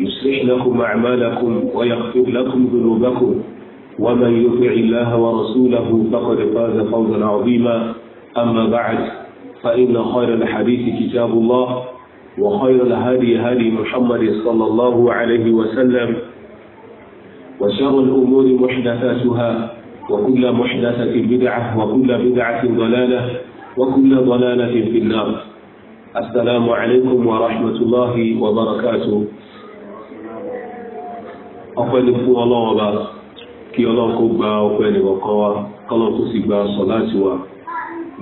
يصلح لكم أعمالكم ويغفر لكم ذنوبكم ومن يطع الله ورسوله فقد فاز فوزا عظيما أما بعد فإن خير الحديث كتاب الله وخير الهادي هدي محمد صلى الله عليه وسلم وشر الأمور محدثاتها وكل محدثة بدعة وكل بدعة ضلالة وكل ضلالة في النار السلام عليكم ورحمة الله وبركاته ọpẹ́ ní fún ọlọ́run ọba kí ọlọ́run kó gba ọpẹ́ nìkọ̀ọ̀kan wa kọ́lọ́run kó sì gba sọ láti wa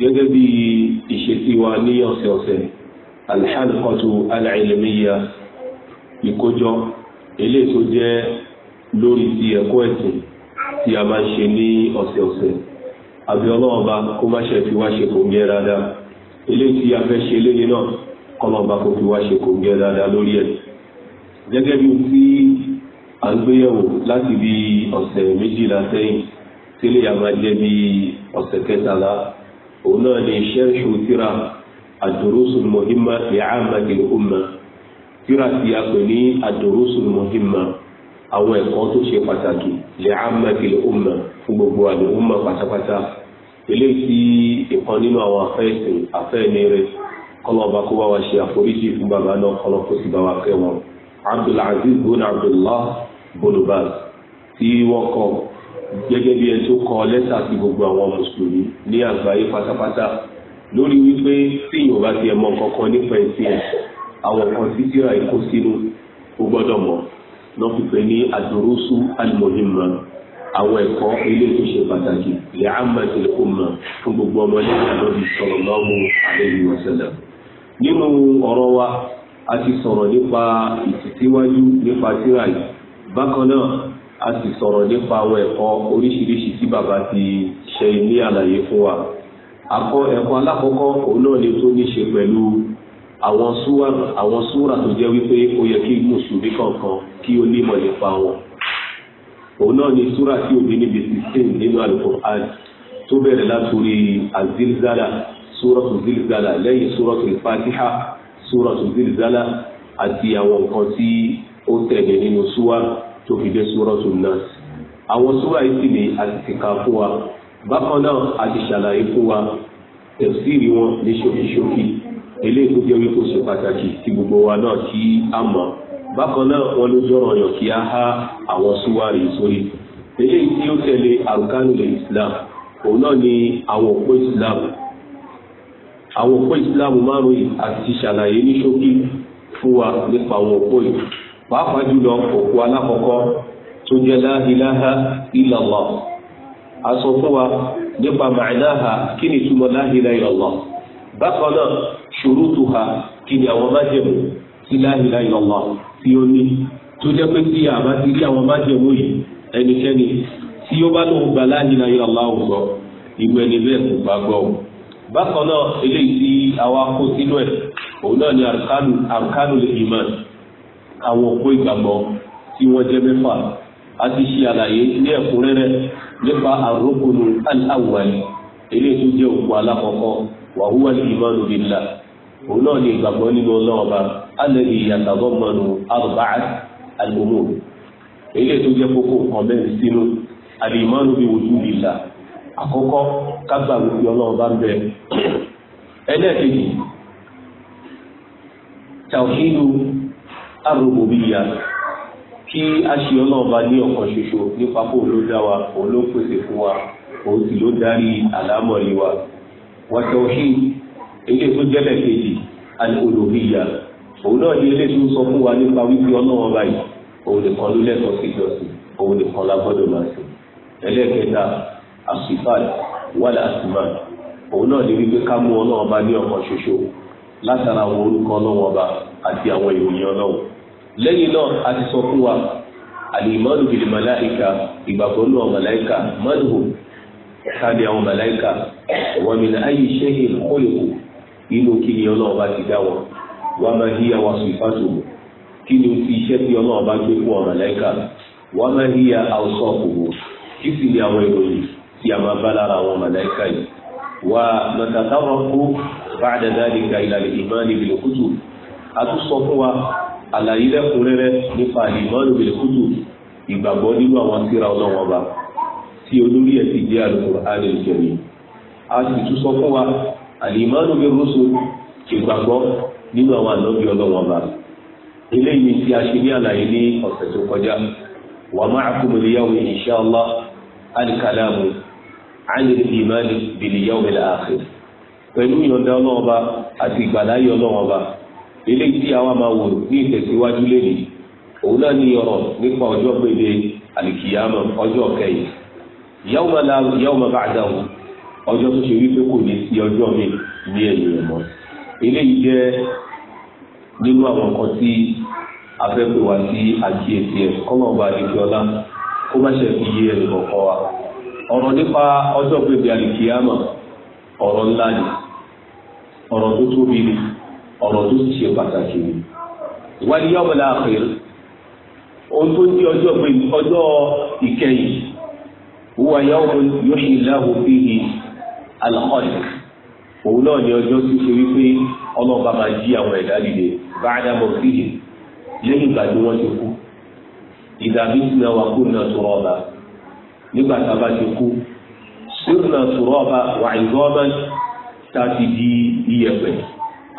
gẹ́gẹ́ bí ìṣesí wa ní ọ̀sẹ̀ọ̀sẹ̀ alḥalqatu alilmiya ìkójọ eléyìí tó jẹ́ lórí ti ẹ̀kọ́ ẹ̀sìn tí a máa ń ṣe ní ọ̀sẹ̀ọ̀sẹ̀ àbí ọlọ́run ọba kó má ṣe fi wá ṣe kò gẹ́ dáadáa eléyìí tí a fẹ́ ṣe eléyìí náà kọ́lọ́run ọba fi wá ṣe kò gẹ́ dáadáa lórí ẹ̀ gẹ́gẹ́ bí tí à ń gbéyẹ̀wò láti bí ọ̀sẹ̀ méjìlá sẹ́yìn tí lè yàgbá jẹ́ bí ọ̀sẹ̀ kẹtàlá òun náà ni sharhu tíra ad-durusul muhimma li ammatil umma tíra tí a pè ní ad-durusul muhimma àwọn ẹ̀kọ́ tó ṣe pàtàkì li ammatil umma fún gbogbo àlẹ́ umma pátápátá eléyìí tí ìkan nínú àwọn afẹ́sìn afẹ́ni rẹ̀ kọlọ́ọ̀bá kó bá wa ṣe àforíjì fún bàbá náà kọlọ́ọ̀kó sì bá wa kẹ́ wọn Abdul Aziz bin Abdullah bolobas tí wọ́n kọ gẹ́gẹ́ bí ẹni tó kọ lẹ́tà sí gbogbo àwọn mùsùlùmí ní àgbáyé pátápátá lórí wípé tí yóò bá tiẹ̀ mọ nípa ẹ̀sìn ẹ̀ àwọn kan tí tíra ikú sínú ó gbọ́dọ̀ mọ̀ náà fífẹ́ ní àdúrósù alimohima àwọn ẹ̀kọ́ ilé tó ṣe pàtàkì lè mọ̀ fún a ti sọ̀rọ̀ nípa nípa yìí bákan náà a sì sọ̀rọ̀ nípa àwọn ẹ̀kọ́ oríṣiríṣi tí bàbá ti ṣe ní àlàyé fún wa akọ ẹ̀kọ́ alákọ̀ọ́kọ́ òun náà ni tó ní ṣe pẹ̀lú àwọn súwà àwọn súwà tó jẹ́ wípé ó yẹ kí mùsùlùmí kọ̀ọ̀kan kí ó nímọ̀ nípa wọn òun náà ni súrà tí òbí níbi sixteen nínú Al-Qur'an tó bẹ̀rẹ̀ látòrí azilzala súrọ̀tù zilzala lẹ́yìn súrọ̀tù fatiha súrọ̀tù zilzala àti àwọn nǹkan tí ó tẹ̀lé nínú súwà tó fi dé súrọ́tù náà àwọn súra yìí sì ni a ti ti ka fún wa bákan náà a ti ṣàlàyé fún wa tẹ̀síìrì wọn ní ṣókíṣókí eléyìí tó jẹ́ wípé ṣe pàtàkì tí gbogbo wa náà tí a mọ̀ bákan náà wọn ló jọ̀rọ̀ yàn kí a há àwọn súra yìí sórí eléyìí tí ó tẹ̀lé àrùkánulè Islam òun náà ni àwọn òpó Islam àwọn òpó Islam márùn-ún yìí àti ṣàlàyé ní ṣókí fún wa nípa àwọn òpó yìí pàápàá jùlọ òkú alákọ̀ọ́kọ́ tó jẹ́ la ilaha illallah a sọ fún wa nípa ma'naha kí ni túmọ̀ la ilaha illallah bákan náà shurutuha kí ni àwọn májẹ̀mú sí la ilaha tí ó ní tó jẹ́ pé tí àbá ti rí àwọn májẹ̀mú yìí ẹnikẹ́ni tí ó bá lóun gbà la ilaha illallah ògbọ́ ìgbẹ́ ni bẹ́ẹ̀ kò bá gbọ́ bákan náà eléyìí tí àwa kó sínú ẹ̀ òun náà ni arkanu arkanu lè ìmọ̀ àwọn òpó ìgbàgbọ́ tí wọ́n jẹ́ mẹ́fà a ti ṣe àlàyé ní ẹ̀kúnrẹ́rẹ́ nípa àrókòlù aláwàlì eré tó jẹ́ òpó alákọ̀ọ́kọ́ wàhúwà ní ìmánu billah òun náà ní ìgbàgbọ́ nínú ọlọ́ọ̀ba alẹ́bí ìyàtàgọ́ mọ̀nù eré tó jẹ́ kókó mẹ́rin sínú bí àkọ́kọ́ kágbà ọlọ́ọ̀ba ń bẹ ẹlẹ́ẹ̀kejì ar-rububiyyah kí a ṣe ọlọ́ọ̀ba ní ọ̀kan ṣoṣo nípa kó ló dá wa òun ló pèsè fún wa òun sì ló darí àlámọ̀rí wa wa tawhid eléyìí tó jẹ́lẹ̀ kejì al-uluhiyyah òun náà ní eléyìí tó sọ fún wa nípa wípé ọlọ́ọ̀ba yìí òun nìkan ló lẹ́tọ̀ọ́ sí ìjọsìn òun nìkan la máa sìn ẹlẹ́ẹ̀kẹta asifad wàlẹ̀ asimad òun náà ní wípé ká mú ọlọ́ọ̀ba ní ọ̀kan ṣoṣo látara àwọn orúkọ ọlọ́wọ́ba lẹ́yìn náà a ti sọ fún wa àlìmọ́lù bìlì màláìka ìgbàgbọ́ nù àwọn màláìka mọ́lùhù sábẹ́ àwọn màláìka wọ́n mi náà ayé ṣẹ́yìn kọ́lẹ̀kù inú kí ni ọlọ́ọ̀bá ti dá wọn wọ́n máa hí àwọn sùpàtò kí ni ti iṣẹ́ tí ọlọ́ọ̀bá gbé fún àwọn màláìka máa hí àwọn sọ́ọ̀kù kí sì ni àwọn ìròyìn tí a máa bá lára àwọn màláìka yìí wà mọ̀tàtàwọ̀ kú bá àdàdà àlàyé lẹ́kùnrẹ́rẹ́ nípa ìmọ̀nù bìlẹ̀kútù ìgbàgbọ́ nínú àwọn síra ọlọ́wọ́n ọba tí olórí ẹ̀ ti jẹ́ Al-Qur'an al-Karim a sì tún sọ fún wa àlìmọ́nù bí rusul ìgbàgbọ́ nínú àwọn ànábì ọlọ́wọ́n ọba eléyìí tí a ṣe ní àlàyé ní ọ̀sẹ̀ tó kọjá pẹ̀lú ìyọ̀ǹda ọlọ́wọ́n ọba àti ìgbàláyé ọlọ́wọ́n ọba eléyìí tí àwa máa wò ní ìtẹ̀síwájú lẹ́yìn òun náà ní ọ̀rọ̀ nípa ọjọ́ gbèdé àlìkìyàmọ̀ ọjọ́ kẹyìn yawma la yawma ba'dahu ọjọ́ tó ṣe wípé kò ní sí ọjọ́ mi ní ẹ̀yìn rẹ̀ mọ́ eléyìí jẹ́ nínú àwọn nǹkan tí afẹ́pẹ́ wa sí àkíyèsí ẹ̀ kọ́mọ̀ọ́ba àdìsíọ́lá kó má ṣe fi yé ẹnì kọ̀ọ̀kan wa ọ̀rọ̀ nípa ọjọ́ gbèdé àlìkìyàmọ̀ ọ̀rọ̀ ńlá ni ọ̀rọ̀ tó tóbi ni ọ̀rọ̀ tó ṣe pàtàkì ni ìwádìí yọ̀ bọ̀lá àpèrè ohun tó di ọjọ́ pé ọjọ́ ìkẹyìn wúwa yà wọ́n yóò ṣe ìdáhùn fi hi alakọ́lì òun náà ní ọjọ́ tó ṣe wípé ọlọ́ọ̀bá máa jí àwọn ẹ̀dá dìde báyà bọ̀ fi hi lẹ́yìn ìgbà tí wọ́n ti kú ìdàbí ti náà kó náà tó rọ́ọ̀bà nígbà tá a bá ti kú sórí náà tó rọ́ọ̀bà wà ìgbọ́ọ̀bà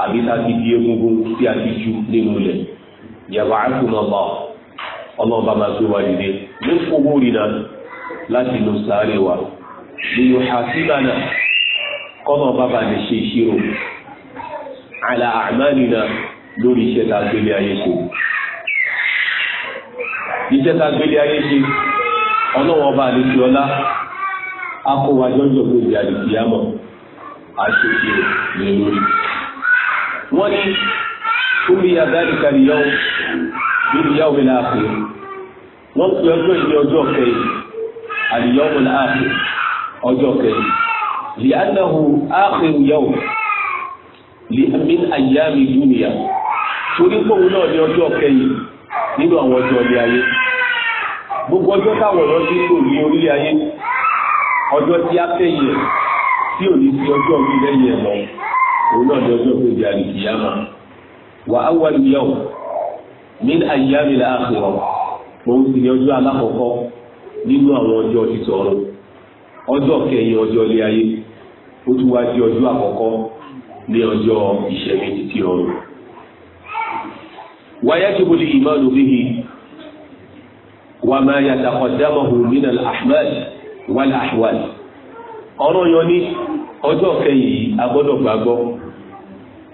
àbí tá a ti di egungun tí a ti ju nínú ilẹ̀ yàrá àkùnmọ̀mọ́ ọlọ́ọ̀bá máa gbé wa dìde ní kówó rìnnà láti lo sáré wa lèyò hàṣíbànà kọ́nà bàbá lè ṣe ìṣirò àlà àmàlìnà lórí iṣẹ́ tá a gbélé ayé ṣe. iṣẹ́ tá a gbélé ayé ṣe ọlọ́wọ́n lè fi ọlá akówájọ́jọ́ gbèsè àdìsíyámọ̀ àṣòṣe lè lórí wọ́n ní kúmi adáríkà nìyàwó níbi yàwó mi láàfin wọ́n pe ọjọ́ ìdí ọjọ́ kẹyìn àníyàwó mi láàfin ọjọ́ kẹyìn lìyànnahu áàfin yàwó lìyàmín àyàmì dúnìyà torí pòun náà ní ọjọ́ kẹyìn nínú àwọn ọjọ́ ilé ayé gbogbo ọjọ́ táwọn ọ̀rọ̀ ti lò ní orílẹ̀ ayé ọjọ́ tí a kẹ́yìn ẹ̀ tí ò ní sí ọjọ́ orílẹ̀ yẹn lọ́wọ́. òun náà ni ọjọ́ kejì àlìkìyàmà wà á wà lùyàwó ní àyàmì láàkìrọ̀ òun sì ni ọjọ́ alákọ̀ọ́kọ́ nínú àwọn ọjọ́ títọ̀rọ̀ ọjọ́ kẹyìn ọjọ́ ilé ayé ó tún wá di ọjọ́ àkọ́kọ́ ní ọjọ́ títí wáyé wà máa ahwal ọ̀rọ̀ yọ ní ọjọ́ kẹyìn yìí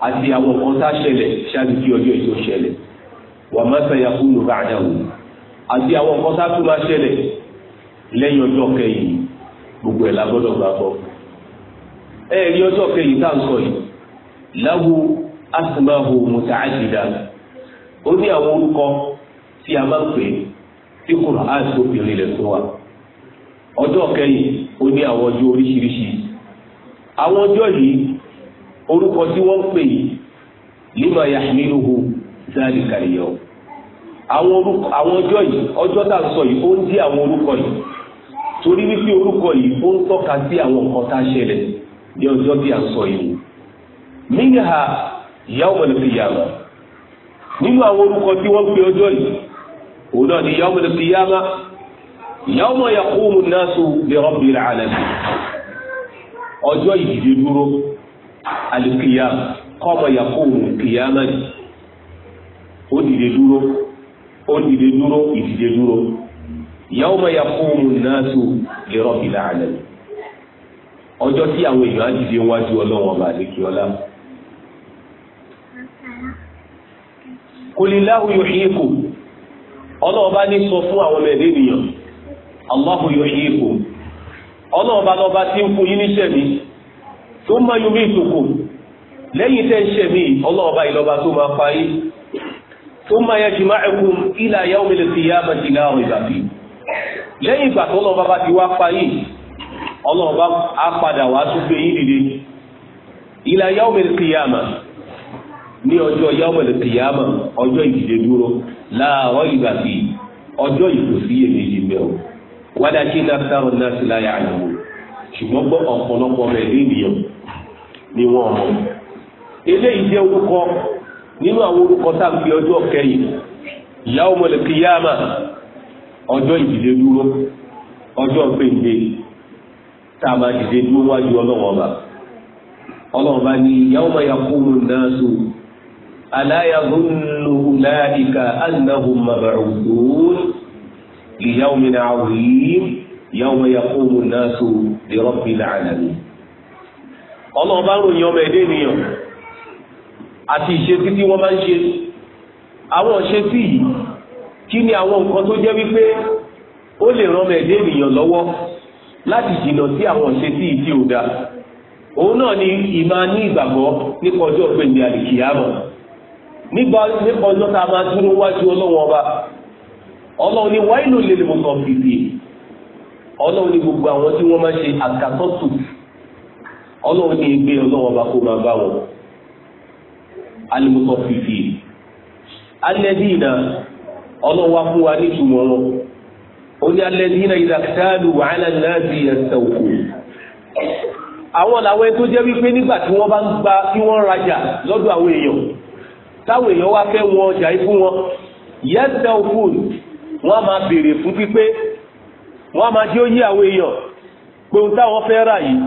àti àwọn kan tá ṣẹlẹ̀ ṣáájú kí ọjọ́ ètò ṣẹlẹ̀ wà má sẹ́yà kúrò báàdà wò àti àwọn kan tá tún máa ṣẹlẹ̀ lẹ́yìn ọjọ́ kẹyìn gbogbo ẹ̀ la gbọ́dọ̀ gbà gbọ́. ẹ rí ọjọ́ kẹyìn tá à ń sọ yìí láwo asmahu mutaadida ó ní àwọn orúkọ tí a máa ń pè tí Qur'an tó bìrì lẹ̀ fún wa ọjọ́ kẹyìn ó ní àwọn ọjọ́ oríṣiríṣi àwọn ọjọ́ yìí orúkọ tí wọ́n ń pè yìí lima yahmiluhu zali kàríyọ àwọn orúkọ àwọn ọjọ́ yìí ọjọ́ tá a sọ yìí ó ń di àwọn orúkọ yìí torí wípé orúkọ yìí ó ń tọ́ka sí àwọn nǹkan tá a ṣẹlẹ̀ ní ọjọ́ tí a sọ yìí minha yawmal nínú àwọn orúkọ tí wọ́n pè ọjọ́ yìí òun náà ni yawmal qiyamah yawma dúró. alikiyam kọ́mọ yakubu kiyamani ó dìde dúró o dìde dúró ìdìde dúró yawma yakumu nnasu li rabbil alamin ọjọ́ tí àwọn èèyàn á dìde wájú ọlọ́wọ́n ọba àdékíọ́lá. kulilahu yuhyikum ọlọ́wọ́n bá ní sọ fún àwọn ọmọ ẹ̀dẹ́ ènìyàn Allahu yuhyikum ọlọ́wọ́n bá lọ́ba tí ń fún yín níṣẹ́ mi. thumma yumitukum lẹ́yìn tẹ́ ń ṣe mí ọlọ́ọ̀bá ìlọba tó máa pa yín thumma yajma'ukum ila yawmil qiyamati la rayba fi lẹ́yìn ìgbà tó lọ́ọ̀bá bá ti wá pa yín ọlọ́ọ̀bá á padà wá tún gbé yín dìde ila yawmil qiyamah ní ọjọ́ yawmil qiyamah ọjọ́ ìdìde dúró la rayba fi ọjọ́ ìkòsíyè méjì mẹ́wọ̀ walakin aktarun nas la ya'lamun ṣùgbọ́n gbọ́ ọ̀pọ̀lọpọ̀ rẹ̀ lé ni wọ́n mọ̀ eléyìí jẹ́ orúkọ nínú àwọn orúkọ tá à ń fi ọjọ́ kẹyìn yaumul qiyama ọjọ́ ìdílé dúró ọjọ́ péńdé tá a máa dìde dúró wájú ọlọ́wọ́n ọba ọlọ́wọ́n ọba ní yauma yaqumu nnasu ala yadhunnu ulaika annahum mab'udun li yawmin 'azim yauma yaqumu nnasu li rabbil 'alamin ọlọ́run bá ròyìn ọmọ ẹ̀dẹ́ ènìyàn àti ìṣesí tí wọ́n bá ń ṣe àwọn ìṣesí yìí kí ni àwọn nǹkan tó jẹ́ wípé ó lè ran ọmọ ẹ̀dẹ́ ènìyàn lọ́wọ́ láti jìnnà sí àwọn ìṣesí yìí tí ò dáa òun náà ni ìmá ní ìgbàgbọ́ nípa ọjọ́ pèndé àlìkìyàmọ̀ nípa ọjọ́ tá a máa dúró wájú ọlọ́wọ́n ọba ọlọ́run ni wáìlú lè lè mọ̀ sọ fìdí ọlọ́run ni gbogbo àwọn tí wọ́n máa ṣe àkàtọ́tù ọlọ́run ní gbé ọlọ́wọ́ bá kó máa bá wọn alimusọ fìfì alẹ́dínà ọlọ́wọ́ fún wa ní ìtumọ̀ wọn ó ní alẹ́dínà ìdàkítàlù wàhálà náà di ẹsẹ̀ òkú àwọn làwọn tó jẹ́ wípé nígbà tí wọ́n bá ń gba kí wọ́n rajà lọ́dọ̀ àwọn èèyàn táwọn èèyàn wá fẹ́ wọn ọjà yìí wọn yẹ́sẹ̀ òkú wọ́n á máa béèrè fún pípé wọ́n á máa jẹ́ ó yí àwọn èèyàn pé ohun táwọn fẹ́ rà yìí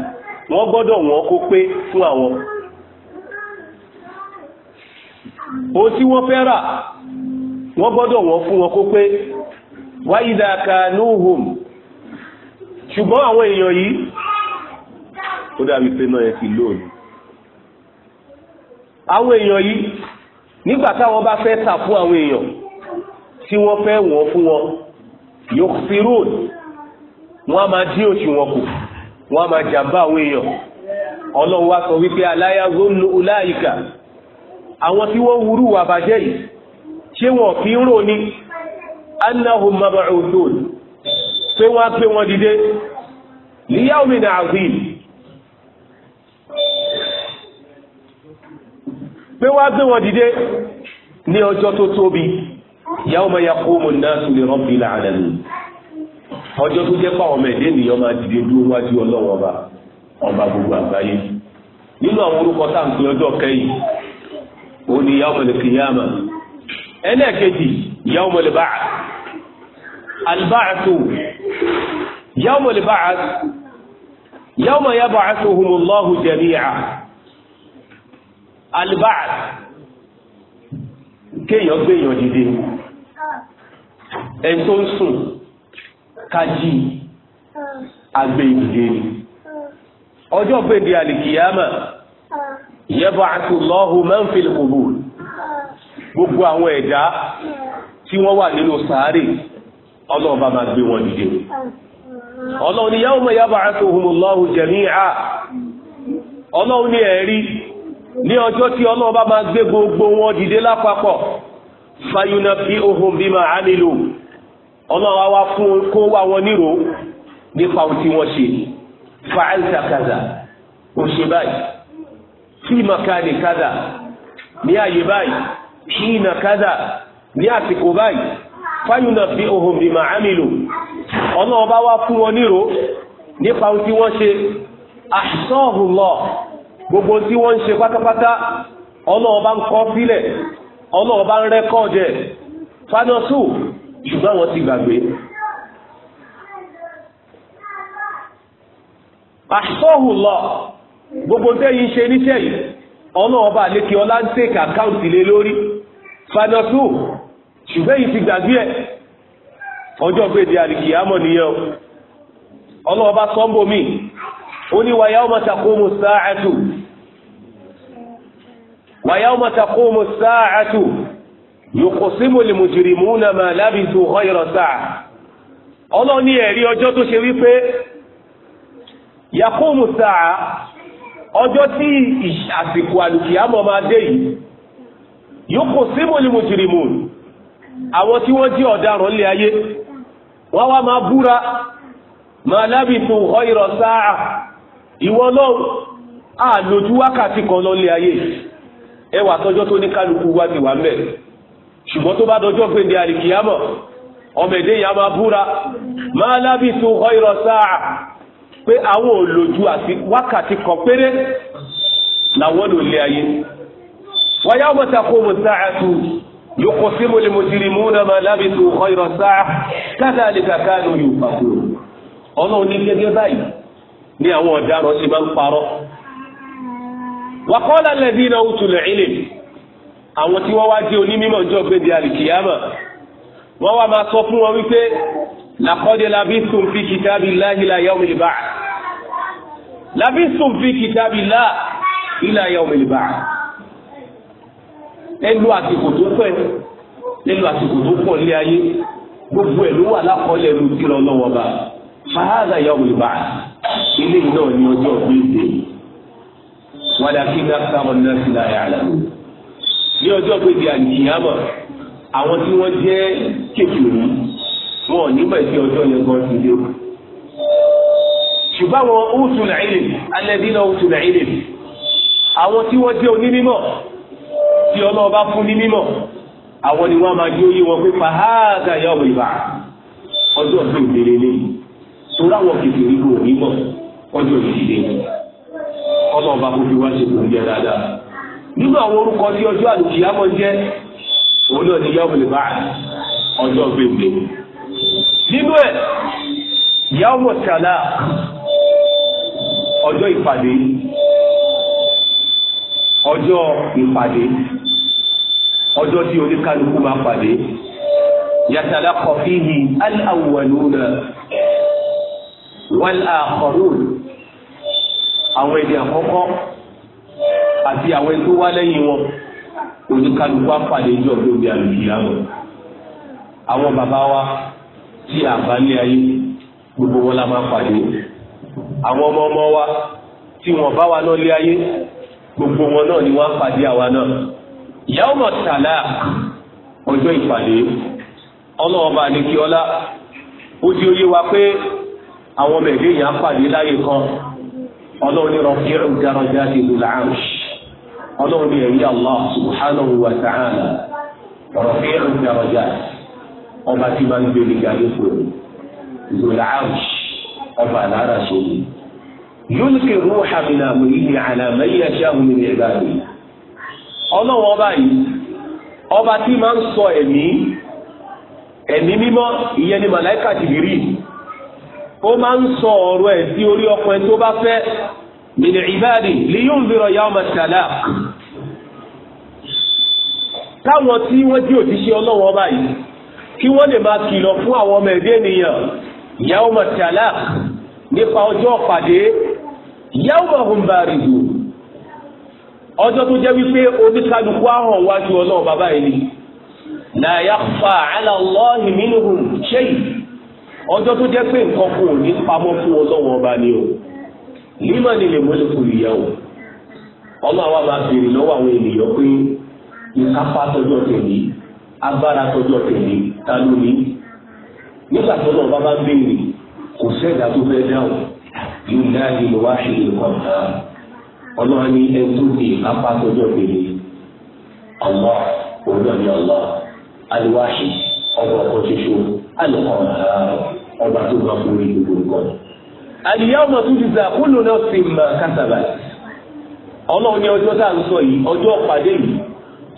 wọ́n gbọ́dọ̀ wọ́n kó pé fún àwọn o tí wọ́n fẹ́ rà wọ́n gbọ́dọ̀ wọ́n fún wọn kó pé wáyídà kanuhum ṣùgbọ́n àwọn èèyàn yìí ó dàbí pé náà yẹ ti lóòlù àwọn èèyàn yìí nígbà táwọn bá fẹ́ tà fún àwọn èèyàn tí wọ́n fẹ́ wọ́n fún wọn yóò fi róòlù wọ́n á máa dín òṣùwọ̀n kù wọ́n á máa jàmbá àwọn èèyàn ọlọ́run wá sọ wípé aláyà rónú ọláìkà àwọn tí wọ́n wúrú wà bàjẹ́ yìí ṣé wọn kì í rò ní annahum mab'udun pé wọ́n á pé wọn dìde li yawmin azim pé wọ́n á pé wọn dìde ní ọjọ́ tó tóbi yawma yaqumu an-nasu li ọjọ́ tó jẹ́ pàwọn ọmọ ẹ̀dẹ́ ènìyàn máa dìde dúró wájú ọlọ́wọ́ ọba ọba gbogbo àgbáyé nínú àwọn orúkọ tá ọjọ́ kẹyìn òun ni yawmal qiyama ẹlẹ́ẹ̀kejì yawmal ba'th alba'thu yawmal ba'th yawma yab'athuhumullahu jami'a alba'th kéèyàn dìde ẹ̀ tó ń sùn. kájí agbé ah. ìdìde ni ah. ọjọ́ gbèdé àlìkìyàmà ah. yẹ́bà àtúlọ́hùn mẹ́fìlì kòbù gbogbo àwọn ẹ̀dá tí wọ́n wà nínú sàárè ọlọ́run bá máa gbé wọn dìde ọlọ́run ni yawma yab'athuhumullahu jami'a ọlọ́run ni ẹ̀rí ní ọjọ́ tí ọlọ́run bá máa gbé gbogbo wọn dìde lápapọ̀ fayunabbi'uhum bima 'amilu ọlọ́wà wá fún kó wá wọn nírò nípa ohun tí wọ́n ṣe kaza ó báyìí fi kaza ní àyè báyìí hina kaza ní àsìkò báyìí fáyúnà bí ohun bí ma àmìlò ọlọ́wà wá fún wọn nírò nípa ohun tí wọ́n ṣe gbogbo tí wọ́n ń ṣe pátápátá ọlọ́wà bá ń kọ́ sílẹ̀ ọlọ́wà bá ń ṣùgbọ́n àwọn ti gbàgbé. lọ. gbogbo tẹ́yìn ṣe níṣẹ́ yìí ọlọ́ọ̀bà lékè ọlá ń tèkà káùntì lé lórí fanatu ṣùgbọ́n yìí ti gbàgbé ẹ̀ ọjọ́ pé di àlìkìyàmọ̀ nìyẹn ọmọ wàyà ọmọ yòkòsímù lè mùjìrìmù náà máa lábìsù ọ̀yọ̀rọ̀ sáà ọlọ́run ní ẹ̀rí ọjọ́ tó ṣe wípé yakumu saa ọjọ́ tí àsìkò àlùkìyàmọ̀ máa dé yìí yòkòsímù lè mùjìrìmù àwọn tí wọ́n jí ọ̀daràn ayé wọ́n wá máa búra ìwọ náà àlòjú wákàtí kan ayé ẹwà tó ní kálukú wá ṣùgbọ́n tó bá dọjọ́ pé ní àlìkìyàmọ̀ ọmọ èdè yà máa búra máa lábìsù ọ̀ìrọ̀ sáà pé àwọn òlòjú àti wákàtí kan péré làwọn lò lé ayé wáyà ọmọta kó mo sáà tu yòókù sí mo lè mo jìrì mú náà máa lábìsù ọ̀ìrọ̀ sáà káta lè kàkà ló yù pàkó ọlọ́run ní gẹ́gẹ́ báyìí ni àwọn ọ̀daràn ti máa ń parọ́ wàkọ́lá lẹ́dí náà ó tulẹ̀ ilé àwọn tí wọ́n wá jẹ́ onímọ̀ ọjọ́ gbèdé àlìkìyàmà wọ́n wá máa sọ fún wọn wípé làkọ́dé labistum fi kìtàbí lá ilà yawm al-ba'th labistum fi kìtàbí lá ilà yawm al-ba'th ẹnu àsìkò tó pẹ́ ẹnu àsìkò tó pọ̀ lé ayé gbogbo ẹ̀ ló wà lákọ́lẹ̀ ẹnu tí lọ lọ́wọ́ bá fàhádà yawm al ilé náà ni ọjọ́ gbèdé wàdàkí náà sábà náà sì láyà àlàyé ní ọjọ́ péjì àníyàmọ̀ àwọn tí wọ́n jẹ́ kékeré wọn ò nígbà tí ọjọ́ yẹn gan ti dé. ṣùgbọ́n àwọn òtún àìlè alẹ́bínà òtún àìlè àwọn tí wọ́n jẹ́ onímọ̀ tí ọlọ́wọ́ fún ní mímọ̀ àwọn ni wọ́n máa di oyé wọn pé fàhádà yà wọ̀ ìbà ọjọ́ tó ìdílé lé torí àwọn kékeré kò ní mọ̀ ọjọ́ ìdílé ọlọ́wọ́ bá fi wá ṣe kò ń jẹ dáadáa nínú àwọn orúkọ tí ọjọ́ àlùkìyámọ̀ jẹ́ òun náà ni yawmul ba'th ọjọ́ gbèǹde nínú ẹ̀ yawmut talaq ọjọ́ ìpàdé ọjọ́ ìpàdé ọjọ́ tí oníkálukú máa pàdé yatalaqa fihi al-awwaluna wal-akharun àwọn èdè àkọ́kọ́ àti àwọn ẹni tó wá lẹ́yìn wọn olùkálùkù àpàdé jọ lóbi àlùkìyà wọn àwọn bàbá wa tí àbálẹ ayé gbogbo wọn la máa pàdé àwọn ọmọ ọmọ wa tí wọn bá wa náà lé ayé gbogbo wọn náà ni wọn pàdé àwa náà ìyàwó mọ̀ tàlà ọjọ́ ìpàdé ọlọ́ọ̀bà ní kí ọlá ó di oyé wa pé àwọn ọmọ ẹ̀dẹ́ yẹn á pàdé láyé kan ọlọ́ọ̀ni rọ̀ fí ẹ̀rù dáradá ti lù láàrúṣì. ọlọ́run ní ẹ̀yí allah subhanahu wa ta'ala ọ̀rọ̀ fi ẹ̀rù dàrọ̀jà ọba tí máa ń gbé ní ga yóò pèrè zola arsh na-arasho sóni yulki ruha ala ọba ọba tí máa ń sọ ẹ̀mí ẹ̀mí mímọ́ ìyẹn ni màláìkà ó máa ń sọ ọ̀rọ̀ ẹ̀ sí orí ọkùnrin tó bá fẹ́ من ibadi liyunzira يوم talaq táwọn tí wọ́n jí òjíṣẹ́ ọlọ́wọ́ báyìí kí wọ́n lè máa kìlọ̀ fún àwọn ọmọ ẹ̀dẹ́ ènìyàn yawma talaq nípa ọjọ́ pàdé yawma hum barizu ọjọ́ tó jẹ́ wípé oníkálukú ahọ̀n wájú ọlọ́wọ́ bàbá yìí ni la yakhfa ala Allahi minhum shay ọjọ́ tó jẹ́ pé nǹkan kò ní pamọ́ fún ọlọ́wọ́ ọba ni o lima ni lè mọ́lẹ́kù ìyàwó ọmọ àwa máa béèrè lọ́wọ́ àwọn ènìyàn pé ìkápá tọjọ́ tẹ̀lé agbára tọjọ́ tẹ̀lé ta ló ní nígbà tó náà bá bá béèrè kò sẹ́dá tó fẹ́ dáhùn yóò dáhìí ló wá ṣe ìkọ̀ọ̀tà ọlọ́run ní ẹni tó ní ìkápá tọjọ́ tẹ̀lé ọmọ olùdarí ọlọ aliwáṣí ọgbà ọkọ̀ ṣoṣo alùpàá ọba tó bá fún mi gbogbo nǹkan al-yawma tujza kullu nafsin ma kasabat ọlọ́run ní ọjọ́ tá à ń sọ yìí ọjọ́ pàdé yìí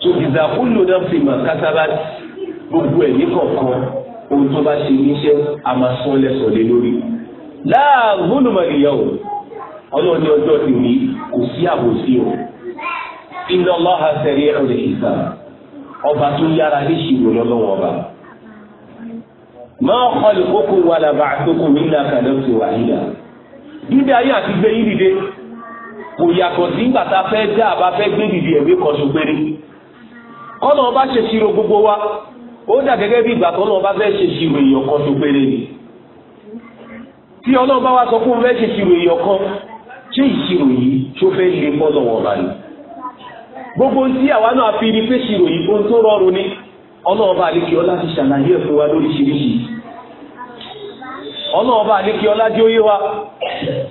tujza kullu nafsin ma kasabat gbogbo ẹ̀ ní kọ̀ọ̀kan ohun tó bá ṣe níṣẹ́ a máa sán lẹ́sọ̀lẹ́ lórí la zulma al-yawm ọlọ́run ní ọjọ́ ti rí kò sí àbòsí o inna Allaha sari'ul hisab ọba tó yára ní ìṣirò lọ́lọ́wọ́ ọba máa kọlù kókó wà làbà àtòkò mi nà kàlẹ́ tó wà yíyà. dídá yín àti gbé yín dìde kò yàtọ̀ sí ìgbà tá a fẹ́ dá a bá fẹ́ gbé dìde ẹ̀wé kan tó gbére. kọ́nà ọba ṣe ṣirò gbogbo wa ó dà gẹ́gẹ́ bí ìgbà tọ́nà ọba fẹ́ ṣe ṣirò èèyàn kan tó ni. tí ọlọ́run bá wa sọ fún un fẹ́ ṣe ṣirò èèyàn kan ṣé ìṣirò yìí tó fẹ́ lè kọ́nà wọn bá ní. gbogbo ohun tí àwa náà fi rí pé ṣirò yìí ohun tó rọrùn ni ọlọ́ọ̀bá àlékiọlá ti ṣàlàyé ẹ̀fún wa lóríṣiríṣi ọlọ́ọ̀bá àlékiọlá jẹ́ óyé wa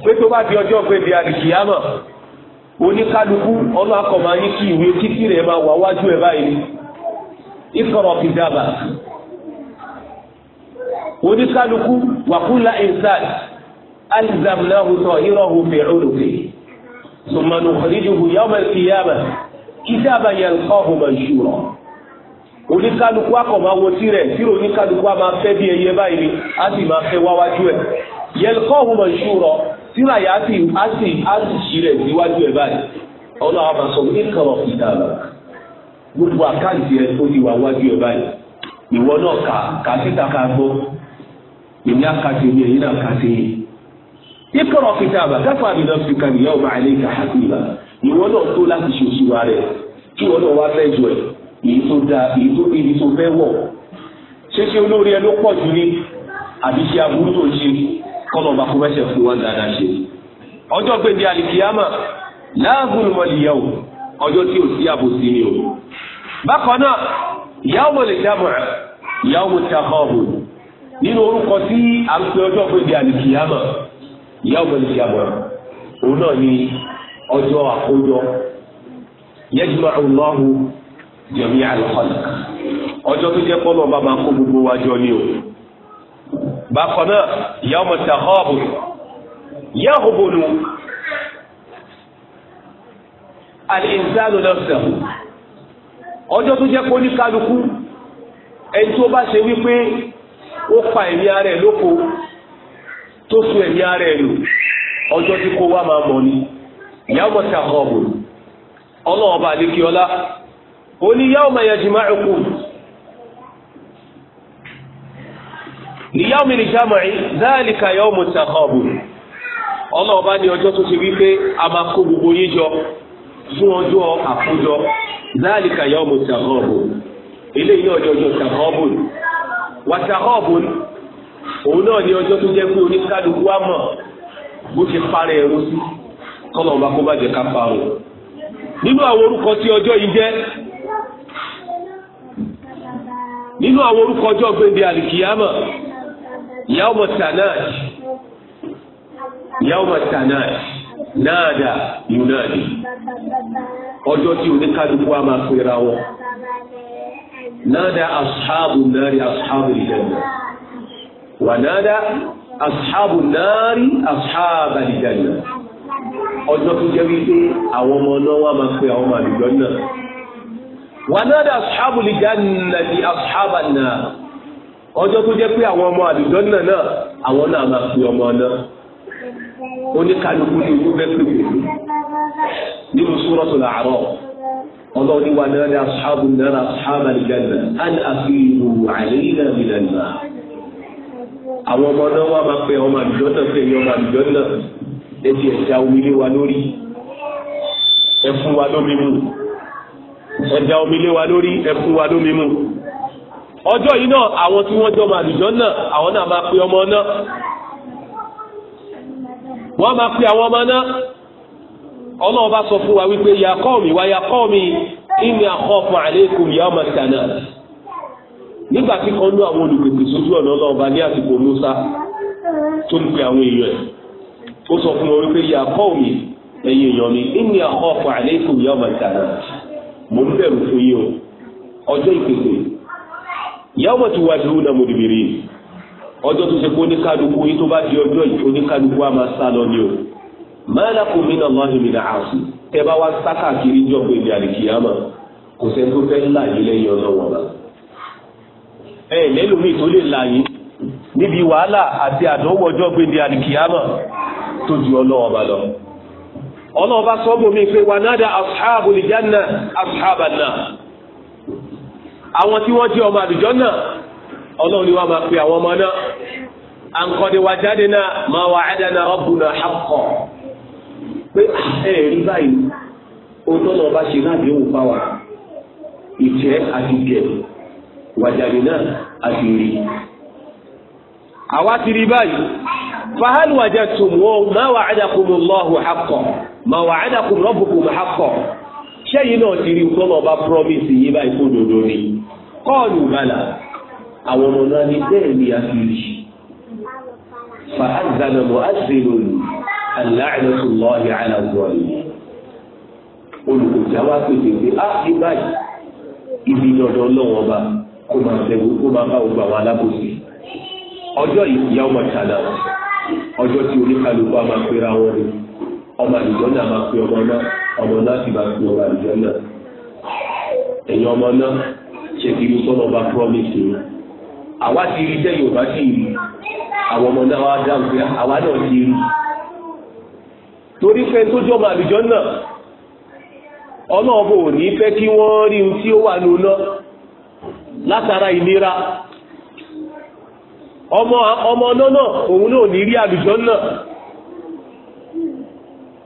pé tó bá di ọjọ́ pé di àdìkìyámọ̀ oníkálukú ọlọ́akọ̀mọ̀ yín kí ìwé títí rẹ̀ máa wà wájú ẹ̀ báyìí ìkọ̀rọ̀ kìdàbà oníkálukú wàkúlà ìsáàdì alzamnahu tọ̀hírọ̀hu fìrúlùfì sùmọ̀nù kọ̀lídùhù yawmal qiyamah kìdàbà yalqahu manshura. oníkálukú akọ̀mọ́ wo tí rẹ̀ tí oníkálukú a máa fẹ́ bí ẹyẹ báyìí a sì máa fẹ́ wáwájú ẹ̀ yẹlkọ́ ọ̀húnmọ̀ ìṣúrọ̀ tíra yà á sì á sì á sì ṣí rẹ̀ níwájú ẹ̀ báyìí ọlọ́run a máa sọ ní kọ̀rọ̀ ìdàlọ́ gbogbo àkáǹtì ẹ̀ tó ti wà wájú ẹ̀ báyìí ìwọ náà kà kà síta ká gbọ́ èmi àkàtì mi èyí náà kàtì yìí ìkọ̀rọ̀ kìtàbà káfà fi kàn ìyá ọba àlẹ́ ìkà ìwọ náà èyí tó dáa èyí tó ibi tó fẹ́ wọ̀ ṣé ṣé olórí ẹ ló pọ̀ jù ní àbí ṣe aburú tó ń ṣe kọ́nà fún dáadáa ṣe. ọjọ́ gbèdé láàbùn mọ̀lìyà o ọjọ́ tí ò sí àbòsí ni o. bákan náà ìyáwó mọ̀lẹ̀ jámọ̀ ìyáwó mọ̀tí akọ́ọ̀bù nínú orúkọ sí ọjọ́ gbèdé mọ̀lẹ̀ jẹ̀mí àlùkọ́lù ọjọ́ tó jẹ́ pọ́nlọ́ bá máa kó gbogbo wa jọ ní o bákan náà yawma taghabu yaghbunu al-insanu nafsahu ọjọ́ tó jẹ́ pọ́nlọ́ kálukú ẹni tó bá ṣe wípé ó pa ẹ̀mí ara lóko tó sun ẹ̀mí ara lò ọjọ́ tí kó wá máa mọ̀ ni yawma taghabu ọlọ́ọ̀ba àdékíọlá ó ní yawma yajma'ukum ní yawmi al-jam'i dhalika yawmu at-taghabun ọlọ́ọ̀bá ní ọjọ́ tó ti wí pé a máa kó gbogbo yín jọ fún ọjọ́ àkójọ dhalika yawmu at-taghabun eléyìí náà ní ọjọ́ at-taghabun wa at òun náà ní ọjọ́ tó jẹ́ pé oníkálukú á mọ̀ bó ṣe parẹ́ ẹ̀rọ sí kọ́lọ̀ ọba kó bàjẹ́ ká parun nínú àwọn orúkọ tí ọjọ́ yìí jẹ́ nínú àwọn orúkọ ọjọ́ gbẹ̀ndẹ̀ àlìkìyàmà yàwùmọ̀ tànáàj yàwùmọ̀ tànáàj náàdà yunadi ọjọ́ tí oníkálukú a máa pera wọn náàdà asxaabu náàrí asxaabu ìjẹ̀mọ̀ wà náàdà asxaabu náàrí asxaabu ìjẹ̀mọ̀ ọjọ́ tó jẹ́ wípé àwọn ọmọ náà wà máa pe àwọn ọmọ àlùjọ náà wànádà asuhabu lè já nàbí asuhaba náà ọjọ́ tó jẹ́ pé àwọn ọmọ àlùjọ́nà náà àwọn náà máa fi ọmọ náà oníkàlùkù ni ìlú bẹ́ẹ̀ pè pè nínú suratul A'raf ọlọ́run ní wànádà asuhabu náà asuhaba lè já náà án àfihàn àlẹ́yìn náà mi lẹ́nu àwọn ọmọ náà wà máa pè ọmọ àlùjọ́nà pè ní ọmọ àlùjọ́nà ẹ ti ẹ̀sẹ̀ àwọn ilé wa lórí ẹ fún wa lómi mú ẹ̀dá omi lé wa lórí ẹ̀fún wa lómi mu ọjọ́ yìí náà àwọn tí wọ́n jọ máa dùjọ́ náà àwọn náà máa pe ọmọ náà wọ́n máa pe àwọn ọmọ náà ọlọ́run bá sọ fún wa wípé ya qaumi wa ya qaumi inni akhafu alaykum yawma tana nígbà tí kan ní àwọn olùgbèsè sójú ọ̀nà ọlọ́run bá ní àsìkò musa tó ń pe àwọn èèyàn ẹ̀ ó sọ fún wọn wípé ya qaumi ẹ̀yin èèyàn mi inni akhafu alaykum yawma tana mo ń bẹ̀rù fún yín o ọjọ́ ìpèsè yàwó ti wá dúró náà mo dìbìrì ọjọ́ tó ṣe kó oníkálukú yín tó bá di ọjọ́ yìí oníkálukú á máa sá lọ ní o malakum min Allahi min aasi tẹ bá wá sá káàkiri jọ pé ní àlìkìyàmà kò sẹ́ni tó fẹ́ ńlá yín lẹ́yìn ọ̀nà wọn bá ẹ lẹ́lòmíì tó lè là yín níbi wàhálà àti àdánwò ọjọ́ pé ní àlìkìyàmà tó ju ọlọ́wọ́ bá lọ. ọlọ́run bá sọ bòmí pé wà nádà ashabu lìjánà ashabanna àwọn tí wọ́n jẹ́ ọmọ àlùjọ náà ọlọ́run ni wọ́n máa pe àwọn ọmọ náà àǹkọ́dẹ̀wà jáde náà máa wà ádánà rabbuna haqqan pé ah, ẹ̀rí báyìí ohun tó lọ́ọ́ ṣe láti òun wa ìjẹ́ àti gẹ̀ wàjàmì náà àti rí àwa ti rí báyìí fahal máa wà ma wa'adakum rabbukum haqqan ṣẹ́yìn náà ti rí tọ́nà ọba promise yìí báyìí fún òdodo ni kọ́ọ̀lù bala àwọn ọmọ náà ní bẹ́ẹ̀ ni a fi rí fa azana mu'azzinun la'natullahi 'ala adh-dhalimin olùkọ́jà wa pèsè pé á ah, báyìí ibi lọ́dọ̀ lọ́wọ́ ọba kó máa bẹ̀rù kó máa bá ògbà wọn alábòsí ọjọ́ yìí yawma ọjọ́ tí oníkàlùkù ni. ọmọ àlùjọ náà máa pe ọmọ náà ọmọ náà sì máa pe ọmọ àlùjọ náà ẹ̀yin ọmọ náà ṣe kí irú sọ́nà ọba promise ni àwa ti rí jẹ́ yorùbá sì rí àwọn ọmọ náà wá dáhùn pé àwa náà ti rí torí pé tó jọ ọmọ àlùjọ náà ọlọ́ọ̀bù ò ní fẹ́ kí wọ́n rí ohun tí ó wà lóná látara ìnira ọmọ ọmọ náà òun náà ò ní rí àlùjọ náà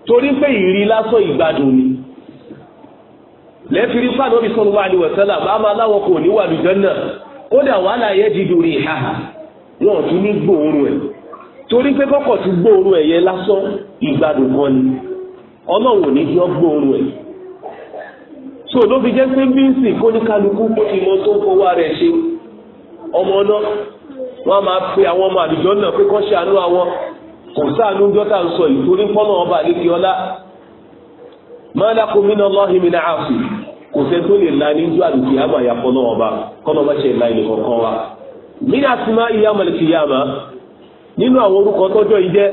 torí pé ìrí lásán ìgbádùn ni lẹ́fìrí fáànù bí sọ́nù wà ní wẹ̀sẹ́là bá máa láwọn kò ní wà lùjọ́ náà kódà wàhálà yẹn di dorí ìhàhà wọn ò tún ní gbòòrùn ẹ̀ torí pé kọ́kọ̀ tún gbòòrùn ẹ̀ yẹn lásán ìgbádùn kan ni ọlọ́run ò ní jọ gbòòrùn ẹ̀ o ló fi jẹ́ pé bíńsì kóníkálukú kó ti mọ tó ń fowó rẹ̀ ṣe ọmọ náà wọ́n máa pe àwọn ọmọ àlùjọ náà pé kọ́ ṣàánú àwọn kò sáànù jọ́tà ń sọ ìtorí pọ́nà ọba àdékè ọlá ma lakum minallahi min aasi kò sẹ́ tó lè la níjọ́ àdùkì àmà àyàpọ̀ náà ọba kọ́nà ọba ṣe la ilẹ̀ kọ̀ọ̀kan wa. min asma'i yawmal qiyama nínú àwọn orúkọ tọ́jọ́ yìí jẹ́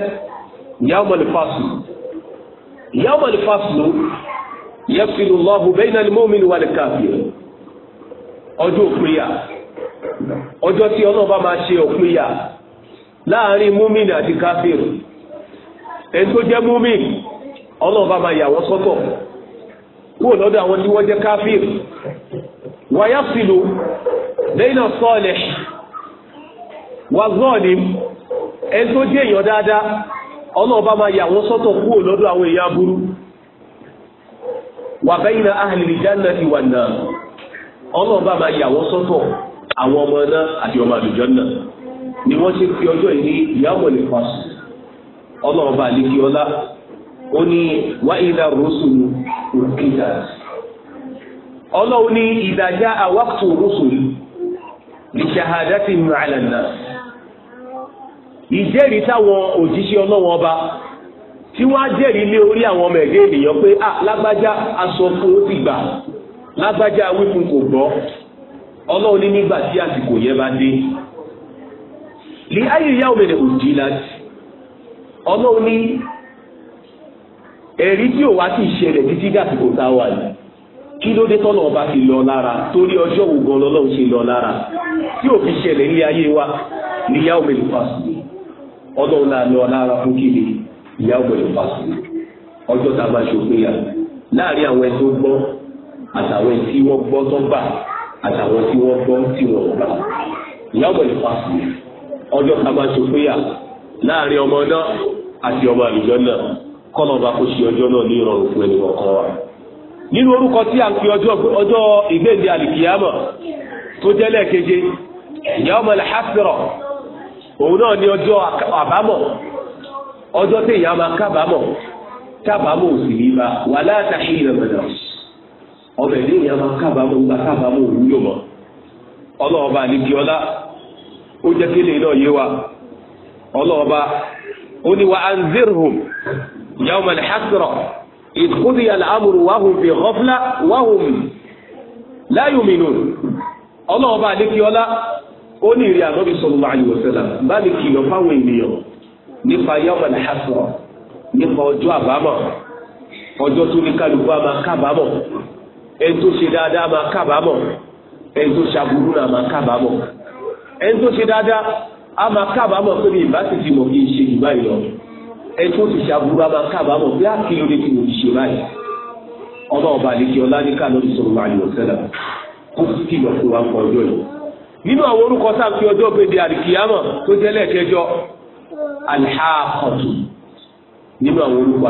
ọjọ́ òpin yà ọjọ́ tí ọlọ́ọ̀bá máa ṣe òpin yà láàrin múmin àti káfíìn ẹni tó jẹ́ múmin ọlọ́run máa yà wọ́n sọ́tọ̀ kúrò lọ́dọ̀ àwọn tí wọ́n jẹ́ káfíìn wàyà lẹ́yìnà sọ́ọ̀lẹ̀ wà zọ́ọ̀lì ẹni tó jẹ́ èèyàn dáadáa ọlọ́run máa yà wọ́n sọ́tọ̀ kúrò lọ́dọ̀ àwọn èèyàn aburú wà wà náà máa yà wọ́n sọ́tọ̀ àwọn ọmọ náà àti ọmọ ni wọ́n ṣe fi ọjọ́ yìí ní ìyàwó lè fa sùn ọlọ́run bá lè fi ọlá ó ní wá ìdá rọ́sùlù òkèdà ọlọ́run ní ìdájá àwákùtù rọ́sùlù ìṣàhádá ti nù àlànà ìjẹ́rìí táwọn òjíṣẹ́ ọlọ́run ọba tí wọ́n á jẹ́rìí lé orí àwọn ọmọ ẹ̀dẹ́ ènìyàn pé ah lágbájá aṣọ fún ó ti gbà lágbájá wípun kò gbọ́ ọlọ́run ní nígbà tí àsìkò yẹn bá dé lè ayé ìyá òmìnira òjìláti ọlọ́run ní ẹ̀rí eri a wà kí ló dé tọ́nà ọba fi lọ lára torí ọjọ́ wo gan ṣe lọ lára tí ò fi ṣẹlẹ̀ ní ayé wa ní ìyá òmìnira fásitì ọlọ́run náà lọ lára fún kíni ìyá òmìnira fásitì ọjọ́ tá a máa ṣòfin yà láàrin àwọn ẹni tó gbọ́ àtàwọn tí wọ́n gbọ́ tó gbà ọjọ́ kaba láàrin ọmọ náà àti ọmọ àlùjọ náà kọ́nà bá kó ṣe ọjọ́ náà ní ìrọ̀rùn fún ẹnì kọ̀ọ̀kan wa. nínú orúkọ tí a ń fi ọjọ́ ìgbéǹde àlìkìyàmọ̀ tó jẹ́ lẹ́ẹ̀keje yawmal hasra òun náà ní ọjọ́ àbámọ̀ ọjọ́ tí ní wà látàkì ó jẹ́ kéle náà yé wa ọlọ́ọ̀ba ó ní wa anzirhum yawma al-hasra idh qudiya al-amru wa hum fi ghafla wa hum la yu'minun ọlọ́ọ̀ba àdékíọ́lá ó ní ìrìn ànábì sallallahu alayhi wa sallam bá mi kìlọ̀ fáwọn ènìyàn nípa yawma al-hasra nípa ọjọ́ àbámọ̀ ọjọ́ tó ní kálukú á máa kábàámọ̀ ẹni tó ṣe dáadáa máa kábàámọ̀ ẹni tó ṣàbùrú náà máa kábàámọ̀ ẹni tó ṣe dáadáa a máa kábàámọ̀ pé mi ìbá sì ti mọ̀ kí n ṣe jù báyìí lọ ẹni tó ti ṣàbúrò a máa kábàámọ̀ pé á kí ló dé tí mo ti ṣe báyìí ọba ọba àlejò ọlá ní ká lọ́dún sọ̀rọ̀ máa yọ̀ sẹ́lá kó sì kìlọ̀ fún wa kọ ọjọ́ yìí nínú àwọn orúkọ sáàpì ọjọ́ òbèdè àdìkìyámọ̀ tó jẹ́ lẹ́ẹ̀kẹjọ alhaakọ̀tù nínú àwọn orúkọ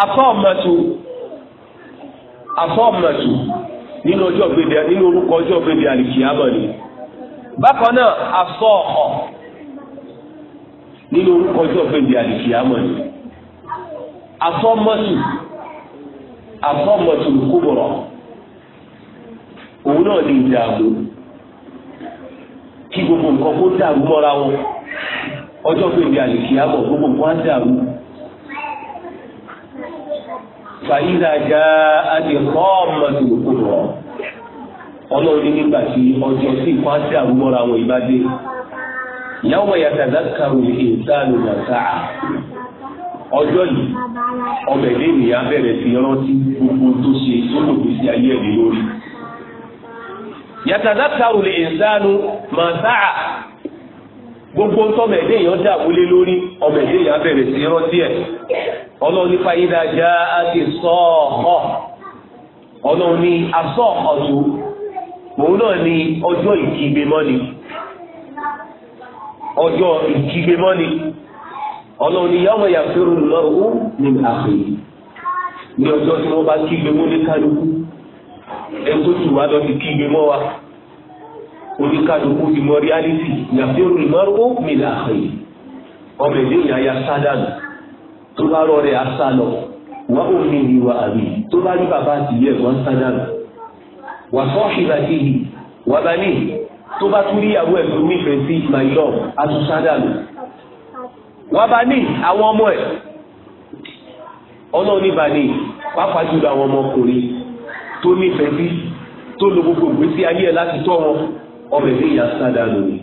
afọ́ọ̀mọ̀tò afọ́ọ̀mọ̀tò nínú ọjọ́ gbèdé nínú orúkọ ọjọ́ gbèdé àlìkìyàmọ̀ ni bákan náà afọ́ọ̀họ̀ nínú orúkọ ọjọ́ gbèdé àlìkìyàmọ̀ ni afọ́ọ̀mọ̀tò afọ́ọ̀mọ̀tò kúbọ̀rọ̀ òun náà lè dààmú kí gbogbo nǹkan kó dààmú mọ́ra wọn ọjọ́ gbèdé àlìkìyàmọ̀ gbogbo nǹkan á dààmú fàyínà já adìkọ́ ọmọdé òkú rọ̀ ọlọ́run nígbà tí ọjọ́ sí ìfọ́nsẹ́ àwòmọ́ra àwọn ìbádé yawma yatadhakkaru al-insanu ma sa'a ọjọ́ yìí ọmọ ẹ̀dẹ́ ènìyàn bẹ̀rẹ̀ sí rántí gbogbo tó ṣe tó lòdì sí ayé ẹ̀dẹ́ lórí. yatadhakkaru al-insanu ma sa'a gbogbo tọ́mọ ẹ̀dẹ́ èèyàn dàbólé lórí ọmọ ẹ̀dẹ́ èèyàn sí rántí ẹ̀ ọlọ́run ní fàyídà já àti sọ́ọ̀kọ́ ọlọ́run ní asọ́ọ̀kọ́tù òun náà ní ọjọ́ ìkígbe mọ́ni ọjọ́ ìkígbe mọ́ni ọlọ́run ní yawma yafiru lọ́wọ́ ní àfẹ́yì ní ọjọ́ tí wọ́n bá kígbe mọ́ ní kálukú ẹ tó tù wá lọ sí kígbe mọ́ wa oníkálukú ti mọ reality yafiru lọ́wọ́ ní àfẹ́yì ọmọ ìdí ìyá ya sádàlù tó bá rọ rẹ̀ aṣá lọ wọ́n ò ní ìwà àbí tó bá rí bàbá àti ìyẹ́ ẹ̀kọ́ ń sádà lọ. wà sọ́ ìgbà tí yìí wà bá ní tó bá tún rí ìyàwó ẹ̀ tó nífẹ̀ẹ́ sí my love aṣọ sádà lọ. wà bá ní àwọn ọmọ ẹ̀ ọlọ́ọ̀ni bá ní pàápàá jùlọ àwọn ọmọkùnrin tó nífẹ̀ẹ́ sí tó lo gbogbo ìgbésí ayé ẹ̀ láti tọ́ wọn ọmọ ẹ̀mí ìyá sádà lónìí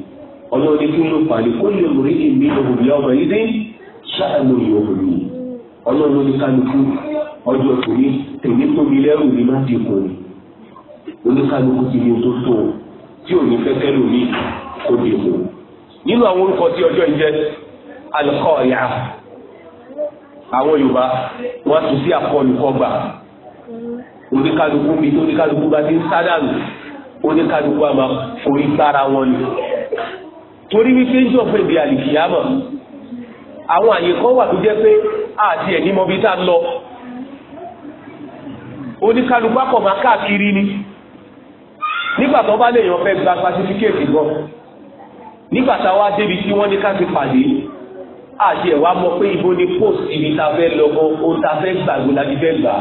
ọlọ́ọ̀ni kí ló pàdé kó lè rí ìmí lóhùn ìyá ọmọ yìí dé ṣáàlù ìyọ̀bùnmí ọlọ́run ní kálukú ọjọ́ tòní tèmi tóbi lẹ́rù ní má ti kùn oníkálukú ti ní tó tó tí ò ní fẹ́ kẹ́lù mí kó dé kù. nínú àwọn orúkọ tí ọjọ́ ń jẹ́ alikọ́ọ̀yà àwọn yorùbá wọ́n tún sí àkọlùkọ́gbà oníkálukú bíi tó oníkálukú bá ti ń sádàlù oníkálukú àmà orí gbára wọn ni torí wípé ń jọ pé bí àlìkìyàmọ̀ àwọn àyè kan wà tó jẹ́ pé àti ẹ̀ní mọ́bí tá ń lọ oníkálukú akọ̀ máa káàkiri ni nígbà tó bá lè yàn fẹ́ gba pàṣífíkèètì gan nígbà táwa débi tí wọ́n ní ká ti pàdé àti ẹ̀wà mọ̀ pé ibo ni post ibi ta fẹ́ lọ gan ohun ta fẹ́ gbàgbó la ti fẹ́ gbà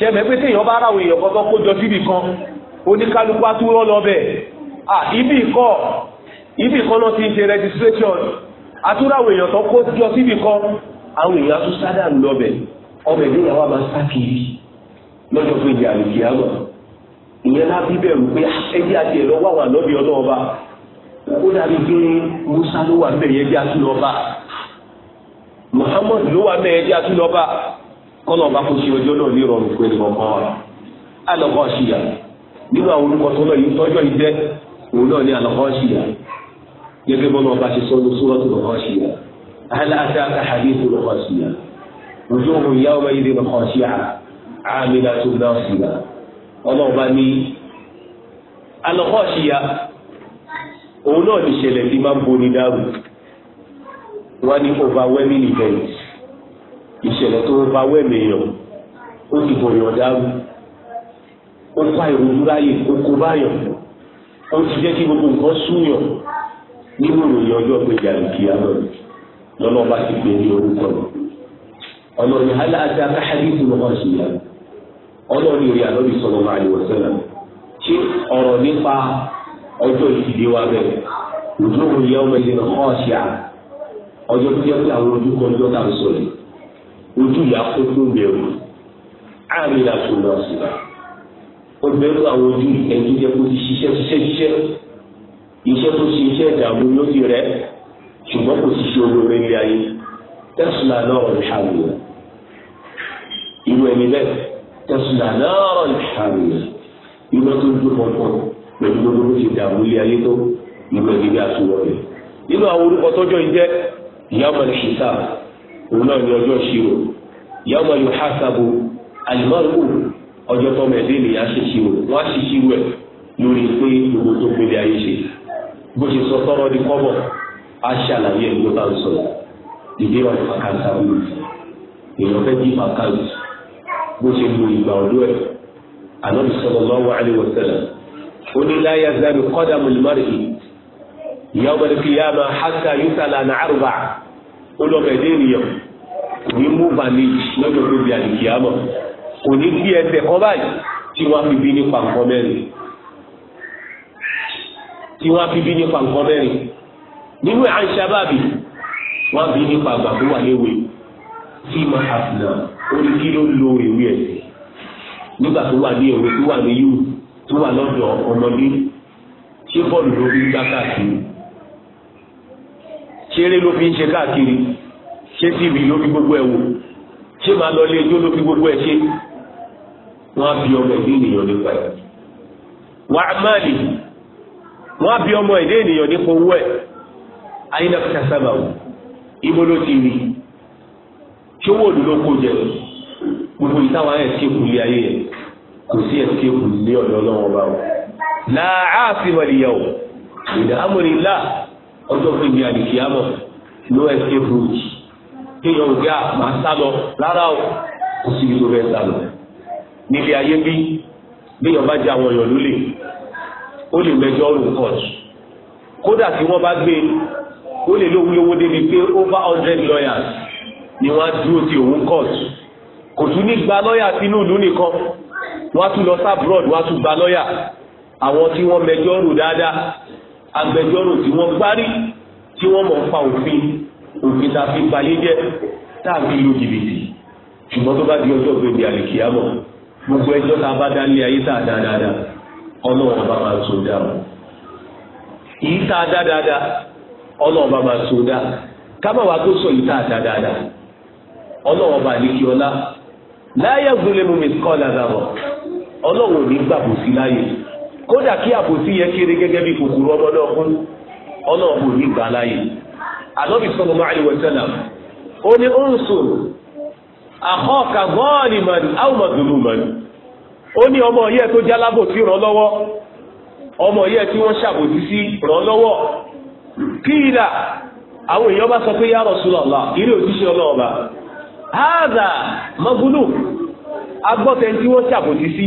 ṣẹ̀mẹ̀ pé téèyàn bá ráwọn èèyàn kan tó kójọ síbì kan oníkálukú atúrọ́ lọ bẹ̀ ibi kan ibi kan náà ti ń ṣe registration àtúráwọ̀ èèyàn tó kó sí ọ síbi kan àwọn èèyàn tó sádà ń lọbẹ̀ ọbẹ̀ níyàwó máa sá kiri lọ́jọ́ pé ìdí àlùkì àgbà ìyẹn eji bẹ̀rù pé ah, ẹjẹ́ àti ẹ̀ lọ́wọ́ àwọn àlọ́bí ọlọ́ọba ó dàbí pé Musa ló wà bẹ́ẹ̀ yẹn ló wà yẹn ọba kò ṣe náà wa ṣìyà nínú àwọn olùkọ́ tó yìí tọ́jọ́ ìjẹ́ òun gẹ́gẹ́ bọ́lá ọba ṣe sọ ní suratul khashiyah hal ataka hadithul khashiyah wujuhun yawma idhin khashiyah amilatun nasiyah ọlọ́ọ̀bá ní al-khashiyah òun náà ní ṣẹlẹ̀ tí máa ń boni dáhùn wọ́n ní overwhelming event ìṣẹ̀lẹ̀ tó overwhelm èèyàn ó ti bọ̀yàn dáhùn ó pa ìrònú láyè ó kó báyàn ó ti jẹ́ kí gbogbo nǹkan súnyàn nínú ìròyìn ọjọ́ pé jàǹkì àmọ́ lọ́nà ọba ti pè ní orúkọ rẹ̀ ọ̀nà ìhà láti akáhàdí ìlú náà ṣe yá ọ̀nà ìròyìn àlọ́bí sọ̀rọ̀ máa ní wọ̀sẹ̀lá ṣé ọ̀rọ̀ nípa ọjọ́ ìdílé wa bẹ̀rẹ̀ ojú òun yẹ ọmọ ìdílé náà ṣe à ọjọ́ tó jẹ́ pé àwọn ojú kan ọjọ́ tá sọ yìí ojú ìyá kó tó bẹ̀rù àmì làtúndà sí i ó bẹ̀rù àwọn ojú ẹni iṣẹ́ tó ṣe iṣẹ́ ìdààmú lórí rẹ̀ ṣùgbọ́n kò sì ṣe olóore ilé ayé tẹ́sùlà náà rẹ̀ ṣàlùyẹ̀ irú ẹni bẹ́ẹ̀ tẹ́sùlà náà rẹ̀ ṣàlùyẹ̀ iná tó dún pọ̀npọ̀n pẹ̀lú gbogbo bó ṣe dààmú ilé ayé tó irú ẹni bí aṣọwọ́ rẹ̀ nínú àwọn orúkọ tọ́jọ́ ìjẹ́ yawmal hisab òun náà ni ọjọ́ ìṣirò yawma yuhasabu al-mar'u ọjọ́ tọ́mọ̀ ẹ̀dẹ́ ènìyàn ṣe ṣirò wọ́n á ṣe ṣirò ẹ̀ lórí pé gbogbo tó pélé ayé ṣe bó ṣe sọ tọ́rọ̀ ní kọ́bọ̀ á ṣàlàyé ẹni tó bá ń sọ ìdí ọ̀rẹ́ màkàtà wù èèyàn fẹ́ bí màkàtà bó ṣe lu ìgbà ọ̀dọ́ ẹ̀ ànábì sallallahu alaihi wasallam ó ní la yazalu qadamul mar'i yawmal qiyamah hatta yus'ala an arba'a ó lọ́mọ ẹ̀dẹ́ ènìyàn kò ní mú bandage lọ́jọ́ tó di àdìkìyàmọ̀ kò ní bí ẹsẹ̀ kọ́ báyìí tí wọ́n fi bí nípa nǹkan mẹ́rin tí wọ́n fi bí nípa nǹkan mẹ́rin nínú àǹṣàbàbí wọ́n bí nípa àgbà tó wà léwe tí ma àfìnà orí kí ló lo èwe ẹ̀ nígbà tó wà ní èwe tó wà ní yù tó wà lọ́dọ̀ ọmọdé ṣé bọ́ọ̀lù ló fi ń gbá káàkiri ṣeré ló fi ń ṣe káàkiri ṣé tíìbì ló fi gbogbo ẹ̀ wò ṣé máa lọ ilé ẹjọ́ ló fi gbogbo ẹ̀ ṣe wọ́n á fi ọmọ ẹ̀dín ènìyàn nípa ẹ̀ wàá máàlì wọ́n á bí ọmọ ẹ̀dá ènìyàn nípa owó ẹ̀ àyínà kẹsàmà o ibo ló ti rí tí owó òdùn ló kó jẹ gbogbo ìtawà ẹ̀ sí èkó ilé ayé yẹn kò sí ẹ̀ sí èkó ilé ọ̀dọ́ ọlọ́wọ́n bá o làá sí wàlíyà o ìdá amúnilá ọjọ́ fún ìgbé àdìkíyàmọ̀ ló ẹ̀ sí èkó yìí kéèyàn ò gé àmà sálọ rárá o kò sí ibi tó fẹ́ sálọ níbi ayé bí bí yọba jẹ àwọn èèyàn lólè ó lè mẹjọ rò court kódà tí wọ́n bá gbé ó lè lówó lówó débi pé over hundred lawyers ni wọ́n á dúró ti òun court kò tún ní gba lọ́yà sínú ìlú nìkan wọ́n á tún lọ sí abroad wọ́n á tún gba lọ́yà àwọn tí wọ́n mẹjọ rò dáadáa agbẹjọ́rò tí wọ́n gbárí tí wọ́n mọ̀ ń fa òfin òfin tá a fi balẹ̀ jẹ́ tá a fi lu jìbìtì ṣùgbọ́n tó bá di ọjọ́ gbèbí àlèkìyàmọ̀ gbogbo ẹjọ́ tá a bá dá lé ayé tá a dá dáadáa. ọlọ́run bá máa so dá o yìí tá a dá dáadáa ọlọ́run bá máa so dá kábà tó sọ yìí tá a dá dáadáa ọlọ́run bá ní kí ọlá láyé gbólẹ́mu mi kọ́ làdàbọ̀ ọlọ́run ò ní gbà bò sí láyé kódà kí àbòsí yẹn kéré gẹ́gẹ́ bí kòkòrò ọlọ́run ní gbà láyé ó ní ó ó ní ọmọ yẹ tó jálábò tí ràn lọ́wọ́ ọmọ yẹ tí wọ́n ṣàbòjú sí ràn lọ́wọ́ kí ìlà àwọn èèyàn bá sọ pé yá Rasulullah ilé òjíṣẹ́ ọlọ́ọ̀bà áàdà mọ́gúlù agbọ́tẹ̀ tí wọ́n ṣàbòjú sí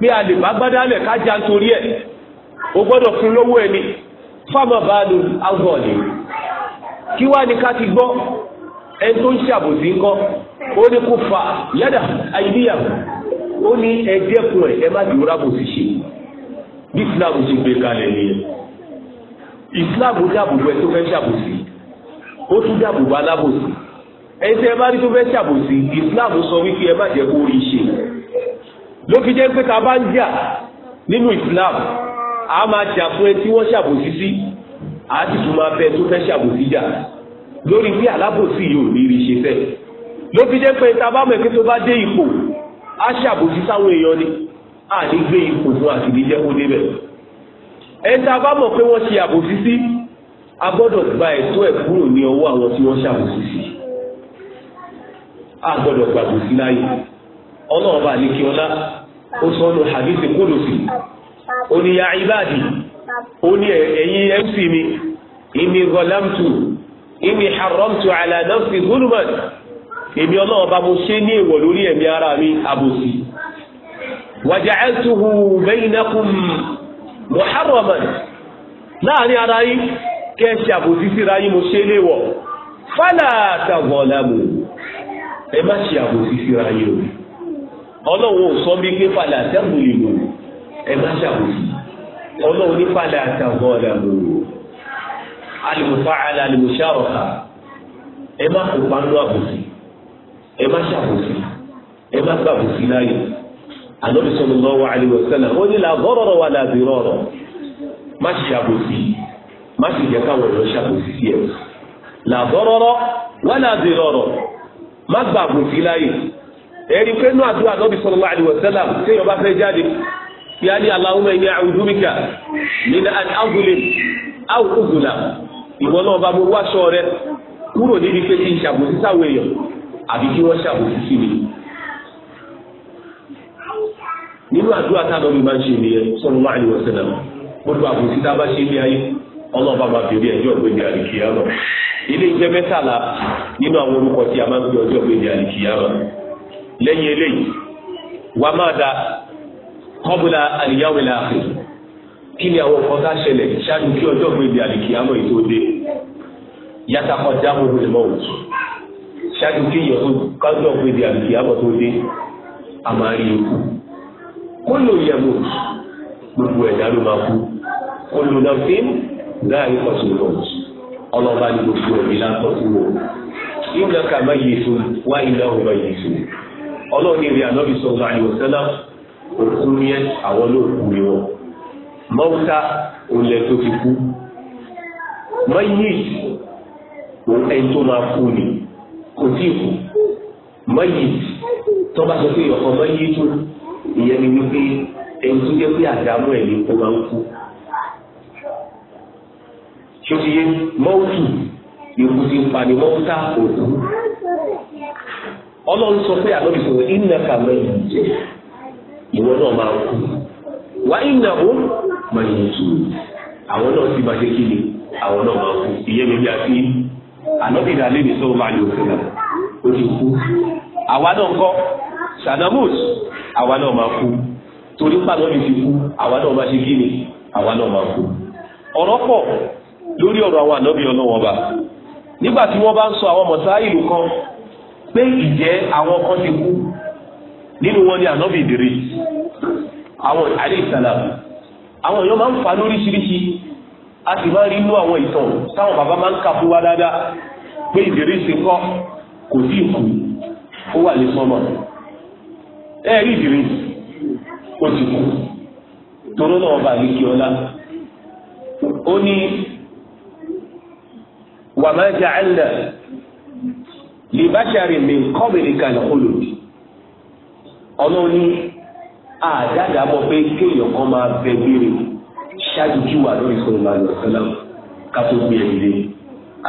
pé a lè bá gbádálẹ̀ ká já nítorí ẹ̀ o gbọ́dọ̀ fún lówó ẹni fáwọn bá lu agbọ̀ọ̀lì kí wá ní ká ti gbọ́ ẹni tó ń ṣàbòjú ńkọ́ ó ní kó ó ní ẹ̀dẹ́kun ẹ̀ ẹ má dùn rábò sì ṣe bí islam ṣe gbé kalẹ̀ nìyẹn islam dáàbò bẹ tó fẹ́ ṣàbòsí ó tún dáàbò bá alábòsí ẹsẹ bá rí tó fẹ́ ṣàbòsí islam sọ wípé ẹ má jẹ́ kó rí ṣe ló fi jẹ́ pé ta bá ń jà nínú islam a máa jà fún ẹ tí wọ́n ṣàbòsí sí a sì tún máa fẹ́ tó fẹ́ ṣàbòsí jà lórí pé alábòsí yìí ò ní rí ṣe fẹ́ ló fi jẹ́ pé ta bá mọ̀ pé tó bá dé ipò á ṣàbòsí sáwọn èèyàn ni a ní gbé ipò fún àti ní jẹ́ kó débẹ̀ ẹni tá a bá mọ̀ pé wọ́n ṣe àbòsí sí a gbọ́dọ̀ gba ẹ̀tọ́ ẹ̀ kúrò ní ọwọ́ àwọn tí wọ́n ṣàbòsí sí a gbọ́dọ̀ gbàgbọ́ sí láyé ọlọ́run bá ní kí ọlá ó sọ ọ́nà hadithi kúlùsì ó ní ya ibadi ó mc mi ìmí gọlámtù ìmí haramtu ala nafsi zulman. èmi ọlọ́run mo ṣe ní èèwọ̀ lórí ẹ̀mí ara mi àbòsí wàjàẹ́tuhu bainakum muharraman láàrin ara yín kẹ́ẹ̀ṣì àbòsí síra yín mo ṣe léèwọ̀ fálà tazalamu ẹ má ṣe àbòsí síra yín o ọlọ́run ò sọ bí pé fálà tazalamu ẹ má ṣe àbòsí ọlọ́run ní fálà tazalamu alùpàá alùpàá ẹ má kópa nínú àbòsí. ẹ má ṣàbòsí ẹ má gbàbòsí láyè ànábì sallallahu alaihi wasallam ó ní la gharara wa la dirara má ṣàbòsí má sì jẹ́ káwọn èèyàn sí ẹ la gharara wa la má gbàbòsí láyè ẹ̀rí pé inú àdúrà ànábì sallallahu alaihi wasallam téèyàn bá jáde ní ìwọ náà bá wáṣọ rẹ kúrò níbi pé kí n àbí kí wọ́n ṣàbòsí sí mi nínú àdúrà mi máa ń ṣe a bá ṣe ní ayé ọlọ́ọ̀bá máa bèrè ẹjọ́ ìgbéni àlìkìyà lọ ilé iṣẹ́ mẹ́tàlá nínú àwọn orúkọ tí a máa ń gbé ọjọ́ lọ lẹ́yìn eléyìí wàá máa da kọ́bùlà kí ni àwọn kan a ṣẹlẹ̀ ṣáájú kí ọjọ́ lọ yàtàkọ̀ dáhùn ìmọ̀ òtún ṣáájú kéèyàn tó kájọ pé di àbíkí àbọ̀ tó dé a máa rí ikú kó ló yẹ mọ gbogbo ẹ̀dá ló máa kú kó ló náà fi láàrin kọ̀tún lọ ọlọ́ba ní gbogbo ẹ̀mí látọ̀ sí wọn ìgbà ká má yé so wá ìlà òun má yé so ọlọ́run ní ìrìn ànábì sọ̀rọ̀ àyọ̀sẹ́lá òkú ní ẹ àwọn olóòkú ni wọn mọ́wútà olè tó ti kú mọ́yìí òun ẹni tó máa kú ni. kò tí kù mọ́yì tó bá sọ pé ọkọ mọ́yì tó ìyẹn ni wípé ẹni tó jẹ́ pé àdámọ́ ẹ̀ ní kó máa ń kú. ṣòṣìyẹ mọ́wùtù ìkú ti ń pani mọ́wùtà òkú. ọlọ́run sọ pé àlọ́ ìṣòro ìnà kàmọ́ jẹ́ ìwọ náà máa ń kú. wá ìnà ànábì ìdálé mi sọ̀rọ̀ máa ní òfin náà ó ti kú àwa náà kọ́ sadamus àwa náà máa kú torí pàdánù ti kú àwa náà máa ṣe kí ni àwa náà máa kú ọ̀rọ̀ pọ̀ lórí ọ̀rọ̀ àwọn ànábì ọlọ́wọ́n ba nígbà tí wọ́n bá ń sọ àwọn mọ̀sáìlù kan pé ìjẹ́ àwọn kan ti kú nínú wọn ni ànábì ìdírí àwọn àlè ìsàlà àwọn èèyàn máa ń fa lóríṣiríṣi a sì máa rí inú àwọn ìtàn táwọn bàbá máa ń kà fún wa dáadáa pé ìdírísì kọ́ kò sí ìkú ó wà lè sọmọ ẹ rí ìdírísì ó ti kú toró náà bá ní kí ọlá ó ní wa ma ja'alna li basharin min qablika al-khulud ọlọ́ọ̀ni àdáadáa mọ̀ pé kéèyàn kan máa bẹ bírè ṣáájú kí wà lórí sọ̀rọ̀ àlọ́ sálám ká tó gbé ẹ̀yìn lé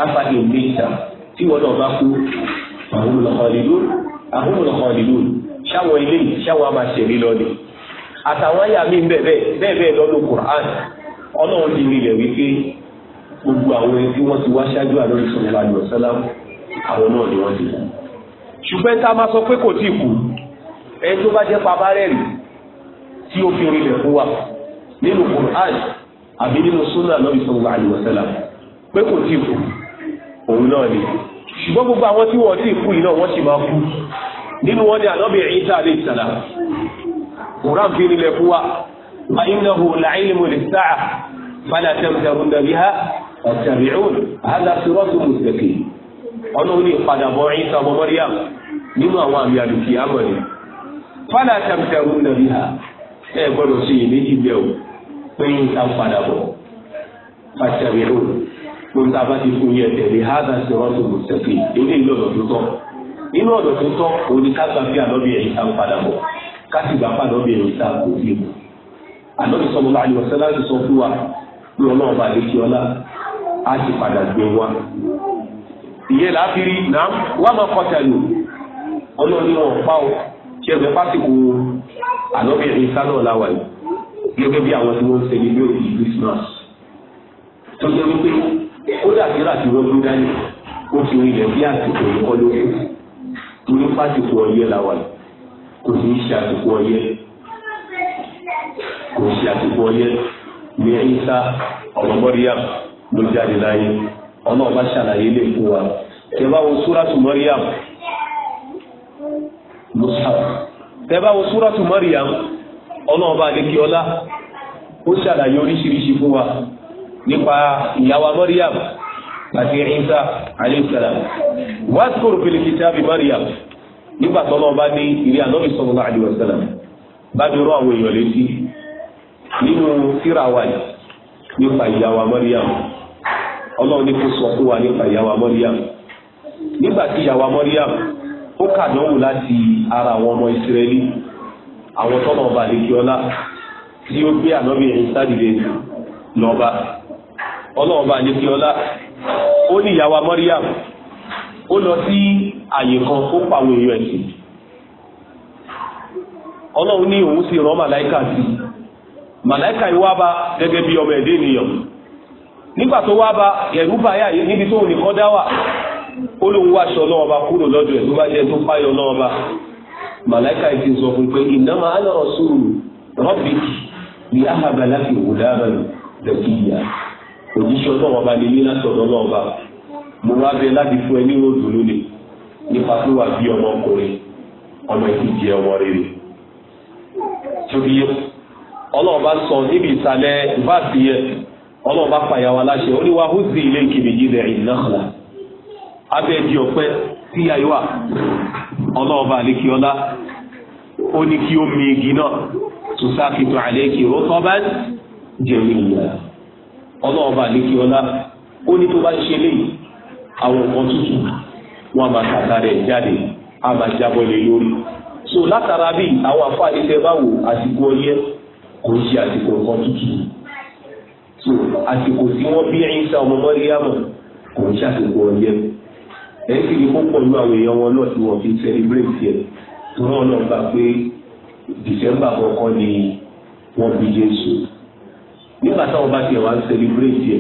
afáàdì òmìnira tí wọn náà bá kú àwọn olùkọ́ọ̀lìlú ṣáwọn ilé ṣáwọn a máa ṣẹ̀rí lọ ni àtàwọn àyà mi bẹ́ẹ̀ bẹ́ẹ̀ lọ́dún Qur'an ọlọ́run ti rí rẹ̀ wípé gbogbo àwọn ẹni tí wọ́n ti wá ṣáájú àlọ́ sọ̀rọ̀ àlọ́ sálám àwọn náà ni wọ́n ti kú ṣùgbọ́n tá a máa sọ pé kò tíì kú ẹni tó bá jẹ́ pabárẹ́rì tí ó fi orí rẹ̀ fún wa nínú Qur'an àbí nínú súnà Ànábì sallallahu alaihi wasallam pé kò tí kú òun náà ni ṣùgbọ́n gbogbo àwọn tí wọ́n ti kú yìí náà wọ́n sì máa kú nínú wọn ni Ànábì Ìsá alayhi salam Qur'an fi nílẹ̀ fún wa fa innahu la'ilmu lis-sa'ah fala tamtarunna biha fattabi'un hadha siratun mustaqim ìpadàbọ̀ Ìsá ọmọ Maryam nínú àwọn àmì àlùkìyámọ̀ ni fala tamtarunna biha ẹ gbọ́dọ̀ sí iyèméjì bẹ́ẹ̀ o pé nǹkan padà bọ̀ pàṣẹ ìròyìn gbogbo tá a bá ti fún yẹn tẹ̀lé hádà sí ọ̀rọ̀ mùsẹ̀fì ilé ìlú ọ̀dọ̀ tó tọ́ inú ọ̀dọ̀ tó tọ́ òun ni ká gba bí àlọ́bì ẹ̀yìn tá a padà bọ̀ ká sì gbà pàlọ́bì ẹ̀yìn tá a kò fi mọ̀ àlọ́bì sọ̀rọ̀ láàyè ọ̀sẹ̀ láti sọ fún wa pé ọlọ́run bá lè fi ọlá á ti padà gbé wa. ìyẹn láàfin náà wà máa kọjá lò ọlọ́run ni wọn pa ọ ṣẹ̀fẹ̀ pásìkò àlọ́bì ẹ̀yìn sá náà láwàyè gẹ́gẹ́ bí àwọn tí wọ́n ń celebrate Christmas tó ṣe wípé ó dàbí láti rọ́gbọ́n dání ó ti rí ilẹ̀ bí àsìkò ìkọ́ ló kù torí pásìkò ọyẹ́ la wà kò sí ṣe àsìkò ọyẹ́ kò sí àsìkò ọyẹ́ ní ẹ̀yíṣà ọ̀rọ̀mọ́ríyà ló jáde láyé ọlọ́run bá ṣàlàyé lè fún wa tẹ́bá wo súrátù mọ́ríyà ló sá tẹ́bá wo súrátù mọ́ríyà ọlọ́run bá adékè ọlá ó ṣàlàyé oríṣiríṣi fún wa nípa ìyàwó Maryam àti Isa aleyhisselam wàásùkòrò fil kitabi Maryam nígbà tó ní ìrìn ànábì sallallahu alaihi bá dúró àwọn èèyàn létí nínú síra wa nípa ìyàwó ọlọ́run ara àwọn ọmọ àwọn tọ́nà ọba àdékiọ́lá tí ó gbé ànábì ẹ̀yìn lọ́ba ọlọ́run ọba ó ní Mariam ó lọ sí àyè kan ó pa èèyàn ẹ̀sìn ọlọ́run ní òun si. rán màláìkà sí màláìkà yìí bá gẹ́gẹ́ bí ọmọ ẹ̀dẹ́ ènìyàn nígbà tó wá bá ẹ̀rú báyà níbi tóun nìkan dá wà ó lóun ọba kúrò lọ́dọ̀ màláìka yìí ti sọ fún pé ìnáma ana rasul rọ́bìkì ní ahabala fi wùdáàbà zakiya òjíṣẹ́ ọlọ́wọ́ bá lè ní látọ̀dọ̀ náà bá mo wá bẹ láti fún ẹ ní ròdù lónìí nípa pé wà bí ọmọkùnrin ọmọ ẹtì jẹ ọmọ rere tóbi yẹ sọ níbi ìsàlẹ̀ báàsì yẹ ọlọ́wọ́ pàyàwó aláṣẹ ó ní ilé ìkìlì yìí rẹ̀ náà. abẹ́ẹ̀dì ọ̀pẹ́ tí a yíwà ọlọ́ọ̀bà àlékiọlá ó ní kí ó mi igi náà tó sáàkìtò àlékì rọ́tọ́bá jẹ̀mí ìyá ọlọ́ọ̀bà àlékiọlá ó ní tó bá ń ṣe léyìí àwọn nǹkan tútù wọn a máa rẹ̀ jáde so látara bíi àwọn bá wò àsìkò ọyẹ kò ń ṣe àsìkò so àsìkò tí wọ́n bí ẹ̀yìn sá ọmọ kò ń ṣàsìkò ọyẹ. ẹ̀ sì rí púpọ̀ nínú àwọn èèyàn wọn náà tí wọ́n fi celebrate yẹ tí wọ́n náà gbà pé December kọ̀ọ̀kan ni wọ́n bí Jésù nígbà táwọn bá tiẹ̀ wá ń celebrate yẹ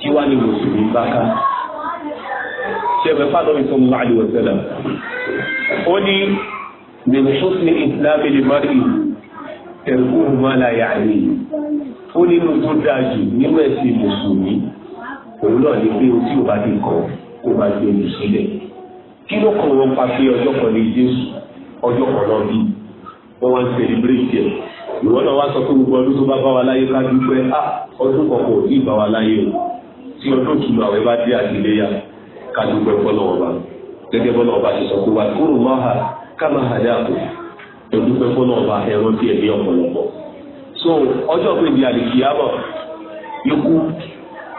kí wá ní mùsùlùmí bá ká ṣẹ̀fẹ̀ fàlọ́rì sọ̀rọ̀ láàrin wọ̀sẹ̀lá ó ní min husni islami limari tẹ̀kùrù máa la yà ní ó nínú tó dáa jù nínú ẹ̀sìn mùsùlùmí òun náà ní pé o tí o bá ti kọ́ ọ́. kó bá gbé mi sílẹ̀ kí ló kàn wọ́n pa pé ọjọ́ kan ní jésù ọjọ́ kan bí wọ́n wá ń ẹ̀ náà wá sọ pé gbogbo ọdún tó bá bá wa láyé ká dúpẹ́ á ọdún kọ̀ọ̀kan ò bá wa láyé o tí ọdún àwẹ̀ bá dé ká dúpẹ́ ọba gẹ́gẹ́ ọba ti sọ pé wà kúrò máa ká máa hà dáàbò ẹ dúpẹ́ ọba ẹ̀rọ bí ẹ̀mí ọ̀pọ̀lọpọ̀ so ọjọ́ pé di àdìkì yàbọ̀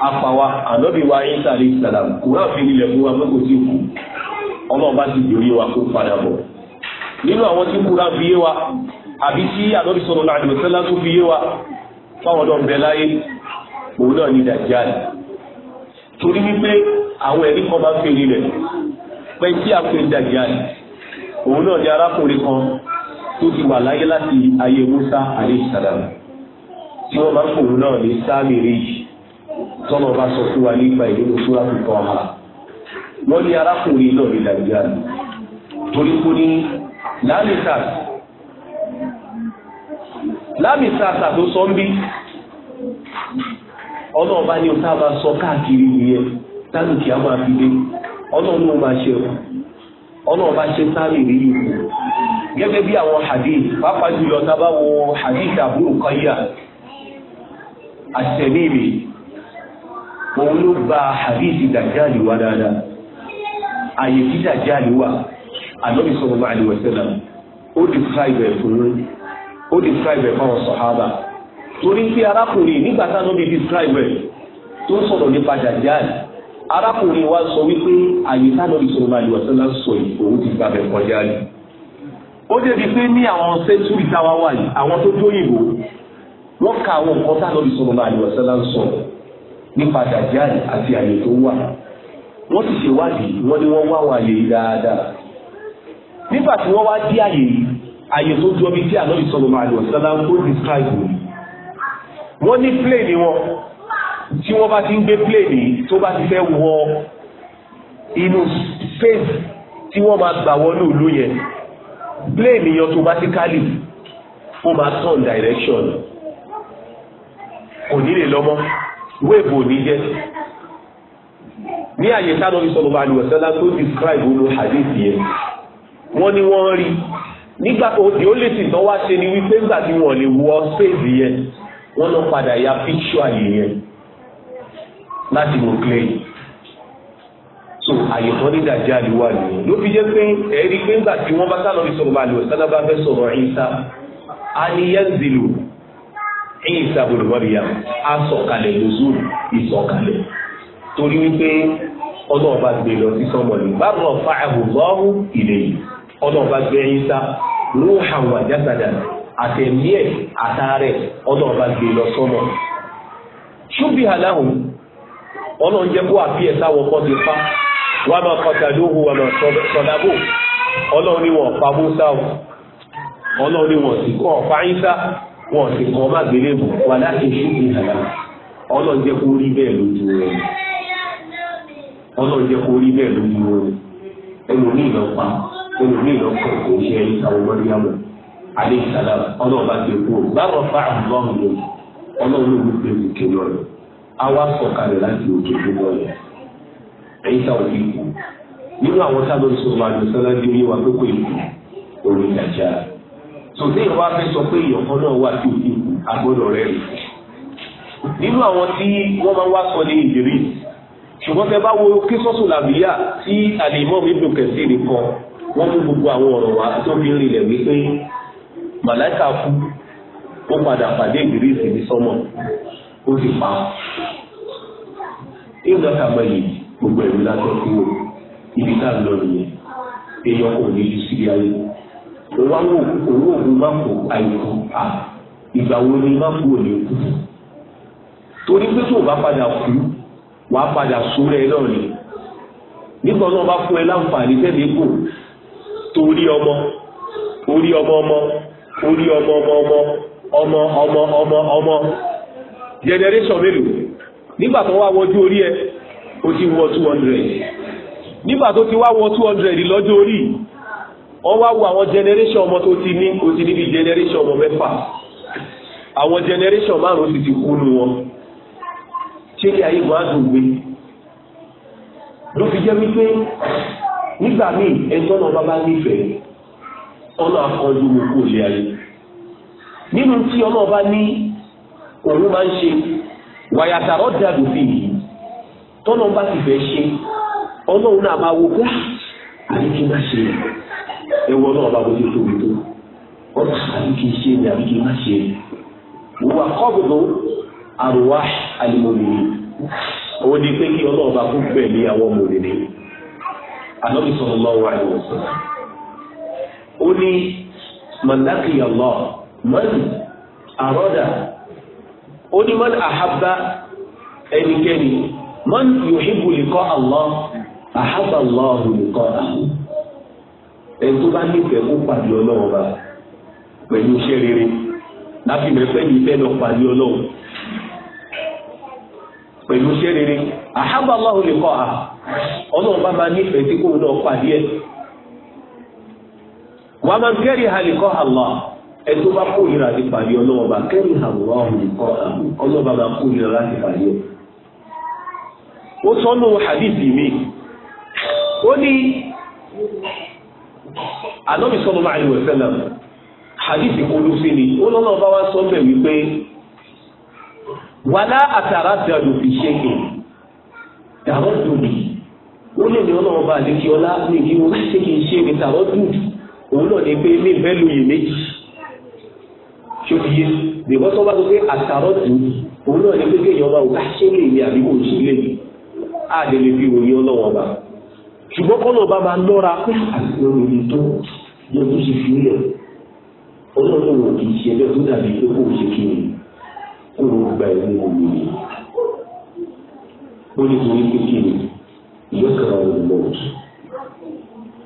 apàwa ànábì wa Ìsá alayhi salam kùrán fi nílẹ̀ fún wa pé kò sí kù ọlọ́ọ̀bá ti dòrí wa kó padà bọ̀ nínú àwọn tí kùrán fi yé wa àbí tí ànábì sallallahu alaihi wasallam tó fi yé wa fáwọn ọ̀dọ́ ń bẹ láyé òun náà ní Dajjal torí wípé àwọn ẹ̀rí kan máa ń fèrè rẹ̀ pé tí a pè Dajjal òun náà ní arákùnrin kan tó ti wà láyé láti ayé Musa alayhi salam tí wọ́n máa ń pòun náà ní sáàmì ríjì tọ́nà bá sọ fún wa nípa ìlú fúlàfù kan ha wọ́n ní arákùnrin náà ní nàìjíríà torí kú ní lámìsàs ní ọ̀tá bá sọ káàkiri nìyẹn tálùkì á máa fi dé ṣe ṣe sáré rí gẹ́gẹ́ bí àwọn hadith jùlọ tá a bá hadith àbúrò àṣẹ ní ìlú. òun ló gba àdìsí dàjáàlì wa dáadáa àyè tí dàjáàlì wà ànábì sallallahu alaihi wasallam ó describe ẹ̀ fún un ó describe ẹ̀ fáwọn sọ̀hábà torí pé arákùnrin nígbà táwọn ọmọdé describe ẹ̀ tó sọ̀rọ̀ nípa dàjáàlì arákùnrin wa sọ wípé àyè táwọn ìṣòro àlè ọ̀sánlá sọ yìí òun ti gbàgbẹ́ kọjá ni. ó débi pé ní àwọn sẹ́ńtúrì táwa wà yìí àwọn tó dóyìnbó wọ́n ka àwọn nǹkan táwọn ìṣòro àlè ọ̀sánlá sọ nípa dàjáàlì àti àyè tó wà wọ́n sì ṣèwádìí wọ́n ní wọ́n wá àwọn àyè yìí dáadáa nígbà tí wọ́n wá dí àyè yìí àyè tó ju ọbí tí àlọ́yìn sọ̀rọ̀ máa lọ sọ́lá ó describe mi wọ́n ní pléènì wọn tí wọ́n bá ti ń gbé pléènì tó bá ti fẹ́ wọ inú space tí wọ́n máa gbà wọnú ìlú yẹn pléènì yẹn automatically ó máa turn direction kò ní lè lọ wéèbù òní jẹ́ ní àyè sáà nàbí sọlọ́ba àlùwẹ̀sẹ́lá tó describe olú hadith yẹn wọ́n ní wọ́n rí nígbà òdì ó lè sì tán wá ṣe ni wípé nígbà tí wọ́n lè wọ space yẹn wọ́n lọ padà ya picture àyè yẹn láti mú clay so àyè kan ní dàjà àdúrà nìyẹn ló fi jẹ́ pé ẹ̀rí pé nígbà tí wọ́n bá sáà nàbí sọlọ́ba àlùwẹ̀sẹ́lá bá fẹ́ sọ̀rọ̀ ẹ̀yìn sá Isa bùnú Maryam á sọ̀kalẹ̀ lóṣù ìsọ̀kalẹ̀ torí wípé ọlọ́run gbé lọ sí sọ́mọ̀lì fa àbùbọ́ọ̀hù ilé yìí ọlọ́run gbé Isa ruhan wa àtẹ̀mí ẹ̀ àtàrẹ̀ ọlọ́run gbé lọ sọ́mọ̀ ṣúbí aláhùn ọlọ́run jẹ́ kó àbí ẹ̀ sáwọ́ kọ́ ti fa wà máa kọta lóhu wà máa Isa wọn sì kàn má gbélé bò wà láti ṣú ìhàlà ọlọ́run jẹ́ kó rí bẹ́ẹ̀ lójú rẹ̀ ọlọ́run jẹ́ kó rí bẹ́ẹ̀ lójú rẹ̀ ẹlòmíì lọ pa ẹlòmíì lọ kọ̀ kò ṣe ẹni sáwọn mọ́ríyàmọ̀ aleyhisalaam ọlọ́run bá ti kú báwo fa àbúrò lò ọlọ́run ló gbé òkè lọ rẹ̀ àwa sọ̀kalẹ̀ láti òkè tó lọ rẹ̀ ẹ̀yìn sáwọn ti kú nínú àwọn sábẹ́ sọ̀rọ̀ àjọṣẹ́lá tòsí ìwà fẹ́ sọ pé ìyọ̀kan náà wà tí òkú agbọ́dọ̀ rẹ̀ rí nínú àwọn tí wọ́n máa ń wá sọ ní ìdírí ṣùgbọ́n tẹ bá wo kí sọ́sùn làbíyà tí àlèmọ́ mi dùn kẹ̀sí rí kan wọ́n mú gbogbo àwọn ọ̀rọ̀ wá tó fi rinlẹ̀ wípé màláìka kú ó padà pàdé ìdírí ìsinmi sọ́mọ̀ ó sì pa ìgbà kàgbẹ́yì gbogbo ẹ̀rí lásán kúrò ibi tá a lọ nìyẹn èèyàn kò ní ju síbi ayé wá wò owó òun má fò àìkú à ìgbà wo ni má fò òní kú torí pé tó o bá padà kú wà á padà sóra ẹ náà ni nígbà náà bá fún ẹ láǹfààní tẹ́lẹ̀ kù torí ọmọ orí ọmọ ọmọ orí ọmọ ọmọ ọmọ ọmọ ọmọ ọmọ ọmọ generation mélòó nígbà tó wá wọjú orí ẹ o ti wọ two hundred nígbà tó ti wá wọ two hundred lọ́jọ́ orí yìí wọ́n wá wo àwọn generation ọmọ tó ti ní o ti níbi generation ọmọ mẹ́fà àwọn generation márùn-ún ti ti kú nu wọn ṣé kí ayé máa dùn gbé ló fi jẹ́ wípé nígbà míì ẹjọ́ náà bábá nífẹ̀ẹ́ ọ̀nà akọ́jú gbogbo ilé ayé nínú tí ọlọ́ọ̀ bá ní òun máa ń ṣe wàyàtàrọ̀ dàdù fi yìí tọ́nà bá ti fẹ́ ṣe ọlọ́run náà máa wo gbá ah, àyíkí má ṣe ewu ọlọ́run bá wọlé tóbi tó wọ́n ti sáré kí n ṣe ni àbí kí n má ṣe ni wà kọ́bùdù àrùwá àlùmọ̀mìnì òun ni pé kí ọlọ́run bá fún pẹ̀lú àwọn mòmìnì ànábì sallallahu alaihi wasallam ó ní mọ̀lákì Allah mọ́nì àrọ́dà ó ní mọ́nì àhábá ẹnikẹ́ni mọ́nì yòóhìbù liqa Allah àhábà Allah liqa àhùn. ẹni tó bá nífẹ̀ẹ́ kó pàdé ọlọ́run bá pẹ̀lú iṣẹ́ rere láti mẹ́fẹ́ ní ìfẹ́ lọ pàdé ọlọ́run pẹ̀lú iṣẹ́ rere àhábà ọlọ́run lè kọ́ à ọlọ́run bá máa nífẹ̀ẹ́ tí kò náà pàdé ẹ̀ wàá máa kẹ́rì lè kọ́ ẹni tó bá kórìíra ti pàdé ànábì sallallahu alaihi wasallam hadith kudusi ni ó lọ́nà bá wá sọ bẹ̀ wípé wàlá àtàrà dàlù fi ṣe é dàrọ́ dùn ó lè ní ọlọ́run bá àdékí ọlá ní kí wọ́n ṣe kí n ṣe ní tààrọ́ dùn òun náà ní pé ní bẹ́lú yìí méjì ṣó fi yé bìbọ́ tó bá tó pé àtàrọ́ dùn òun náà ní pé kéèyàn bá wò ká ṣe lè ní àbí kò ṣe lè ní àdé lè ṣùgbọ́n kọ́ náà bá máa lọ́ra pé lórí tó yẹ kó ṣe fílẹ̀ ọlọ́run wò kì í ṣe ẹgbẹ́ tó dàbí pé kò ṣe kí ni kó ló gba ẹ̀mí omi ni ó ní torí pé kí ni ìyọ́kàrà olùmọ̀ọ́tù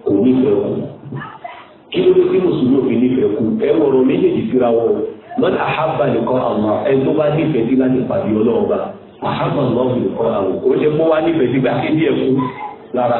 kò nífẹ̀ẹ́ kù kí ló dé tí mùsùlùmí òfin nífẹ̀ẹ́ kù ẹ wọ̀rọ̀ méjèèjì síra wọn lọ́n àhábà nìkan àmọ́ ẹ tó bá nífẹ̀ẹ́ sí láti pàdé ọlọ́ọ̀ba àhábà lọ́ọ̀bù nìkan àmọ́ ó ṣe kó wá nífẹ̀ẹ́ sí gbà kéde ẹ̀kú lára.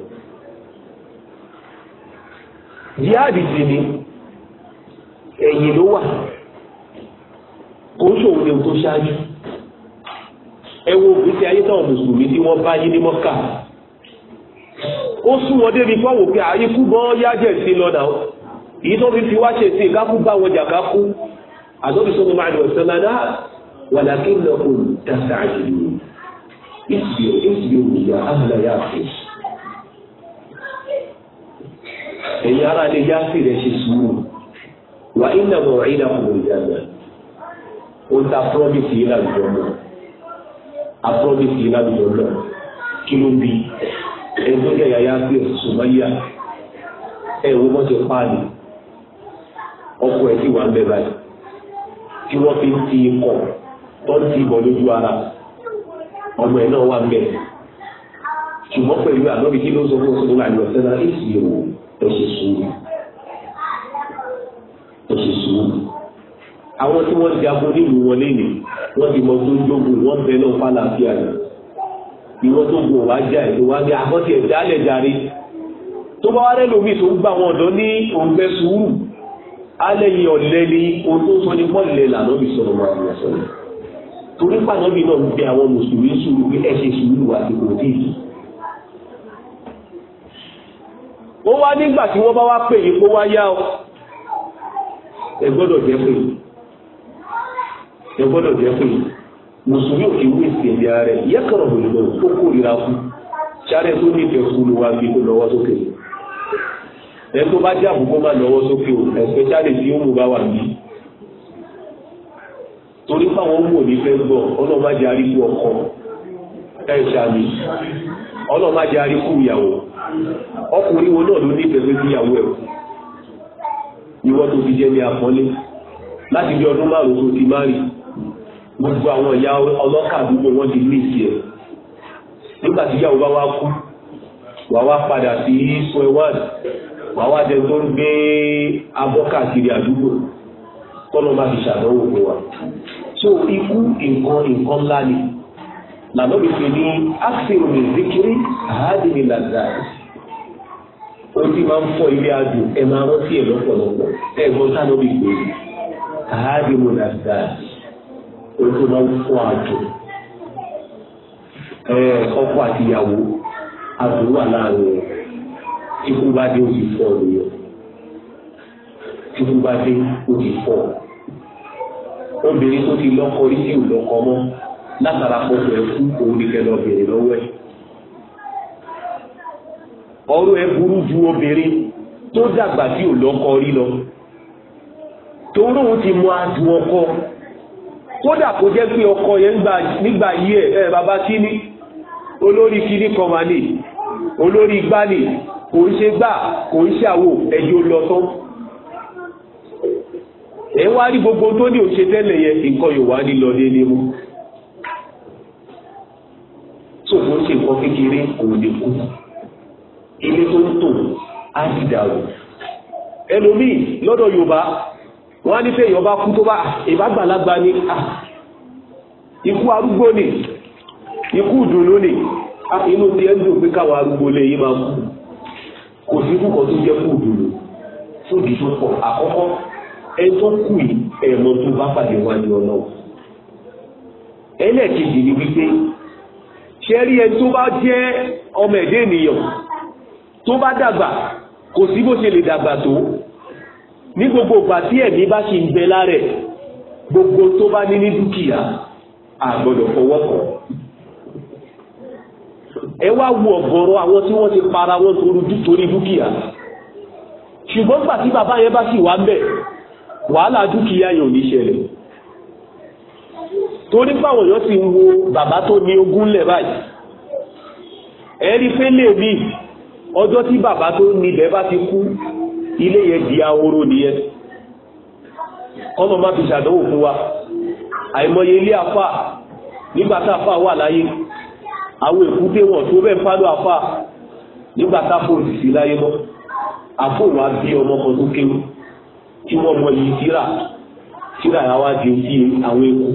jihadi sì ni ẹ̀yìn ló wà kó ṣòwò ni o tó ṣáájú ẹ wo òkúté ayé táwọn mùsùlùmí tí wọ́n bá yín ní mọ́kà ó sún wọn débi fáwọn òkè àyíkú gan yájẹ̀ sí lọ́nà èyí tó fi fi wá ṣe sí ìkákú bá wọn jà kákú àdóbi sọ́kùn máa lọ sọ́nà náà wà lákì lọ́kùn dáadáa jù lọ ìsìlẹ̀ ìsìlẹ̀ òmìnira àhàlà yà ẹ̀yin ara lè já sí rẹ̀ ṣe sùúrù wà iná mọ̀ iná kò lè dáná ó ta promise yìí lálùjọ náà a promise yìí lálùjọ náà kí ló bí ẹgbẹ́ kẹ̀yà yá sí Sùmáyà ẹ̀ wọ́n mọ̀ ọkọ̀ ẹ̀ sì wà ń bẹ̀ báyìí tí wọ́n fi ń ti tó ń ti lójú ara ọmọ ẹ̀ náà wà ó sì sùúrù ó sì sùúrù àwọn tí wọ́n jagun nílùú wọn léni wọ́n ti mọ tó jogun wọ́n bẹ náà fàlàfíà rẹ̀ ìwọ́n tó gun wá jà ètò wá gé àkọ́tì ẹ̀dá lẹ̀ darí tó bá wá rẹ́lò mi tó ń gbà wọn ọ̀dọ́ ní òǹgbẹ́ sùúrù alẹ́ yìí ọ̀lẹ́ ni ohun tó sọ ní pọ́ọ̀lẹ́ lànà bí sọ̀rọ̀ wọn àti ẹ̀sọ́ torí pàdánù náà ń bẹ àwọn mùsùlùmí sùúrù pé ẹ ṣe sùúrù àti kò wọ́n wá nígbà tí wọ́n bá wá pè yípo wá yá ọ ẹ gbọ́dọ̀ jẹ́ pé ẹ gbọ́dọ̀ jẹ́ pé mùsùlùmí ò kì í wí ìsìnkú rẹ̀ yẹ́kọ̀rọ̀ òyìnbó tó kórìíra kú sáré tó ní ìfẹ́ kú ló wá bí kó lọ́wọ́ sókè ẹ tó bá jáàbù kó má lọ́wọ́ sókè o ẹ̀fẹ́ sáré tí ó mú bá wà ní. torí fáwọn ọmọ òní fẹ́ gbọ́ ọlọ́mọdé aríkú ọkọ ẹ̀ ṣàmì ọlọ́mọdé aríkú ìyàwó. ọkùnrin wo náà ló ní ìfẹ́fẹ́ síyàwó ẹ̀ ìwọ tó fi jẹ́ ní àpọ́nlé láti bí ọdún márùn tó ti má gbogbo àwọn ìyá ọlọ́kà àdúgbò wọn ti ní ìsì ẹ̀ nígbà tí ìyàwó bá wá kú padà sí sọ one wàá wá jẹ tó ń gbé abọ́ àdúgbò fi ṣàdánwò fún wa so ikú nǹkan nǹkan ńlá ni lànà mi fi ní mi zikiri àádìmí ó ti máa ń fọ ilé adùn ẹ máa rántí ẹ lọ́pọ̀lọpọ̀ ẹ gbọ́n sáré bí gbé káàdì mo nà dá o tó máa ń fọ adùn ẹ ọkọ àtìyàwó adùn wà láàrin ikú bá dé o ti fọ nìyẹn ikú bá dé ó ti fọ obìnrin tó ti lọ́kọ rí sí ìlọ́kọ mọ́ látara pọ̀ pẹ̀lú òun ní kẹlẹ́ lọ́wọ́ ẹ̀ ọ̀rọ̀ ẹ burú ju obìnrin tó dàgbà tí ò lọ́kọ rí lọ torí òun ti mọ adùn ọkọ kódà kó jẹ́ pé ọkọ yẹn nígbà yí ẹ̀ ẹ̀ bàbá kíní olórí kíní kan wà ní olórí gbá ní kò ń ṣe gbà kò ń ṣàwò ẹ̀jọ́ lọ tán ẹ̀ wá rí gbogbo tó ní òṣè tẹ́lẹ̀ yẹn nǹkan yóò wá nílọ nílé mú tó kò ṣe nǹkan kékeré kò lè kú ilé tó ń tò á sì dàrú ẹlòmíì lọ́dọ̀ yorùbá wọ́n á ní fẹ́ kú tó bá ìbágbàlagbà ni ikú arúgbó ni ikú ìdùnnú ni inú ti ẹ́ ń dùn pé káwọn arúgbó lè yí máa kú kò sí ikú kan tó jẹ́ kú ìdùnnú tó di tó tó bá jẹ́ ọmọ ẹ̀dẹ́ ènìyàn tó bá dàgbà kò sí bó ṣe lè dàgbà tó ní gbogbo ìgbà tí ẹ̀mí bá ṣe ń bẹ lára ẹ̀ gbogbo tó bá ní ní dúkìá a fọwọ́ kàn ẹ wá wo ọ̀gọ̀rọ̀ àwọn tí wọ́n ti para wọn torí dúkìá ṣùgbọ́n gbà tí bàbá yẹn bá sì wá ń bẹ̀ wàhálà dúkìá yẹn ò ní ṣẹlẹ̀ torí báwọn yóò ti wo bàbá tó ní ogún lẹ̀ báyìí ẹ rí pé lèmi ọjọ́ tí bàbá tó níbẹ̀ bá ti kú ilé yẹn di ahoro nìyẹn kọ́nà má fi ṣàdánwò fún wa àìmọye ilé àfà nígbà tá àfà wà láyé àwọn èkúté wọn tó bẹ́ẹ̀ fádọ́ àfà nígbà tá àfò òsìsì láyé mọ́ àfò wa bí ọmọ kan tó kéwú tí wọ́n mọ iye tíra tíra àwa di ojú àwọn eku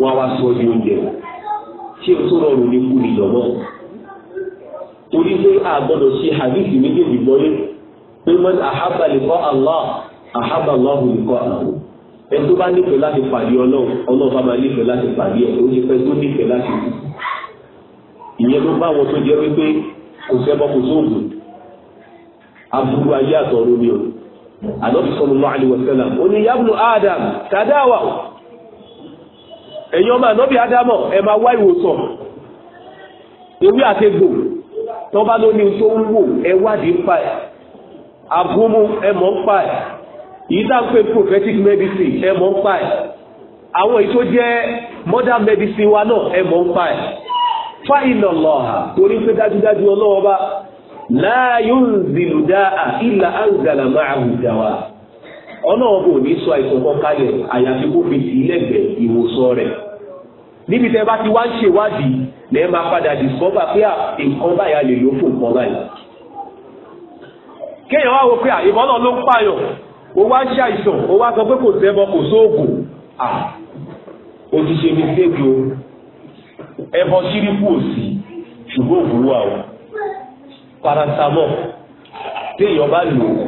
wọn wá sọ di oúnjẹ ṣé tó rọrùn ní kú nìyọ̀ torí pé a gbọ́dọ̀ ṣe hadith méjèèjì gbọ́yé pé man ahabba liqa Allah ahabba Allahu liqa'ahu ẹni tó bá nífẹ̀ẹ́ láti pàdé ọlọ́run ọlọ́run bá máa nífẹ̀ẹ́ láti pàdé ẹ̀ ó ní fẹ́ tó nífẹ̀ẹ́ láti kú ìyẹn ló bá wọn tó jẹ́ wípé kò sẹ́bọ̀ kò sóògùn aburú ayé àtọ̀rọ̀ ni o ànábì sallallahu alaihi wasallam ó ní yabnu Adam tàdáwà ẹ̀yin ọmọ ànábì Ádámọ̀ ẹ máa wá ìwòsàn ewé àtegbò tọ́ba ló ní tó ń wò ẹ wádìí pa ẹ̀ agúnmu ẹ mọ̀ ń pa ẹ̀ yìí prophetic medicine ẹ ń pa àwọn modern medicine wa náà ń pa torí pé dájúdájú láàyò ń zìlù dáa ìlà sọ àìsàn àyàfi kó fi tì níbi tẹ́ bá ti wá ń ṣèwádìí lẹ́ẹ̀ máa padà discover pé nǹkan báyà lè ló fún nǹkan báyìí. kéèyàn wá wo pé àìmọ́ náà ló ń pààyàn ó wá ń ṣàìsàn ó wá sọ pé kò sẹ́bọ kò sóògùn ó ti ṣe mistake o ẹbọ ṣíríkù ò sí ṣùgbọ́n òògùn wà o paracetamol téèyàn bá lò ó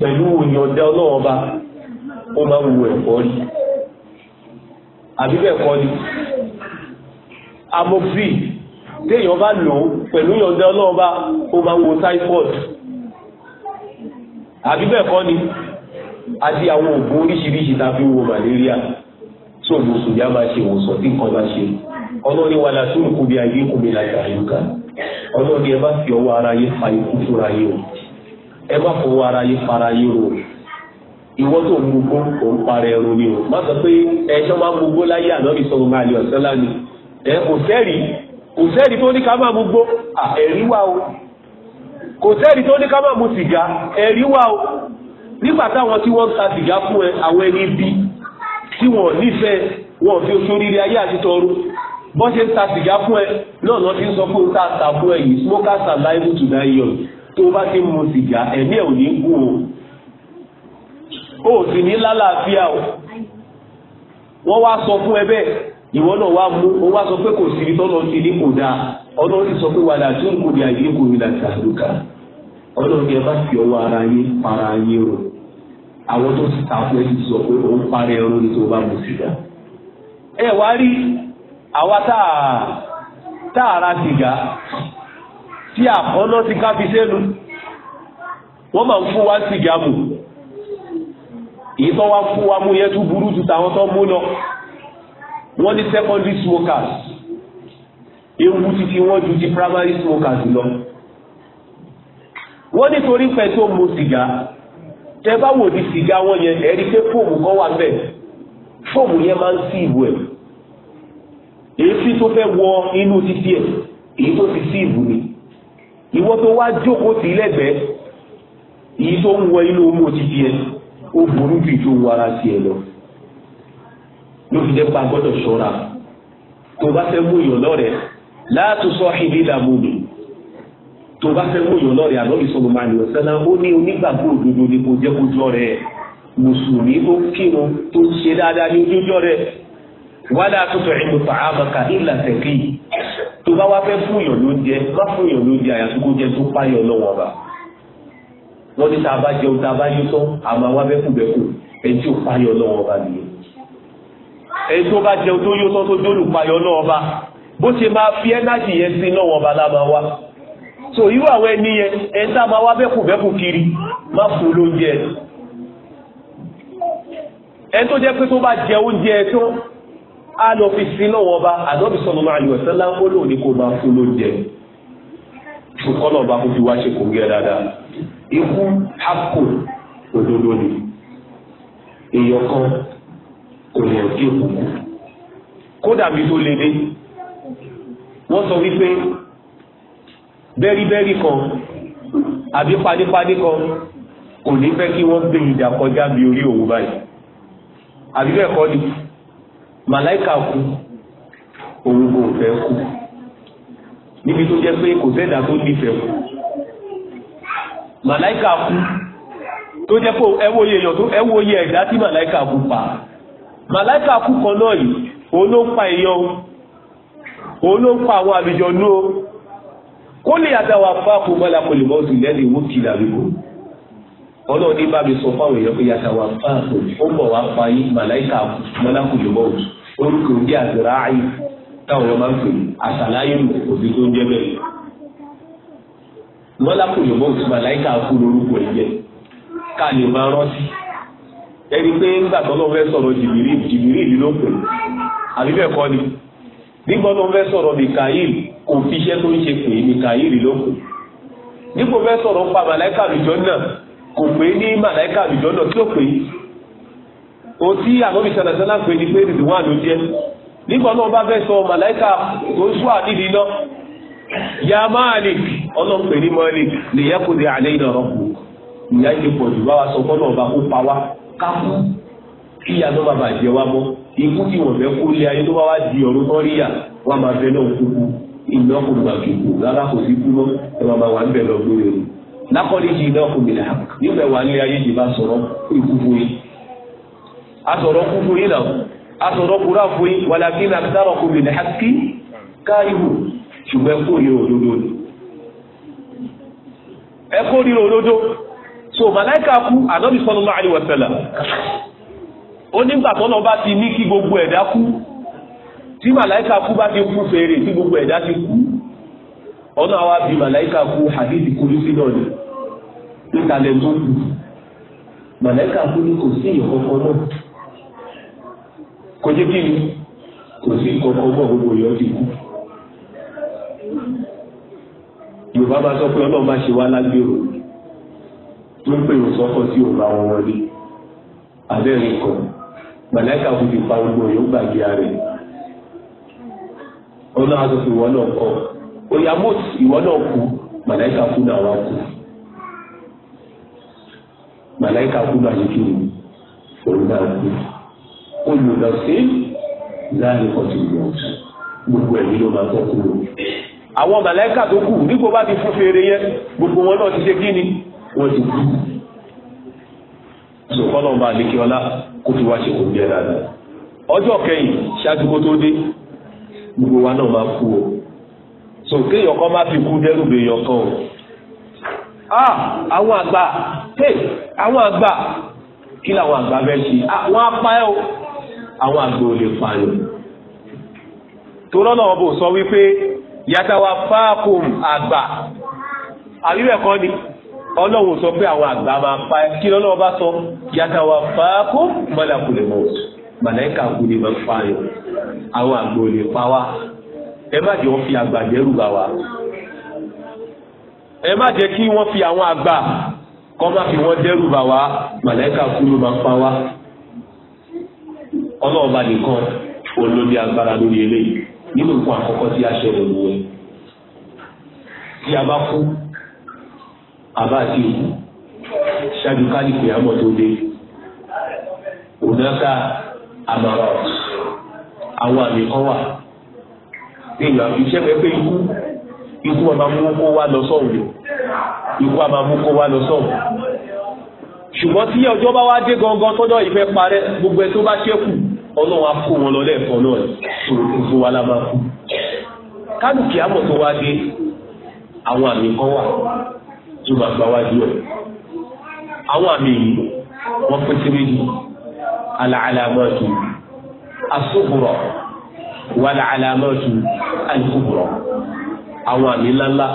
pẹ̀lú ìyọ̀dẹ ọlọ́wọ́ba ó máa ń wo ẹ̀fọ́rí. àbí bẹ́ẹ̀ kọ́ ni amofri téèyàn bá lò ó pẹ̀lú yọ̀ǹda ọlọ́run bá ó máa wo typhoid àbí bẹ́ẹ̀ kọ́ ni àti àwọn oògùn oríṣiríṣi tá malaria tí olùsùn yá máa ṣe ìwòsàn tí nǹkan bá ṣe ọlọ́ni ayé kúbi ọlọ́ni ẹ ara fa ikú fúnra ẹ bá fọwọ́ ara fara o. ìwọ tó ń gbogbo kò ń parẹ́ ẹrù ni o má sọ pé ẹ̀ṣọ́ máa ń gbogbo láyé ànábì sọ̀rọ̀ máa lè ọ̀sán lánàá ẹ kò sẹ́rìí kò sẹ́rìí tó ní ká máa gbogbo ẹ̀rí wà o kò sẹ́rìí tó ní ká máa mu sìgá ẹ̀rí wà o nígbà táwọn tí wọ́n ń ta sìgá fún ẹ àwọn ẹni bí tí wọ́n nífẹ̀ẹ́ wọn fi oṣù rírí ayé àti tọrú bọ́n ṣe ń ta sìgá fún ẹ náà lọ́ ti ń sọ pé ó ta ta fún ẹ yìí smokers are liable to die young tó bá ti mu sìgá ẹ̀mí ẹ̀ ò ní kú o ó sì ní lálàáfíà o wọ́n wá sọ fún ẹ ìwọ náà wá mú sọ pé kò sí tọ́lọ́ ti ní kò dáa ọlọ́run sọ pé wàdà tó ń kò àyè kò ní láti àdúgbà bá fi ọwọ́ ara yín para yín o àwọn tó ti ta fún ẹ ti sọ pé òun a tá a ra sìgá tí àkọ́nà ti ká fi sẹ́nu wọ́n èyí tó wá fún wa mú yẹn tún burú ju tàwọn tó mú lọ wọ́n ní secondary smokers ewu títí wọ́n ju ti primary smokers lọ wọ́n nítorí pé tó mu sìgá tẹ bá wò di sìgá wọn yẹn ẹ̀rí pé fóòmù kan wà bẹ́ẹ̀ fóòmù yẹn máa ń sí ìbò ẹ̀ èéfín tó fẹ́ wọ inú títí ẹ̀ èyí tó ti sí ìbò ni ìwọ tó wá jókòó sí lẹ́gbẹ̀ẹ́ èyí tó ń wọ inú omo títí ẹ̀ ó burú jù tó wọ ara tiẹ̀ lọ ló fi jẹ́ pa gbọ́dọ̀ ṣọ́ra tó bá fẹ́ mú ìyàn lọ́rẹ̀ẹ́ láàtú sọ ìdí làbùdù tó bá fẹ́ mú ìyàn lọ́rẹ̀ẹ́ ànábì sọ̀rọ̀ máa lọ sẹ́nà ó ní onígbàgbọ́ òdodo ni kò jẹ́ kó jọ rẹ̀ mùsùlùmí tó kírun tó ń ṣe dáadáa ní ojújọ́ rẹ̀ wàlá àtúntò ìmùtà àmàkà ìlà tẹ̀kì tó bá wá fẹ́ fún ìyàn lóúnjẹ má fún ìyàn lóúnjẹ àyàtúkó jẹ tó páyọ̀ lọ́wọ́ bá wọ́n ní tá a bá jẹun tá a bá yó tán àmọ́ wá bẹ́kùbẹ́kù ẹni tí ò fáyọ lọ́wọ́ ọba nìyẹn ẹni tó bá jẹun tó yó tán tó dólù fáyọ lọ́wọ́ ọba bó ṣe máa fi ẹ́nájì yẹn sí lọ́wọ́ ọba lábá wá so irú àwọn ẹni yẹn ẹni tá a máa wá bẹ́kùbẹ́kù kiri má fún lóúnjẹ ẹni tó jẹ́ pé tó bá jẹ oúnjẹ tán á lọ fi sí lọ́wọ́ ọba àdọ́bí sọ̀rọ̀ máa lù ẹ̀sán láńkó lónìí kó máa ikú hapò òdodo ni èèyàn kan kò lè rí òkùnkù kódà bí tó le dé wọ́n sọ wípé bẹ́rìbẹ́rì kan àbí panípaní kan kò ní fẹ́ kí wọ́n gbé ìdà kọjá bí orí òun báyìí àbí bẹ́ẹ̀ kọ́ ni màláìka kú òun kò fẹ́ kú níbi tó jẹ́ pé kò sẹ́dà tó nífẹ̀ẹ́ kú màláìkà kú tó jẹ́ pé ẹwọ́ èèyàn tó ẹwọ́ ẹ̀dá tí màláìkà kú pa màláìkà kú kan náà yìí òun ló ń pa èèyàn òun ló ń pa àwọn àlùjọ nú o kó lè àtàwọn afáàkù mọ́lákọlì mọ́tò lẹ́nu ìwó kìlà rìbò ọlọ́run ní bá mi sọ fáwọn èèyàn pé àtàwọn afáàkù ó bọ̀ wá pa yí màláìkà mọ́lákọlì mọ́tò orúkọ òun jẹ́ àzìrá àyè táwọn ọmọ máa ń pè àṣàláyé òbí mọ́lákù yóò mọ̀ òtún màláìka kú lórúkọ ká lè máa rántí ẹni pé ńgbà tó lọ́wọ́ fẹ́ sọ̀rọ̀ jìbìrì jìbìrì ìlú ni nígbà tó fẹ́ sọ̀rọ̀ mikael kò fi iṣẹ́ tó ń ṣe pè mikael ló pè nígbà fẹ́ sọ̀rọ̀ pa màláìka náà kò pé ní màláìka náà tí ó pè ní pé ya malik ọlọ́pẹ̀ ní malik lè yẹ́kùdé àlẹ́ ìnà ọ̀rọ̀kù ìyá ìṣe jù bá wa sọ ọba kó pa wá kí ya tó wa mọ́ ikú tí lé ayé tó bá wá di máa náà kúkú kò gbà rárá kò sí kú ẹ máa máa wà ń lọ gbére o lákọ́lé ti iná kò mìíràn nígbà wà ní ayé bá sọ̀rọ̀ ṣùgbọ́n ẹ kórìíra òdodo ni ẹ kórìíra òdodo so màláìka kú ànábì sallallahu alaihi wasallam ó nígbà tó lọ bá ti ní kí gbogbo ẹ̀dá kú tí màláìka kú bá ti kú fèrè tí gbogbo ẹ̀dá ti kú ọ̀nà àwa bí màláìka kú hadith kúlú sí náà ni nítalẹ̀ tó kù màláìka kú ni kò sí ìkọ̀kọ̀ náà kò jẹ́ kí ni kò sí ìkọ̀kọ̀ náà gbogbo ìyọ́ ti kú. yorùbá bá sọ pé ọlọ́run má ṣe wá lágbèrò tó ń pèrò sọ́kọ̀ tí ò bá wọn wọlé abẹ́rẹ́ kan gbàlẹ́kà kò ti pa gbogbo yóò gbàgbé rẹ̀ ọlọ́run aṣọ fún ìwọ náà kọ́ òyà mọ́t ìwọ náà kú gbàlẹ́kà kú náà wá kú gbàlẹ́kà kú náà yìí kí òun náà kú olùdọ̀sí láàrin kọ́tù ìwọ̀n gbogbo ẹ̀mí ló máa tọ́ kúrò àwọn màláíkà tó kù nígbò bá ti fún fèrè yẹn gbogbo wọn náà ti ṣe kí ni wọ́n ti kú. sọ̀kọ́nà bá lékè ọlá kó fi wá ṣe kò ní ẹ̀ dáadáa. ọjọ́ kẹyìn ṣáájú kó tó dé gbogbo wa náà máa kú o. sọ kéèyàn kan má fi kú dẹ́rù béèyàn kan o. ah àwọn àgbà hey àwọn àgbà kí làwọn àgbà bẹ́ẹ̀ ṣe àwọn apá ẹ̀ o àwọn àgbà ò lè pààyàn. tó lọ́nà ọ̀bùn sọ wípé yàtàwà fáàkùn àgbà àbíbẹ̀ kọ́ ni ọlọ́run sọ pé àwọn àgbà máa pa ẹ́ kí lọ́lọ́wọ́ bá sọ yàtàwà fáàkùn mọ́làkùnlẹ̀ mọ́ màláìka kù ni máa ń pa yàn àwọn àgbà ò lè pa wá ẹ má jẹ́ wọ́n fi àgbà dẹ́rù bà wá ẹ má jẹ́ kí wọ́n fi àwọn àgbà kọ́ má fi wọ́n dẹ́rù bà wá màláìka kù ló máa wá ọlọ́run bá nìkan olóbi agbára lórí eléyìí nínú nǹkan àkọ́kọ́ tí a ṣe rẹ̀ wò ẹ́ tí a bá kú àbá àti òkú ṣáájú kálífì àmọ́ tó dé ònáka àmàrà àwọn àmì kan wà nínú àmì iṣẹ́ pẹ́pẹ́ ikú ikú a máa mú kó wá lọ sọ́hùn ikú a mú kó wá lọ sọ́hùn ṣùgbọ́n tí ọjọ́ bá wá dé gangan tọ́jọ́ ìfẹ́ parẹ́ gbogbo ẹ̀ tó bá ṣẹ́kù ọlọ́run á kó wọn lọ lẹ́ẹ̀kan náà gbogbo wa la máa kú kálukì àmọ̀ tó wá dé àwọn àmì kan wà tó máa gba wájú ẹ̀ àwọn àmì yìí wọ́n pín sí méjì alàlámọ́tù asúbùrọ̀ wàlàlámọ́tù alìkúbùrọ̀ àwọn àmì ńláńlá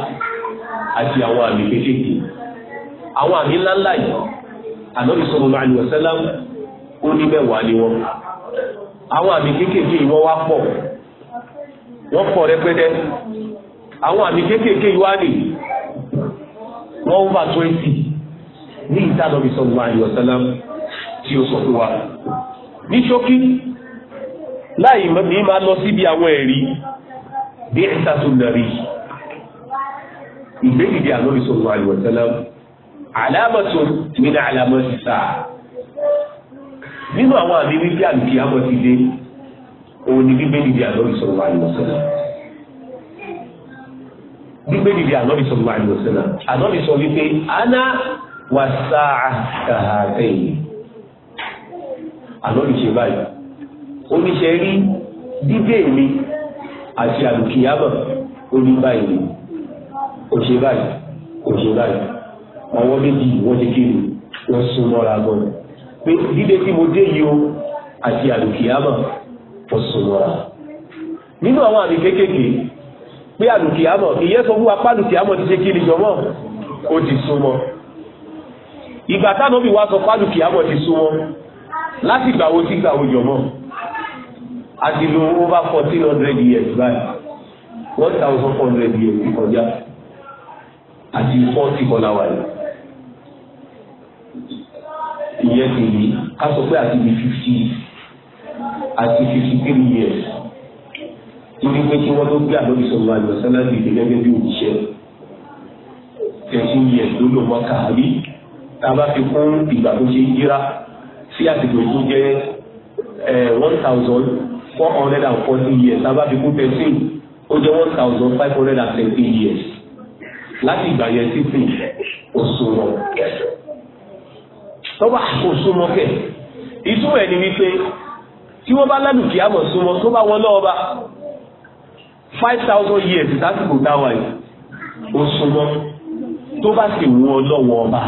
àti àwọn àmì kéékèèké àwọn àmì ńláńlá yìí ànábì sallallahu alaihi wasallam ó ní mẹ́wàá ni wọ́n kà àwọn àmì kéékèèké ìwọ wá pọ̀ wọ́n pọ̀ rẹpẹtẹ àwọn àmì kéékèèké ìwọ àlè wọ́n ń bá twenty ní ìtànàbí sọ̀rọ̀ àyọ̀sálá tí ó sọ fún wa ní ṣókí láì ní máa lọ síbi àwọn ẹ̀rí bí ẹ̀ta tó nàrí ìgbédìdì àlọ́bí sọ̀rọ̀ àyọ̀sálá alámọ̀tò nínú alámọ̀tì sáà nínú àwọn àmì wípé àlùkí àmọ́ ti dé òun ni bíbélì di ànábì sallallahu alaihi wasallam bíbélì di ànábì sallallahu alaihi wasallam ànábì sọ wípé ana wà sáà kàhàtẹ́yìn ànábì ṣe báyìí oníṣe rí dídé mi àti àlùkí àmọ́ orí báyìí ó ṣe báyìí ó ṣe báyìí àwọn méjì wọ́n ti kiri wọ́n sún mọ́ra gan pé dídé tí mo dé yìí o àti àlùkìyámà fọsùnmọ́ra nínú àwọn àmì kéékèèké pé àlùkìyámà ìyẹn sọ fún wa pé àlùkìyámà ti ṣe kí ni jọmọ́ ó ti súnmọ́ ìgbà táwọn òbí wa sọ pé àlùkìyámà ti súnmọ́ láti ìgbà wo sí ìgbà wo jọmọ́ a ti lo over fourteen hundred years báyìí one thousand four hundred years kọjá àti forty kọlá wáyé yẹn ti rí ká sọ pé àti bí fifty àti fifty three years torí pé kí wọ́n tó gbé àlọ́bí sọ̀rọ̀ àjọ sálárì gẹ́gẹ́ bí òṣìṣẹ́ thirteen years ló lò wọ́n kàárí tá a bá fi kún ìgbà tó ṣe yíra sí àsìkò tó jẹ́ eh, one thousand four hundred and forty years tá a bá fi kún thirteen ó jẹ́ one thousand five hundred and thirteen years láti ìgbà yẹn títí òṣùwọ̀n tọ́ba kò súnmọ́ kẹ̀ ìtumọ̀ ẹni wípé tí wọ́n bá lálùkì àmọ̀ súnmọ́ tó bá wọn náà bá five thousand years lásìkò táwa yìí ó súnmọ́ tó bá sì wù ọ lọ́wọ́ ọba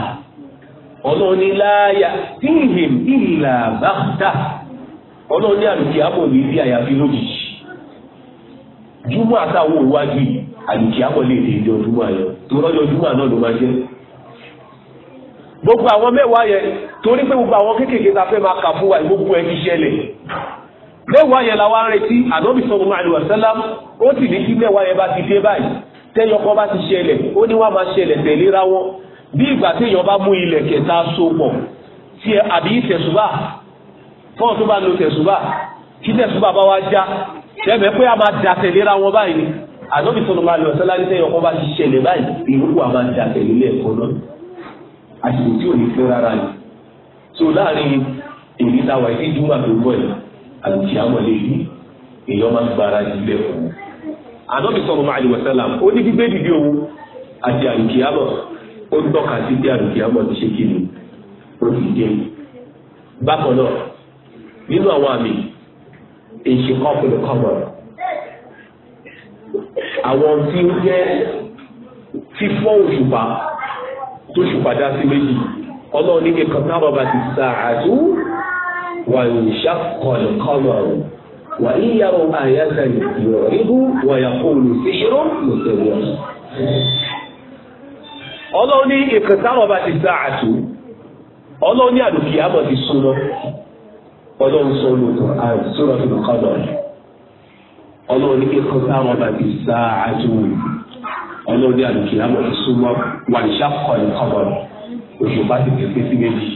ọlọ́run ní láàyà tí ìhìn ìlà bá dà ọlọ́run ní àlùkì àmọ̀ ní bí àyàfi lójijì júmọ́ àtàwọn òwájú àlùkì àmọ̀ lè dé ìjọ júmọ́ àyọ tó rọ́jò júmọ́ náà ló máa jẹ́ gbogbo àwọn mẹ́wàá yẹn torí pé gbogbo àwọn kéékèèké ta fẹ́ máa kà fún wa gbogbo ẹ̀ ti ṣẹlẹ̀ mẹ́wàá yẹn la wá ń retí ànábì sallallahu alaihi wasallam ó sì ní kí mẹ́wàá yẹn bá ti dé báyìí tẹ́yọ kan bá ti ṣẹlẹ̀ ó ní wá máa ṣẹlẹ̀ tẹ̀léra wọn bí ìgbà téèyàn bá mú ilẹ̀ kẹta so pọ̀ tí ẹ àbí tẹ̀sùbà fọ́ọ̀n tó bá lo tẹ̀sùbà kí tẹ̀sùbà bá wá já tẹ́fẹ̀ pé a máa da tẹ̀léra wọn báyìí ànábì sallallahu alaihi wasallam tẹ́yọ kan bá ti ṣẹlẹ̀ báyìí ìrúkú àsìkò tí ò ní pẹ́ rárá ni so láàrin èyí táwa ẹni dúnmà tó bọ̀ ẹ̀ àlùkí àmọ̀lé yìí èèyàn máa ń gbára nílẹ̀ fún un ànábì sọ̀rọ̀ máa àlùwọ̀ sẹ́là ó ní gbígbé dìde òun àti àlùkí àmọ̀ ó ń tọ́ka sí pé àlùkí àmọ̀ ti ṣe kí ni ó ti dé bákan náà nínú àwọn àmì ìṣèkọ́ ọ̀pọ̀lọpọ̀ kọ̀ọ̀rọ̀ àwọn tí ó jẹ́ fífọ́ òṣùpá tó sì padà sí méjì ọlọ́run ní kí wayo ti sàájú wà ní kọ́mọ̀rù wà ní àyàtà ìrọ̀ ibú wà yàkó olùsíṣirò lòtẹ̀wọ̀. ọlọ́run ní ìkọ́tàbọ̀bà ti sàájú ọlọ́run ní ti súnmọ́ ọlọ́run sọ lóòótọ́ àìsúnmọ́ fi kọ́mọ̀rù ọlọ́run ní ọlọ́run ní àlùkí àmọ́ ìsúnmọ́ wà ní sàkọ́ ìkọ́mọ́ oṣù bá ti pèsè sí méjì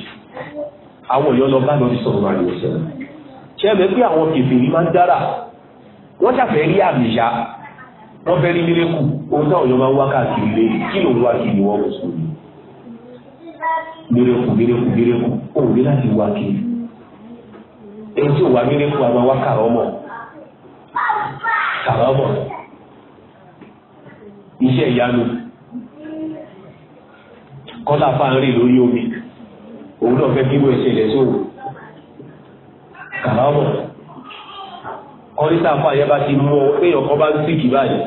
àwọn èèyàn lọ bá lọ sí sọ̀rọ̀ àyè ọ̀sẹ̀ ṣẹ́ẹ̀mẹ́ pé àwọn kèfèrí máa ń dára wọ́n ṣàfẹ́ rí àmì ìyá wọ́n fẹ́ rí mílẹ́kù ohun táwọn èèyàn máa ń wá káàkiri lé kí ló ń wá kiri wọ́n kò sóri mílẹ́kù mílẹ́kù mílẹ́kù òun ní láti wá kiri èyí tí ò wá mílẹ́kù àwọn wá kàrọ́mọ̀ kàrọ́mọ̀ iṣẹ́ ìyanu kọ́lá fáńrì lórí omi òun náà fẹ́ kí wọ́n ṣẹlẹ̀ sóhùn kàrámọ̀ kọ́lí táfà yẹn bá ti mú ọ péyàn kan bá ń síkì báyìí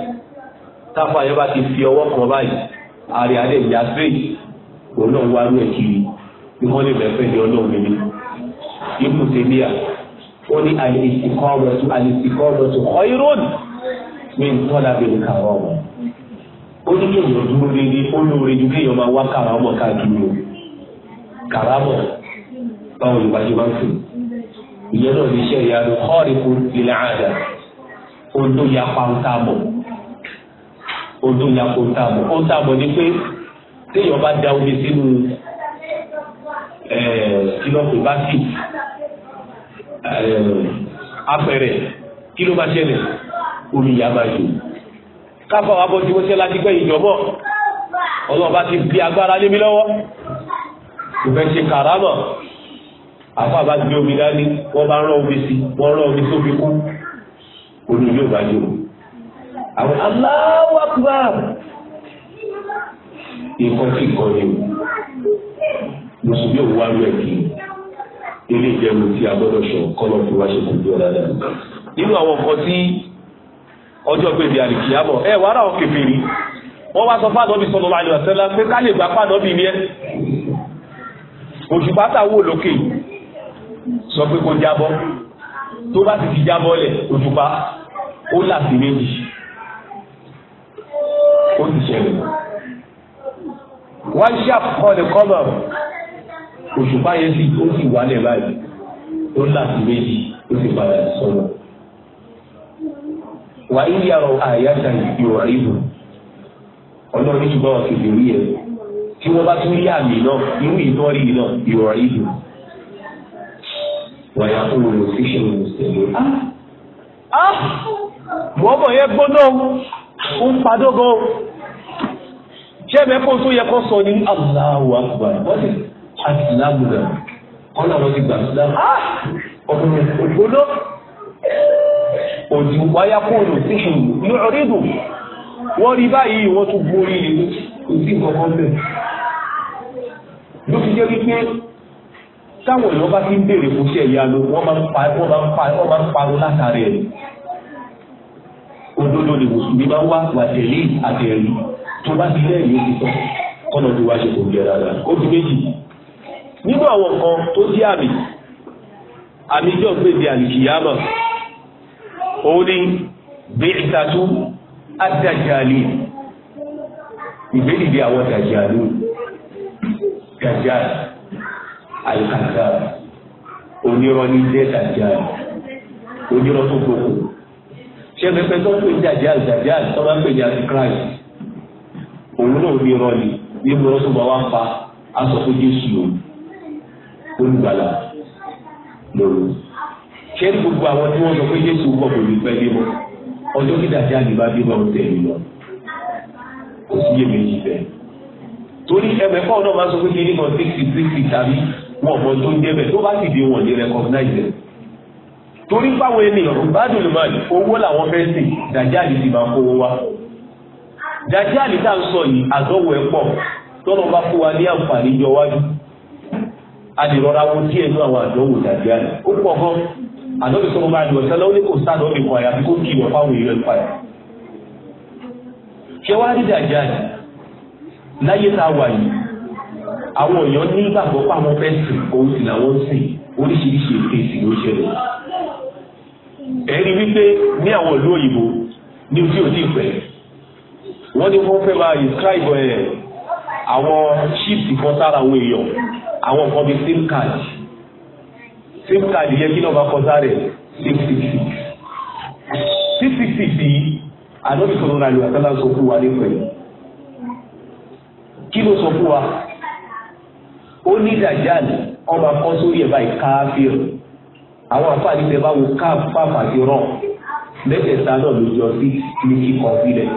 táfà yẹn bá ti fi ọwọ́ kan báyìí àrẹ àdé ìyá sírèjì òun náà wá rú ẹ̀ kiri bí wọ́n lè bẹ̀ẹ́ fẹ́ di ọlọ́run mi ibùn tèmíà ó ní àìsíkọ́ ọ̀rọ̀ tó àìsíkọ́ ọ̀rọ̀ tó kọ́ ìrònú mi ń tọ́lá bẹ̀rẹ̀ kàrámọ̀ ó ní kéèyàn dúró déédéé ó lóore ju kéèyàn máa wá kàràmọ̀ káàkiri o kàràmọ̀ báwo ló bá ṣe máa ń fún ìyẹn náà ní sẹ́yìn àná kọ́ọ̀rì kò nílẹ̀ àdá ohun tó ya pa ń tà mọ̀ ohun tó ya pa ń tà mọ̀ ó ń tà mọ̀ ni pé téèyàn bá da omi sínú eh, kílọ̀pù bá eh, apẹ̀rẹ̀ kí ló bá ṣẹlẹ̀ omi yà máa yòó káfà wà bọ́ tí wọ́n ṣe láti gbẹ́ ìjọ́bọ̀ ọlọ́ọ̀bá ti fi agbára lé mi lọ́wọ́ kò fẹ́ ṣe kàrámọ̀ àfà bá gbé omi dání wọ́n bá rán omi sí wọ́n rán omi sómi kú olú yóò bá yóò àwọn Allahu Akbar nǹkan tí kan o mùsùlùmí òun wá lọ ẹ̀kí ilé ìjẹun tí a gbọ́dọ̀ sọ kọ́lọ́ fi wá ṣe kò bí ọ̀la náà nínú àwọn nǹkan tí ọjọ́ gbèdé àlìkìyàmọ̀ ẹ wàá rà wọn kèfèrí wọ́n wá sọ fáànọ́bì sọ̀rọ̀ àlè ọ̀sẹ́lá pé ká lè gbà fáànọ́bì ni ẹ́ òṣùpá tà wò lókè sọ pé kó jábọ́ tó bá sì ti jábọ́ lẹ̀ òṣùpá ó là sí méjì ó ti ṣẹlẹ̀ wọ́n ṣe àkọọ́lẹ̀ kọ́mọ̀ òṣùpá yẹn sì ó sì wálẹ̀ báyìí ó là sí méjì ó sì padà sọ̀rọ̀ wà á yà ọ àyàtà ìyọ̀ ìbò ọlọ́run ṣùgbọ́n ọ̀sẹ̀ lè rí ẹ̀ tí wọ́n bá tún rí àmì náà irú ìtọ́rí náà ìyọ̀ ìbò wà á kó lò sí ṣe ìmùsẹ̀lẹ̀. Ah! Ah! mọ́mọ́ yẹn gbóná ó ń padó gan ṣé mẹ́kọ́ tó yẹ kó sọ ní Allahu Akbar wọ́n ti àtìlámù náà ọlọ́run ti gbà sílámù ah! ọdún ògbóná òjò wáyá kóòlù sí ìlú ní ọ̀rídù wọ́n rí báyìí wọ́n tún borí ìlú kò sí nǹkan bẹ̀. ló fi jẹ́ wípé táwọn èèyàn bá ti ń béèrè fún iṣẹ́ ìyanu wọ́n wọ́n máa ń pa látàrí ẹ̀. òdodo ni mùsùlùmí máa ń wá wàtẹ̀lé àtẹ̀rí tó bá ti lẹ́yìn ó ti tán kọ́nà tó wá ṣe kò jẹ́ rárá ó ti méjì. nínú àwọn nǹkan tó jẹ́ àmì àmì jọ̀ọ́ gbèdé àlìkìyàmà òun ni bíìtàtú àdàjàlì ìgbédìde àwọn dàjàlù dàjàlì àìkàtà onírọ́ ní jẹ́ dàjàlì onírọ́ tó gbogbo ṣé pẹpẹ tó ń pè dàjàlì dàjàlì tó bá ń pè ní antichrist òun náà onírọ́ ni níbi wọn tó bá wá pa aṣọ fún jésù lòun olùgbàlà lòun ṣé gbogbo àwọn tí wọ́n sọ pé Jésù wọ̀ kò ní pẹ́ bímọ ọjọ́ dídàjá ni bá bímọ tẹ̀lé lọ kò sí yé méjì bẹ́ẹ̀ torí ẹgbẹ̀kọ́ náà máa sọ pé kí ní kan sixty sixty tàbí wọn mọ tó ń débẹ̀ tó bá sì dé wọn ní recognize it torí báwọn ènìyàn bá dùn máa owó làwọn fẹ́ sìn dàjáàlì ti máa kó wa dàjáàlì tá à ń sọ yìí àdánwò ẹ̀ pọ̀ tọ́nà bá fún wa ní àǹfààní jọ wájú a lè rọra wo díẹ̀ ní àwọn àdánwò dàjáàlì ó pọ̀ gan-an àdóbi tó máa lò ọ̀sẹ̀ lọ́wọ́ ní kò sáà lọ́wọ́ nìkan àyàfi kó kí ìwọ̀ fáwọn èèyàn ń padà. ṣé wàá rí dàjà láyé tá a wà yìí àwọn èèyàn ní ìgbàgbọ́ pàwọn fẹ́ sìn òun sì làwọn sìn oríṣiríṣi ètò ìsìn ló ṣẹlẹ̀. ẹ rí wípé ní àwọn ìlú òyìnbó ní ojú òdì ìfẹ́ wọ́n ní wọ́n fẹ́ máa describe ẹ̀ eh, àwọn chips kan àwọn èèyàn àwọn kan bíi sim card same card yẹ kí nọ́mbà kọjá rẹ̀ six six six six six six yìí ànábì sọ̀rọ̀ náà lò àtàlà sọ fún wa nípa ẹ̀ kí ló sọ fún wa ó ní dajal ọmọ akọ́ sórí ẹ̀ báyìí káfíọ̀ àwọn àfáàní tẹ bá wo káf pàf àti rọ mẹ́tẹ̀ẹ̀ta náà ló jọ ní kíkọ sílẹ̀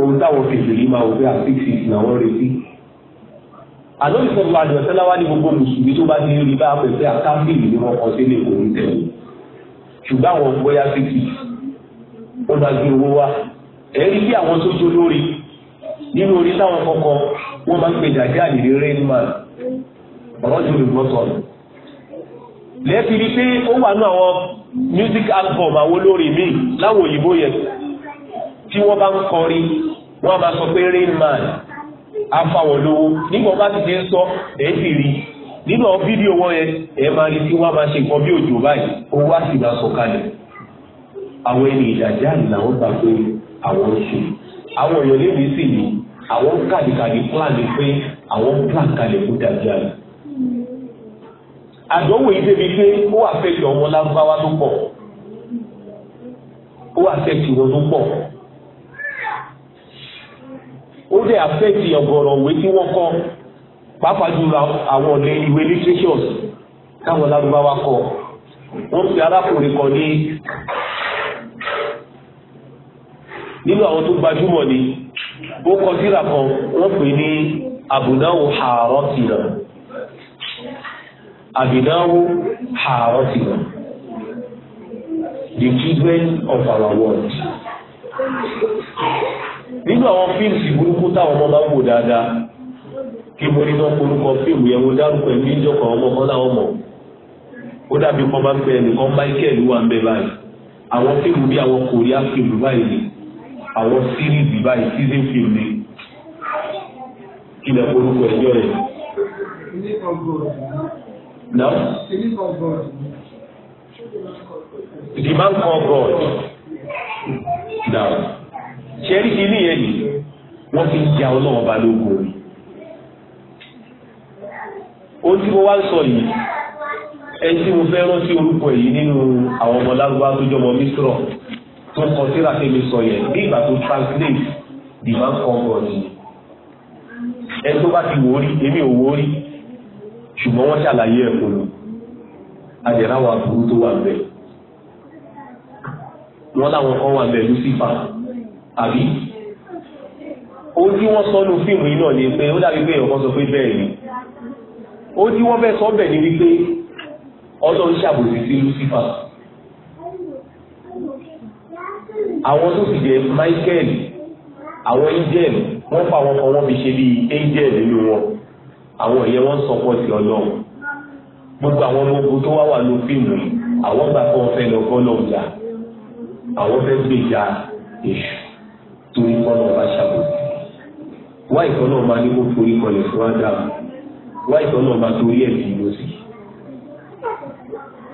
ohun táwọn fèsì yìí máa wọ pé àfíìsì làwọn retí àlóyè sọ̀rọ̀ àdìọ̀sẹ́lá wá ní gbogbo mùsùlùmí tó bá ti rí bá pẹ̀lú àkáńbìlì ni wọ́n kọ sílé kò ní tẹ̀lé ṣùgbọ́n àwọn bóyá fífi ó bá gbé owó wá ẹ̀rí bí àwọn tó jó lórí nínú orí táwọn kọ̀ọ̀kan wọ́n máa ń pè dàdé àdìrí rainman ọ̀rọ̀ ju olùgbọ́tọ̀ lẹ́ẹ̀fi ni pé ó wà ní àwọn music album àwọn olórin míì láwọn òyìnbó yẹn tí wọ́n bá ń kọrin wọ́n á máa sọ pé rainman afáwọn lówó nígbà bá ti ṣe ń sọ ẹ̀ sì rí nínú àwọn fídíò wọn yẹn ẹ̀ máa rí tí wọ́n máa ṣe nǹkan bí òjò báyìí owó á sì máa sọ kalẹ̀ àwọn ẹni ìdàjà àlè làwọn gbà pé àwọn ń ṣe àwọn èèyàn lébi sì ni àwọn kàdìkàdì plan ni pé àwọn plan kalẹ̀ fún dàjà àlè àdánwò yìí débi pé ó wà fẹ́ jọ wọn lágbáwá tó pọ̀ ó wà fẹ́ tì wọn tó pọ̀ ó dẹ̀ àfẹ́tì ọ̀gọ̀rọ̀ òwe tí wọ́n kọ́ pàápàá jùlọ àwọn ọ̀lẹ́ ìwé literatures táwọn lárúbáwá kọ wọ́n fi arákùnrin kan ní nínú àwọn tó gbajúmọ̀ ni ó kọ síra kan wọ́n pè ní àbùdáwò àárọ̀ tìrà àbùdáwò àárọ̀ tìrà the children of our world nínú àwọn fíìmù burúkú táwọn ọmọ máa ń wò dáadáa kí mo ní wọn polúkọ fíìmù yẹn mo dárúkọ ẹbí ìjọkọ ọmọ kan láwọn mọ ó dàbí kan bá ń pẹ ẹnìkan Michael wà ń bẹ báyìí àwọn fíìmù bí àwọn kòríà fíìmù báyìí ni àwọn sírìsì báyìí season fíìmù ni kí lè polúkọ ẹjọ rẹ. Now, the man called God. Now, ṣẹ́rí kí nìyẹn ni wọ́n ti ja ọlọ́wọ́n ba lógun rí ó tí mo wá ń sọ yìí ẹni tí mo fẹ́ rántí orúkọ yìí nínú àwọn ọmọ lárúbá tó jọmọ mísírọ̀ tó kọ síra pé sọ yẹn bí ìgbà tó translate the man ni, ẹni tó bá ti wò ó rí èmi ò wò ó rí ṣùgbọ́n wọ́n ṣàlàyé ẹ̀kọ́ lọ àdẹ̀ráwà burú tó wà bẹ́ẹ̀ wọ́n láwọn kan wà bẹ́ẹ̀ Lucifer àbí ó tí wọ́n sọ ní fíìmù yìí náà ni pé ó dàbí pé ọ̀kan sọ pé bẹ́ẹ̀ ni ó tí wọ́n fẹ́ sọ bẹ̀ ni wípé ọlọ́run ṣàbòsí sí Lucifer àwọn tó sì jẹ Michael àwọn angel wọ́n fa àwọn kan wọ́n fi ṣe bíi angel nínú wọn àwọn ìyẹn wọ́n sọpọ̀ sí ọlọ́run gbogbo àwọn ọmọ ogun tó wá wà ló fíìmù yìí àwọn gbà kó fẹ́ lọ bọ́ àwọn fẹ́ gbèjà èṣù torí kọ́nà ọba ṣàbòsí wá ìtọ́nà ọba ní kó forí kọlẹ̀ fún ádámù wá ìtọ́nà ọba torí ẹ̀sìn ìlú sí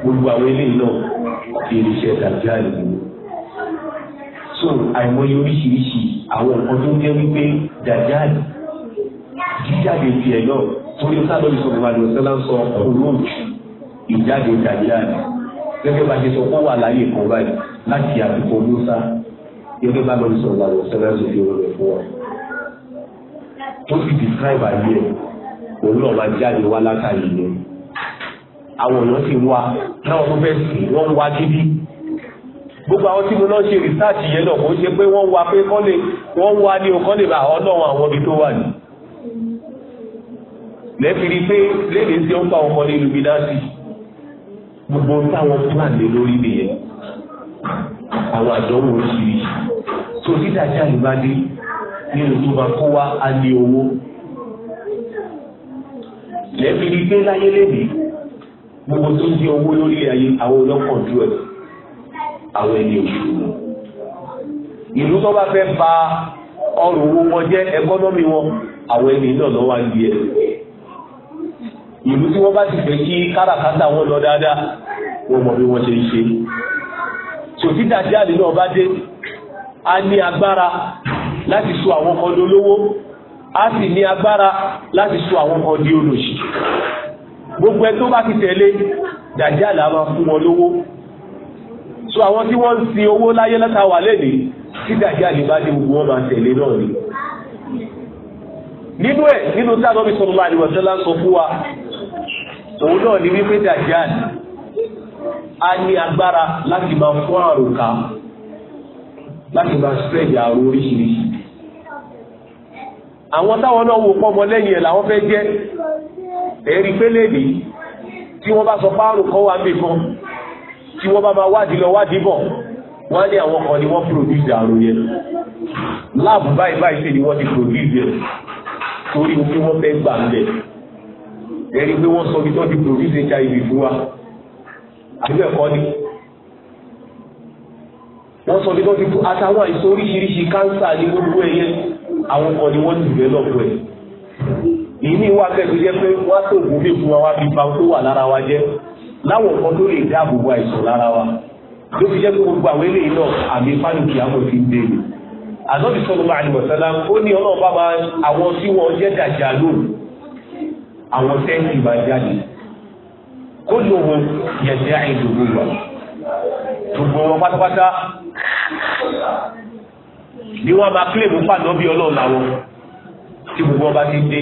gbogbo àwọn eléyìí náà irinṣẹ́ tàbí àìlú. so àìmọye oríṣiríṣi àwọn nǹkan tó jẹ́ wípé dàjáàlì jíjáde tiẹ̀ náà torí sábà ní sọ̀rọ̀ àdìọ̀ sẹ́lá ń sọ olóòjù ìjáde dàjáàlì gẹ́gẹ́ bá ṣe sọ kó wà láyé kan báyìí láti àtìkọ́ lóṣà gẹ́gẹ́ bá lọ́ọ́ sọ̀rọ̀ àwọn sẹ́lẹ̀ tó fi rẹ̀ fún wa. tó sì di fáìf ayé ẹ̀ òun náà máa jáde wá látàrí yẹn. àwọn èèyàn sì wá táwọn tó fẹ́ sìn wọ́n ń wá gidi. gbogbo àwọn tí mo náà ṣe rìsáàtì yẹn náà kò ṣe pé wọ́n wá pé kọ́lé wọ́n wá ní o kọ́lé bá ọlọ́run àwọn ibi tó wà ní. lẹ́fìrí pé léde sí ó ń pa ọkọ ní illuminati gbogbo táwọn fúlàní lórí nìyẹn àwọn àdánwò oríṣiríṣi tó títà sí àlùbádé nínú tó máa kó wá á ní owó lẹ́bi ní gbé láyé lẹ́bi gbogbo tó ń di owó lórí ayé àwọn ọlọ́kàn dúró ẹ̀ àwọn ẹni òṣùwọ̀n ìlú tó bá fẹ́ ba ọrùn owó wọn jẹ́ ẹkọ́nọ́mì wọn àwọn ẹni náà lọ́wọ́ á di ẹ̀ ìlú tí wọ́n bá ti fẹ́ kí káràkátà wọn lọ dáadáa wọ́n mọ̀ bí wọ́n ṣe ń ṣe sòtí dàjáde náà bá dé a ní agbára láti sọ àwọn kan di olówó a sì ní agbára láti sọ àwọn kan di olòṣì gbogbo ẹ tó bá ti tẹ̀lé dàjáde a máa fún wọn lówó so àwọn tí wọ́n ń sin owó láyé lẹ́ta wà lẹ́nìí tí dàjáde bá dé gbogbo wọn máa tẹ̀lé náà ni nínú ẹ̀ nínú tí Ànọ́bì sallallahu alaihi wasallam fún wa òun náà ni wípé dàjáde a ní agbára láti máa fún àrùn ká láti máa spread àrùn oríṣiríṣi àwọn táwọn náà wò pọ́ ọmọlẹ́yìn ẹ̀ làwọn fẹ́ jẹ́ ẹ̀rí péléèdì tí wọ́n bá sọ páàrùn kan wà ń bì kan tí wọ́n bá máa wádìí lọ wádìí bọ̀ wọ́n ní àwọn kan ni wọ́n produce àrùn yẹn láàbù báyìí báyìí ṣe ni wọ́n ti produce yẹn torí pé wọ́n fẹ́ gbà ń bẹ̀ ẹ̀rí pé wọ́n sọ bí wọ́n ti produce HIV fún wa àbí ẹ̀kọ́ ni wọ́n sọ nígbà tí àtàwọn àìsàn oríṣiríṣi káńsà ní gbogbo ẹ̀yẹ àwọn kan ni wọ́n dìbẹ́ lọ́pọ̀ ẹ̀ ìní wa kẹ́kọ̀ọ́ jẹ́ pé wọ́n tó ògùn bí fún wa tó wà lára wa jẹ́ láwọn tó lè dáàbò bo àìsàn lára wa fi jẹ́ pé gbogbo àwọn eléyìí náà àmì àwọn fi ń àdọ́bí sọ̀rọ̀ kó lóhun yẹ̀dẹ́ àìlòrò wà gbogbo wọn pátápátá ni wọ́n máa kílè mú pàdánù bí ọlọ́run làwọn tí gbogbo wọn bá ti dé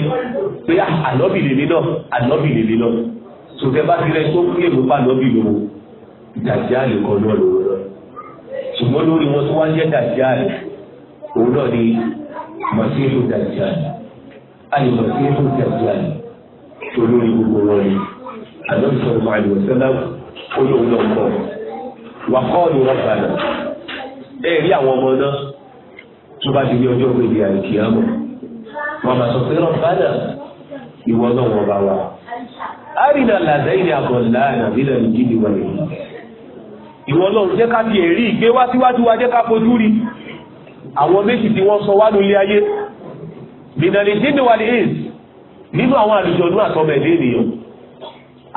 pé ànọ́bì lèlé náà ànọ́bì lèlé náà sòfẹ́ bá ti rẹ tó kílè mú pàdánù lòun dàjà lè kọ́ náà lòun náà ṣùgbọ́n lórí wọn tó wá jẹ́ dàjà òun náà ni màsílù dàjà àyè màsílù dàjà tó lórí gbogbo wọn yìí àdókè sọ̀rọ̀ máa lò sẹ́lá ó lóun lọ kọ́ wà kọ́ọ̀lù rọ́bà náà ẹ rí àwọn ọmọ náà tó bá di ní ọjọ́ gbèdé àìkíyàmọ̀ wọn máa sọ pé rọ́bà náà ìwọ náà wọn bá wa. àrìnà làdẹ́yìn àgọ̀lá àdàbílẹ̀ ìjídìí wọlé ìwọ náà jẹ́ ká fi èrí ìgbé wá síwájú wa jẹ́ ká fojú rí àwọn méjì tí wọ́n sọ wá nílé ayé bìnàlè jíndínwálé èèz nínú àwọn àlùjọ ọdún àtọmọ ẹ̀dẹ́ ènìyàn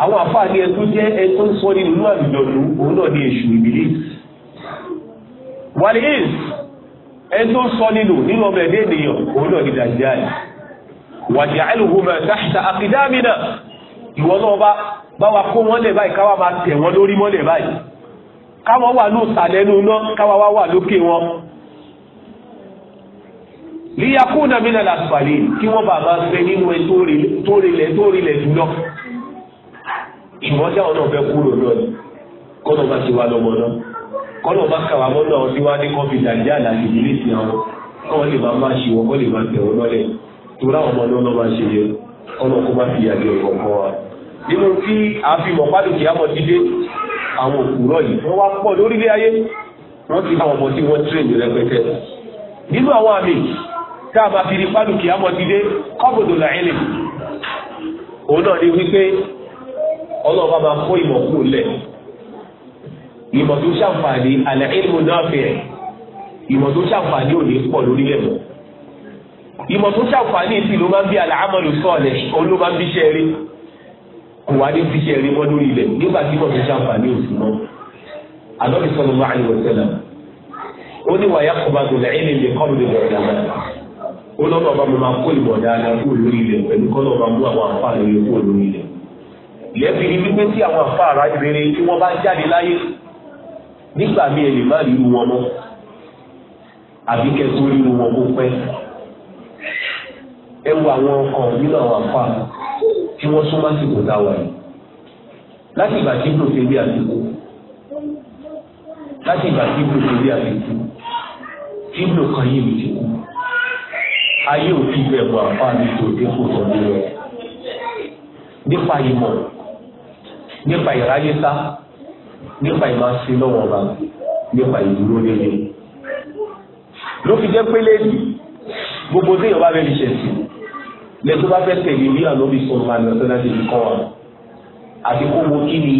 àwọn àfáàní ẹtú jẹ́ ẹtú ń sọ nínú àlùjọ̀nù òun náà ní èṣù ìbílẹ̀ wàlẹ̀ èṣù ẹtú ń sọ nínú nínú ọmọ ẹ̀dẹ́ ènìyàn òun náà ní dàjáì wàjà ẹlùhùmọ̀ táṣà àkìdámìnà ìwọ náà bá bá wa kó wọn lẹ̀ báyìí káwa máa tẹ̀ wọn lórí mọ́lẹ̀ báyìí káwọn wà ní ìsàlẹ̀nu iná káwa wá wà lókè wọn líyakúnà mí nà lásìpàlẹ̀ kí wọ́n bàbá fẹ́ nínú ẹ tó rilẹ̀ tó rilẹ̀ jùlọ ṣùgbọ́n sáwọn náà fẹ́ kúrò náà ni kọ́nà bá ṣe wá lọ́mọ náà kọ́nà bá kà wá mọ́ náà tí wá ní kọ́fì dàjà àlàyé ìdílé sí àwọn kọ́ lè máa máa ṣe wọ́n kọ́ lè máa tẹ̀ wọ́n lọ́lẹ̀ torí àwọn ọmọ náà máa ṣe yẹ kọ́nà kó má fi yàgbẹ́ ọ̀kọ̀ọ̀kan wa. nínú tí a fi mọ̀ pálùkì àmọ́ dídé àwọn òkúrọ̀ yìí wọ́n wá pọ̀ lórílẹ̀ ayé wọ́n ti ọlọ́run bá máa kó ìmọ̀ kúrò lẹ̀ ìmọ̀ tó ṣàǹfààní àlẹ́ ìlú náà fẹ̀rẹ̀ ìmọ̀ tó ṣàǹfààní ò ní pọ̀ lórílẹ̀ mọ́ ìmọ̀ tó ṣàǹfààní sí ló máa ń bí àlàámọ̀lù sọ̀lẹ̀ òun ló máa ń bíṣẹ́ rí kò wá ní bíṣẹ́ rí mọ́ lórí ilẹ̀ nígbà tí ìmọ̀ tó ṣàǹfààní ò sí mọ́ àlọ́bí sọ̀rọ̀ máa ń wọ̀ ó ní wàyà kọ̀bàdù lẹ́yìn ọba mo máa kó ìmọ̀ dáadáa kúrò lórí ilẹ̀ pẹ̀lú kọ́nà ọba mú àwọn àǹfààní rẹ̀ kúrò lórí ilẹ̀ lẹ́bi ni wípé tí àwọn àfa ara rere tí wọ́n bá jáde láyé nígbà míì ẹ lè má rí irú wọn mọ́ àbí kẹtù rí irú wọn kó pẹ́ ẹ wo àwọn ọkàn nínú àwọn àfa tí wọ́n súnmọ́ sí kò dáwà yìí láti ìgbà tí kò ṣe bí àtìkú láti ìgbà tí kò ṣe bí àtìkú tí kò kan yé mi ti kú ayé òfin bẹ̀rù àfa mi tòde kò sọ nílẹ̀ nípa ìmọ̀ nípa ìráyé sá nípa ìmáṣe lọ́wọ́ ọba nípa ìdúró lélẹ̀ ló fi jẹ́ pé léèdì gbogbo tí yorùbá bẹ́ẹ̀ fi ṣe sí lẹ́tọ́ bá fẹ́ tẹ̀lé bí àlóbi sọ máa lọ sọ́dá ti fi kọ́ wa àti kó wo kí ni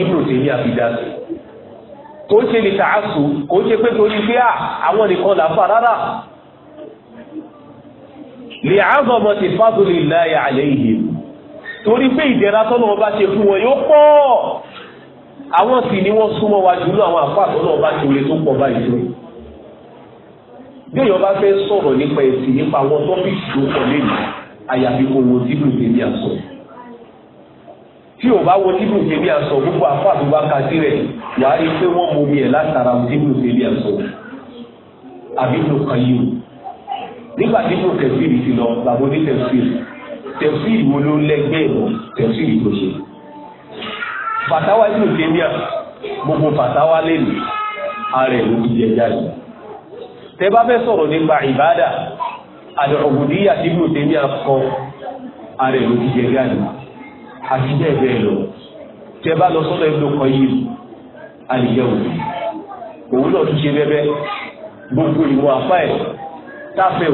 ibùdó tèmi àfidá sí kò ń ṣe ní tàásù kò ṣe pé torí pé àwọn nìkan là fà rárá lè àgọ́mọ ti fásitì láyà àlẹ́ ìdìbò torí pé ìdẹ̀ra tọ́nà ọba ṣe fún wọn yóò pọ̀ àwọn sì ni wọ́n súnmọ́ wa jùlọ àwọn àpá àtọ́nà ọba ti wọlé tó pọ̀ báyìí lọ. bí èèyàn bá fẹ́ sọ̀rọ̀ nípa ẹ̀sìn nípa àwọn tọ́pìkì tó pọ̀ lẹ́yìn àyàfi kò wo tí kò tèmi àsọ. tí ò bá wo tí kò tèmi àsọ gbogbo àpá àtúgbà kàdí rẹ̀ wàá rí pé wọ́n mú mi ẹ̀ látara tí tèmi àsọ àbí ló kàn yìí o nígbà tí kò kẹ̀síìrì tẹ̀sí ìwò ló lẹ́gbẹ́ ìwò tẹ̀sí ìwò ṣe. fàtàwá ìlú kẹ́míà gbogbo fàtàwá lẹ́nu ara ẹ̀ ló ti jẹ jáde. tẹ bá fẹ́ sọ̀rọ̀ nípa ìbádà àti ọ̀gùdíyà tí ìlú kẹ́míà kọ ara ẹ̀ ló ti jẹ jáde. àti bẹ́ẹ̀ bẹ́ẹ̀ lọ tẹ bá lọ sọ́dọ̀ ìlú kan yìí àlìyẹ òbí òun náà tún ṣe bẹ́bẹ́ gbogbo ìwọ àfáà ẹ̀ táfẹ́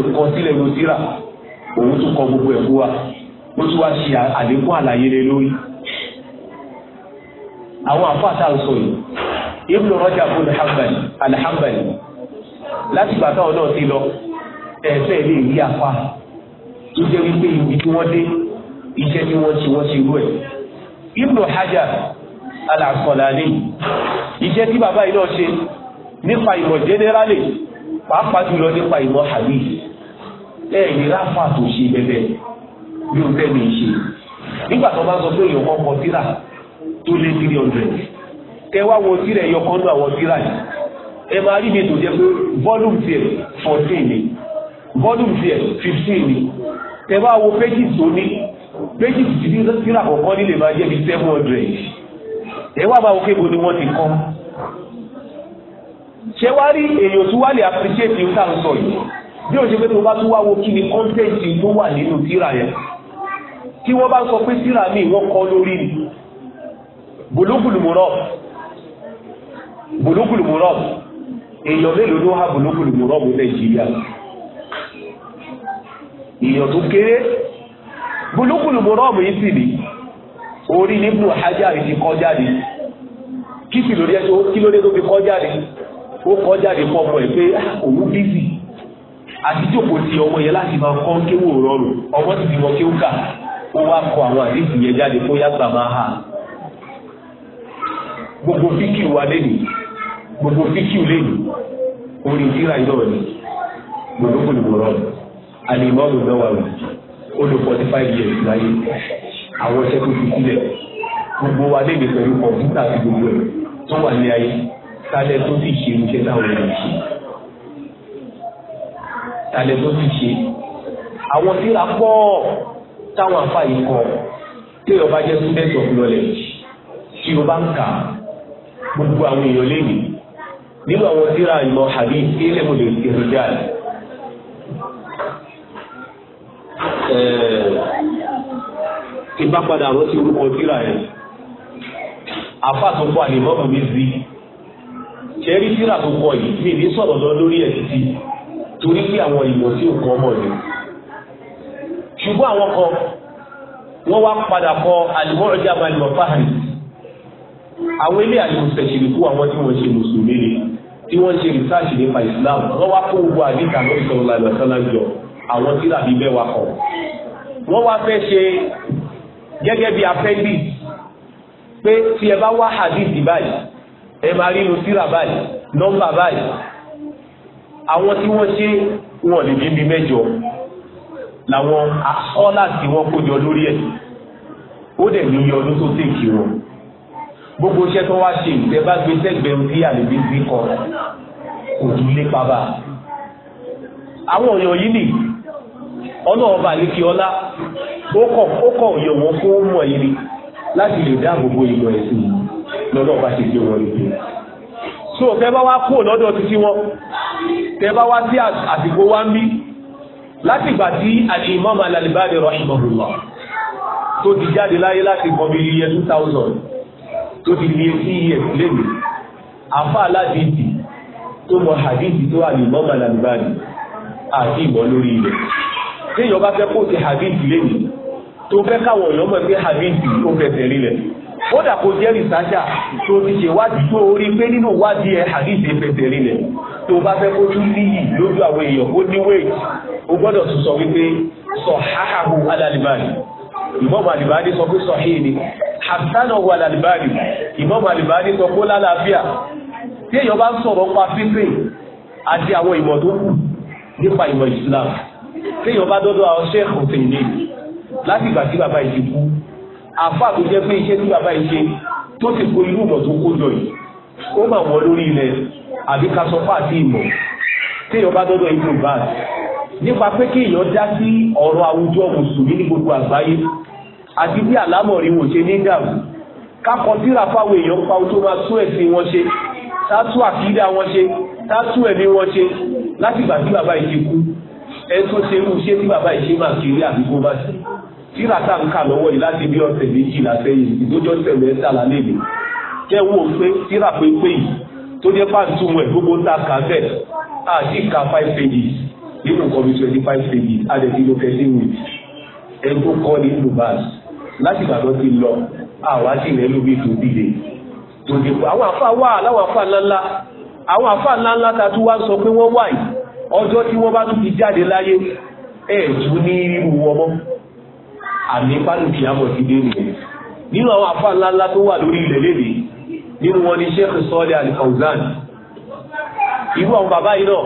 òun tún kọ gbogbo ẹ̀kú wa ó tún wá ṣe àlékún àlàyé lé lórí àwọn àfọ àtàlùsọ yìí Ibn Rajab al-Hanbali láti ìgbà táwọn náà ti lọ ẹ̀fẹ́ lè rí àfà tó jẹ́ wípé ibi tí wọ́n dé iṣẹ́ tí wọ́n ti wọ́n ti rú ẹ̀. Ibn Hajar al-Asqalani iṣẹ́ tí bàbá yìí náà ṣe nípa ìmọ̀ jẹ́nẹ́rálì pàápàá jùlọ nípa ìmọ̀ hadith ẹ̀ ní ráfà tó ṣe bẹ́bẹ́ bí o tẹ́lẹ̀ ń ṣe nígbà tó bá sọ pé èèyàn kan kọ tírà tó lé three hundred kẹ wá wo tírà ẹ̀yọ kan náà wọ tírà yìí ẹ máa rí mi tó jẹ́ pé volume tiẹ̀ fourteen ni volume tiẹ̀ fifteen ni tẹ bá wo pages tó ní pages tí tírà kọ̀ọ̀kan nílé máa jẹ́ bí seven hundred ẹ wá bá wo kébo ni wọ́n ti kọ́ ṣé wá rí èèyàn tó wá lè appreciate ní sáà ń sọ yìí bí o ṣe pé tó bá tún wá wo kí ni content tó wà nínú tírà yẹn tí wọ́n bá ń sọ pé síra mi wọ́n kọ lórí ni bùlúkùlùmùrọ̀ bùlúkùlùmùrọ̀ èèyàn mélòó ló há bùlúkùlùmùrọ̀ mú nàìjíríà èèyàn tó kéré bùlúkùlùmùrọ̀ mú yìí sì ni orí nínú ajá rẹ̀ ti kọ́ jáde kí sì lórí ẹjọ́ kí lórí tó fi kọ́ jáde ó kọ́ jáde fún ọmọ ẹ̀ pé ah, òun bízì àti jókòó ti ọmọ yẹn láti máa kọ́ kéwò rọrùn ọmọ sì ti wọ kéwò ó wá kọ àwọn àdéhùn yẹn jáde kó yàgbà máa hà gbogbo fíkìú wa lé ní gbogbo fíkìú lé ní orí ìdíra yìí náà gbogbo olùwòrán alimọ́ọ̀mù náà wà lójú ó lò forty five years láyé àwọn iṣẹ́ tó fi sílẹ̀ gbogbo wa lé ní pẹ̀lú kọ̀ǹpútà àti gbogbo ẹ̀ tó wà ní ayé tálẹ̀ tó sì ṣe iṣẹ́ táwọn èèyàn ṣe tálẹ̀ tó sì ṣe àwọn tíra pọ̀ táwọn àfa yìí kọ téèyàn bá jẹ́ student of knowledge tí o bá ń kà gbogbo àwọn èèyàn lénìí nínú àwọn tíra ìmọ̀ àbí ilẹ̀mù lè èròjà ìbá padà rántí orúkọ tíra yẹn àfa tó kọ àlèmọ́bù mi zi ṣẹ́rí tíra tó kọ yìí mi ní sọ̀rọ̀ lọ lórí ẹ̀ títí torí pé àwọn ìmọ̀ tí ò kọ́ mọ̀ ni ṣùgbọ́n àwọn kan wọ́n wá padà kọ àlùmọ́ọ̀jà balùwọ̀ fáhàrì àwọn ilé àlùmọ̀sẹ̀ ṣèlú àwọn tí wọ́n ṣe mùsùlùmí ni tí wọ́n ṣe rìsáàṣì nípa Islam wọ́n wá kó gbogbo àdìkà lórí sọ̀rọ̀ lálẹ́ sọ́lá jọ àwọn tí làbí bẹ́ẹ̀ wá kọ̀ wọ́n wá fẹ́ ṣe gẹ́gẹ́ bí afẹ́bí pé tí ẹ bá wá hadith báyìí ẹ máa rí inú síra báyìí nọ́mbà báyìí àwọn tí wọ́n ṣe wọn lè bí bí mẹ́jọ làwọn asọ́lá tí wọ́n kó jọ lórí ẹ̀ ó dẹ̀ ní iye ọdún tó tèkì wọn gbogbo iṣẹ́ tó wá ṣe ìtẹ́ bá gbé sẹ́gbẹ̀ẹ́ tí àlèbí sí kọ kò tún lé pàbà àwọn èèyàn yìí nì ọlọ́ọ̀bà ní kí ọlá ó kọ̀ ọ̀yọ̀ wọn kó mọ̀ yìí ni láti lè dá gbogbo ìmọ̀ ẹ̀sìn lọ́lọ́ọ̀bà ṣe gbé wọn nìyí so tẹ́ bá wá kúrò lọ́dọ̀ títí wọn tẹ́ bá wá sí àsìkò wá ń bí láti ìgbà tí al-Imam al-Albani rahimahullah tó ti jáde láyé láti kọ́ bí iye two thousand tó ti lé sí iye lẹ́nu àfa láti ìdì tó mọ hadithi tó al-Imam al-Albani àti ìmọ̀ lórí ilẹ̀ téèyàn bá fẹ́ kó ti hadithi lẹ́nu tó fẹ́ káwọn èèyàn mọ̀ hadithi ó fẹsẹ̀ rí lẹ̀ kódà kò jẹ́ rìsájà tó ti ṣe wádìí tó orí pé nínú wádìí ẹ̀ àríṣe fẹsẹ̀ rinlẹ̀ tó bá fẹ́ kó tún níyì lójú àwọn èèyàn ó ní wéètì ó gbọ́dọ̀ tún sọ wípé sọ háhàhù alálìbáyìí ìmọ̀mù àlìbáni sọ pé sọ̀hìn ni hasanu wà lálìbáni ìmọ̀mù àlìbáni sọ pé lálàáfíà tí èèyàn bá ń sọ̀rọ̀ pa fífẹ́ àti àwọn ìmọ̀ tó kù nípa ìmọ̀ Islam tí èèyàn bá dọ́dọ̀ àwọn sẹ́ẹ̀kù tèmi láti ìgbà tí bàbá yìí ti kú àfáà tó jẹ́ pé iṣẹ́ tí bàbá yìí ṣe tó ti kó irú ìmọ̀ tó kó jọ yìí ó mà wọ́n lórí ilẹ̀ àbí ká sọ fáà sí ìmọ̀ téèyàn bá dọ́dọ̀ ibùdó báàsì nípa pé kí èèyàn dá sí ọ̀rọ̀ àwùjọ mùsùlùmí ní gbogbo àgbáyé àti bí àlámọ̀rí wò ṣe ní dàrú kákọ síra fáwọn èèyàn pa ohun tó máa tún ẹ̀sìn wọn ṣe tá tún àkídá wọn ṣe tá tún ẹ̀mí wọn ṣe láti tí bàbá yìí ṣe kú ẹ tó ṣe irú iṣẹ́ tí bàbá yìí ṣe máa kiri àbí kó bá ṣe tíra tá à ń kà lọ́wọ́ yìí láti bí ọ̀sẹ̀ méjìlá sẹ́yìn ìdójọ́ sẹ̀lẹ̀ ẹ̀sàlá lèmi kẹ́ wò pé tíra pépé yìí tó jẹ́ pàtúmọ̀ ẹ̀ gbogbo tá a kà bẹ́ẹ̀ àti ka five pages nínú nǹkan bíi twenty five pages adẹ̀tí ló kẹ́ sí wìí ẹ̀kọ́ kọ́ ní lubas láti gbàgbọ́ ti lọ àwa sì rẹ̀ lómi tó dìde tó dé pa àwọn àfa wà láwọn àfa ńláńlá àwọn àfa ńláńlá ta tún wá sọ pé wọ́n wà yìí ọjọ́ tí wọ́n bá tún ti jáde láyé ẹ̀ẹ́dún ní irú wọn mọ́ àmì pálùkì nke nìyẹn nínú àwọn àfa ńláńlá tó wà lórí ilẹ̀ lélẹ̀ nínú wọn ni Sheikh Sọ́lẹ̀ Al-Fawzan irú àwọn bàbá yìí náà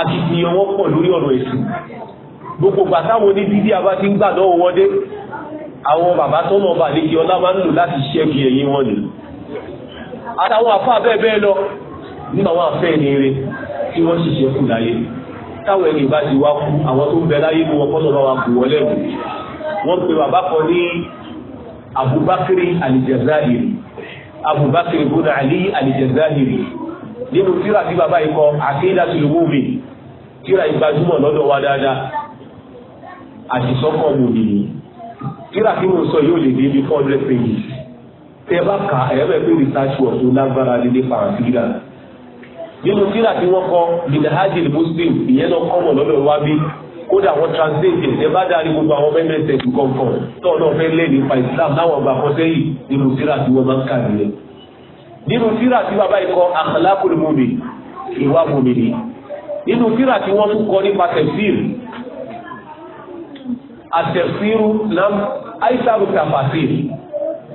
akitiyan wọn pọ̀ lórí ọ̀rọ̀ ẹ̀sìn gbogbo gbà táwọn oníbíbí abá ti ń wọdé àwọn bàbá tó bà ní kí ọlá máa ń lò láti wọn ni àtàwọn àfa bẹ́ẹ̀ bẹ́ẹ̀ lọ tí wọ́n ṣiṣẹ́ kù láyé táwọn ẹni bá ti wá kú àwọn tó ń bẹ wọ́n pe bàbá kan ní abubakar alijazairi abubakar ibùdó ali alijazairi nínú tíra tí bàbá yìí kọ àkéyìlá tìlúwò mi tíra ìgbàjúmọ̀ lọ́dọ̀ wa dáadáa àti sọ́kọ̀ nìyí tíra tí mo sọ yóò lè dé bí four hundred pages tẹ bá kà ẹ bẹ pé research work tó lágbára nílé fàǹtìrà nínú tíra tí wọ́n kọ bidahajil muslim ìyẹn lọ kọ́mọ̀ lọ́dọ̀ wa bí kódà wọ́n translate ẹ̀ bá darí gbogbo àwọn mẹ́mẹ́sẹ̀ ju kọ̀ọ̀kan tó náà fẹ́ lé nípa Islam láwọn ọgbà kan sẹ́yìn nínú síra tí wọ́n máa ń kà nìyẹn nínú síra tí bàbá ikọ̀ akhlaqul mu'min ìwà mòmì ni nínú síra tí wọ́n tún kọ nípa tafsir àtẹ̀síru nam aisaru tafasir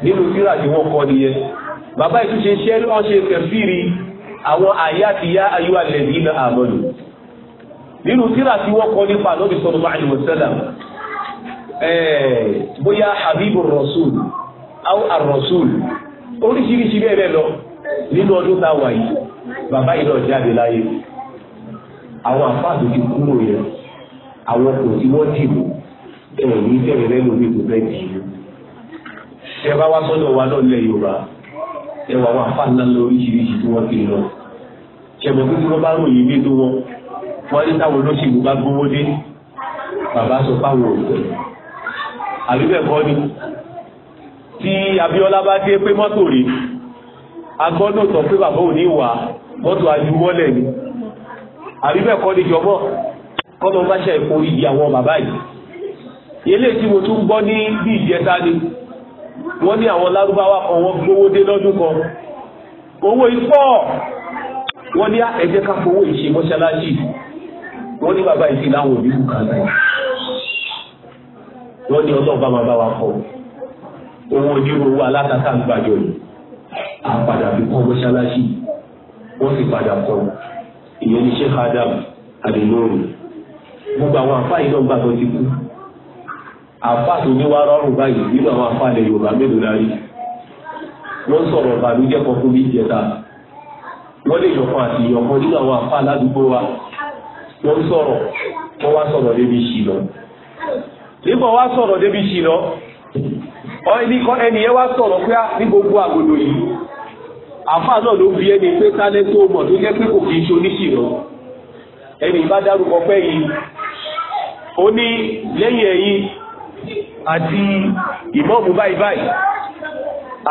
nínú síra tí wọ́n kọ nìyẹn bàbá ìtúnṣe ṣẹ́rí ọ̀ṣẹ́ tafsiri àwọn àyà ti yá ayúwà lẹ́yìn náà nínú síra tí wọ́n kọ́ nípa lórí sallallahu alaihi wasallam bóyá habibu rasul aw ar-rasul oríṣiríṣi bẹ́ẹ̀ bẹ́ẹ̀ lọ nínú ọdún tá a wà yìí bàbá yìí náà jáde láyé àwọn àfáàdù ti kúrò yẹn àwọn kò tí wọ́n dìbò ẹ̀yìn tẹ̀lé lẹ́nu mi kò fẹ́ dìbò ẹ bá wá sọ́dọ̀ wa náà lẹ́ Yorùbá ẹ wà wá fáàlà lóríṣiríṣi tí wọ́n ti lọ ṣẹ̀mọ̀ pé wọ́n bá ròyìn dé tó wọn wọ́n ní táwọn olóṣèlú bá gbówó dé bàbá sọ fáwọn òògùn àbí bẹ́ẹ̀ kọ́ ni tí Abíọ́lá bá dé pé mọ́tò rèé agbọ́dọ̀ sọ pé bàbá ò ní wà mọ́tò ajúwọ́lẹ̀ ni àbíbẹ̀ kọ́ ní jọ̀bọ́ kọ́mọ bá ṣe ìfò ìdí àwọn bàbá yìí ilé tí mo tún gbọ́ ní bí ìjẹta ni wọ́n ní àwọn lárúbáwá kan wọ́n gbówó dé lọ́dún kan owó ifọ̀ wọ́n ní ẹ̀jẹ̀ ká fowó ìṣe mọ́ṣáláṣí wọ́n ní bàbá yìí sí láwọn òbí kù kan náà wọ́n ní ọlọ́run bá máa bá wa kọ́ owó onírúurú alákàtà ń gbàjọ yìí àpàdà fi kọ́ mọ́ṣáláṣí wọ́n sì padà kọ́ ìyẹn ní Sheikh Adam Adenori gbogbo àwọn àfáà yìí náà gbàgbọ́ ti kú àfáà tó ní wá rọrùn báyìí nínú àwọn àfáà ilẹ̀ Yorùbá mélòó la rí wọ́n sọ̀rọ̀ ìbànújẹ́ kan fún mi jẹta wọ́n lè yọkan àti ìyọkan nínú àwọn àfáà ládùúgbò wa wọ́n sọ̀rọ̀ wọ́n wá sọ̀rọ̀ débi ṣìnà nígbà wá sọ̀rọ̀ débi ṣìnà ẹni yẹn wá sọ̀rọ̀ pé ní gbogbo àgòdò yìí àfáà náà ló fi ẹni pé tálẹ́ tó mọ̀ tó jẹ́ pé kò kì í ṣe oníṣìnà ẹni bá dárúkọ pẹ́ yìí ó ní lẹ́yìn ẹ̀yìn àti ìmọ̀ọ̀mù báyìí báyìí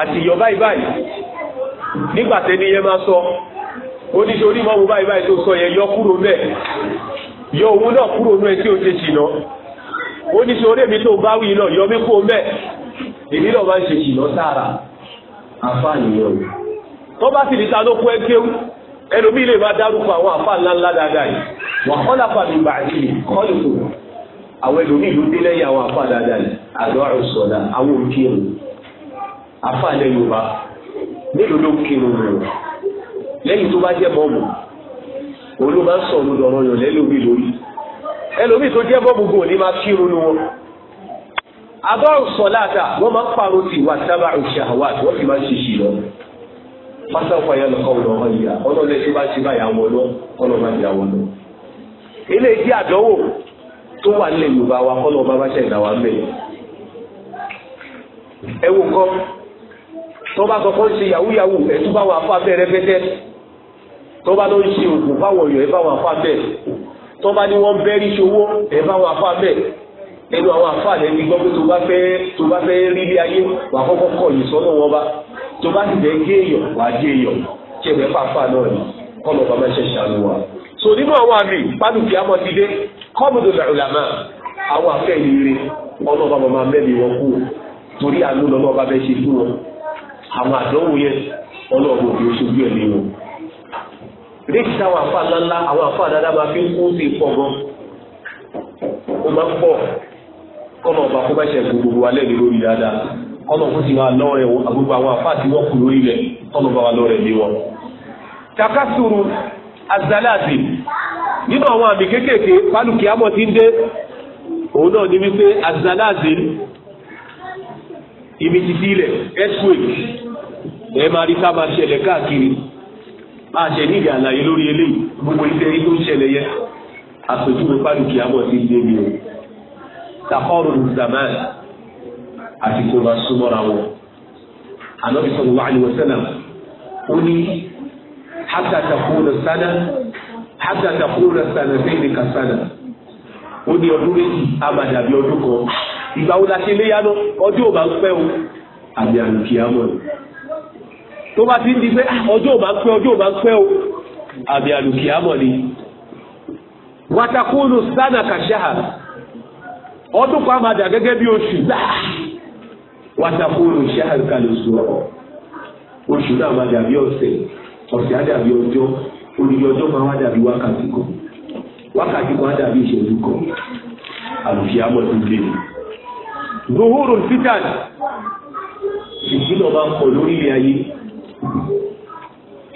àti ìyọ̀ báyìí báyìí nígbà tẹ́ni yẹn máa sọ oníṣẹ́ onímọ̀ọ̀mù báyìí báyìí tó sọ yẹn yọ kúrò bẹ́ẹ̀ yọ òun náà kúrò nú ẹ tí o ṣe ṣìnà ó ní sọ orí mi tó bá wí náà yọ mí kó mbẹ èmi náà máa ń ṣe ṣìnà sára àfààníyàn o tó bá sì ní ta ló kó ẹ kéwú ẹlòmíì lè máa dárúkọ àwọn àfáà ńláńlá dáadáa yìí wà kọ́lá pàmì bàdí kọ́lù kù àwọn ẹlòmíì ló dé lẹ́yìn àwọn àfáà dáadáa yìí àdúrà sọ̀dà àwọn òkèrò àfáà lẹ́yìn ọba mélòó ló kírun lẹ́yìn tó bá jẹ́ bọ́ọ̀mù òun ló máa ń sọ̀rọ̀ dọ̀rọ̀ yàn lẹ́lòmíì lórí ẹlòmíì tó jẹ́ bọ́ gbogbo òní máa kírun nu wọn. abáhùn sọ̀láàtà wọ́n máa ń parọ́ ti wà sábà ìṣàwà wọ́n sì máa ń ṣe ṣì lọ. pásáfà yẹn lọ́kọ́ ọ̀nà ọmọ ìyá ọ̀nà lẹ́sẹ̀ bá ti bá ìyàwó lọ ọ̀nà bá ìyàwó lọ. ilé ìdí àdánwò tó wà nílẹ̀ Yorùbá wa kọ́ lọ́ọ́ bá bá ṣẹ̀dá wa mẹ́. ẹ wo kọ́ tọ́ bá kọ́kọ́ ṣe yahoo ẹ̀ tún bá wà fún abẹ́rẹ́ bẹ́tẹ́ tó bá ló ń ṣe òògùn fáwọn èèyàn ẹ bá wọn afá bẹ́ẹ̀ tó bá ní wọ́n bẹ́rí ṣòwò ẹ bá wọn afá bẹ́ẹ̀ ẹnu àwọn afá rẹ ti gbọ́ pé tó bá fẹ́ tó bá fẹ́ rí ilé ayé wà kọ́kọ́ kọ̀ yìí sọ́nà wọn bá tó bá sì fẹ́ gé èèyàn wà á gé èèyàn tí ẹ̀fẹ́ fàáfà náà ni kọ́nà bàbá ṣe ṣàánú wa. so nínú àwọn àmì pálùkì amọ̀dídé kọ́mùdù làrúlàmà àwọn afẹ́ ìrere ọ̀nà bàbá máa mẹ́rin wọn kú torí àánú lọ́nà bàbá ṣe fún wọn àwọn àdánwò yẹn rẹ́ẹ̀tì táwọn àfa ńláńlá àwọn àfa dáadáa máa fi ń kó sí pọ̀ gan ó máa ń pọ̀ kọ́nà ọba kó bá ṣe gbogbo alẹ́ ní lórí dáadáa kọ́nà kó sì máa lọ́rẹ̀ gbogbo àwọn àfa àti wọ́n kù lórí rẹ̀ kọ́nà bá wa lọ́rẹ̀ lé wọn. takasuru azalazi nínú àwọn àmì kéékèèké pálukì amọ̀ ti ń dé òun náà ní wípé azalazi ibi títí ilẹ̀ earthquake ẹ máa rí sábà ṣẹlẹ̀ káàkiri a ṣe nídìí àlàyé lórí eléyìí gbogbo iṣẹ́ yìí tó ń ṣẹlẹ̀ yẹ àpèjúwe pálukì àmọ́ ti dé mi o takọ́rù zaman àti kò bá súnmọ́ra wọn Ànábì sallallahu alaihi wasallam ó ní hatta takuna sana hatta takuna sana fẹ́ẹ̀ni ka sana ó ní ọdún méjì á máa dàbí ọdún kan ìgbà wo la ṣe léyà náà ọjọ́ ò bá ń pẹ́ o àbí àlùkìyàmọ̀ ni tó bá ti ń di pé ah, ọjọ́ ò máa ń pẹ́ ọjọ́ ò máa ń pẹ́ o àmì àlùkìyámọ̀ ni wàtàkùnù sánà kàṣáà ọdún kan máa dà gẹ́gẹ́ bí oṣù náà wàtàkùnù ṣáà kàlùsù ọ̀rọ̀ oṣù náà máa dàbí ọ̀sẹ̀ ọ̀sẹ̀ á dàbí ọjọ́ olùyọ ọjọ́ máa wá dàbí wákàtí kan wákàtí kan á dàbí ìṣẹ́jú kan àlùkìyámọ̀ ti dé ni. zuhurul fitan ìdílọ̀ máa ń pọ̀ lórí ilé ayé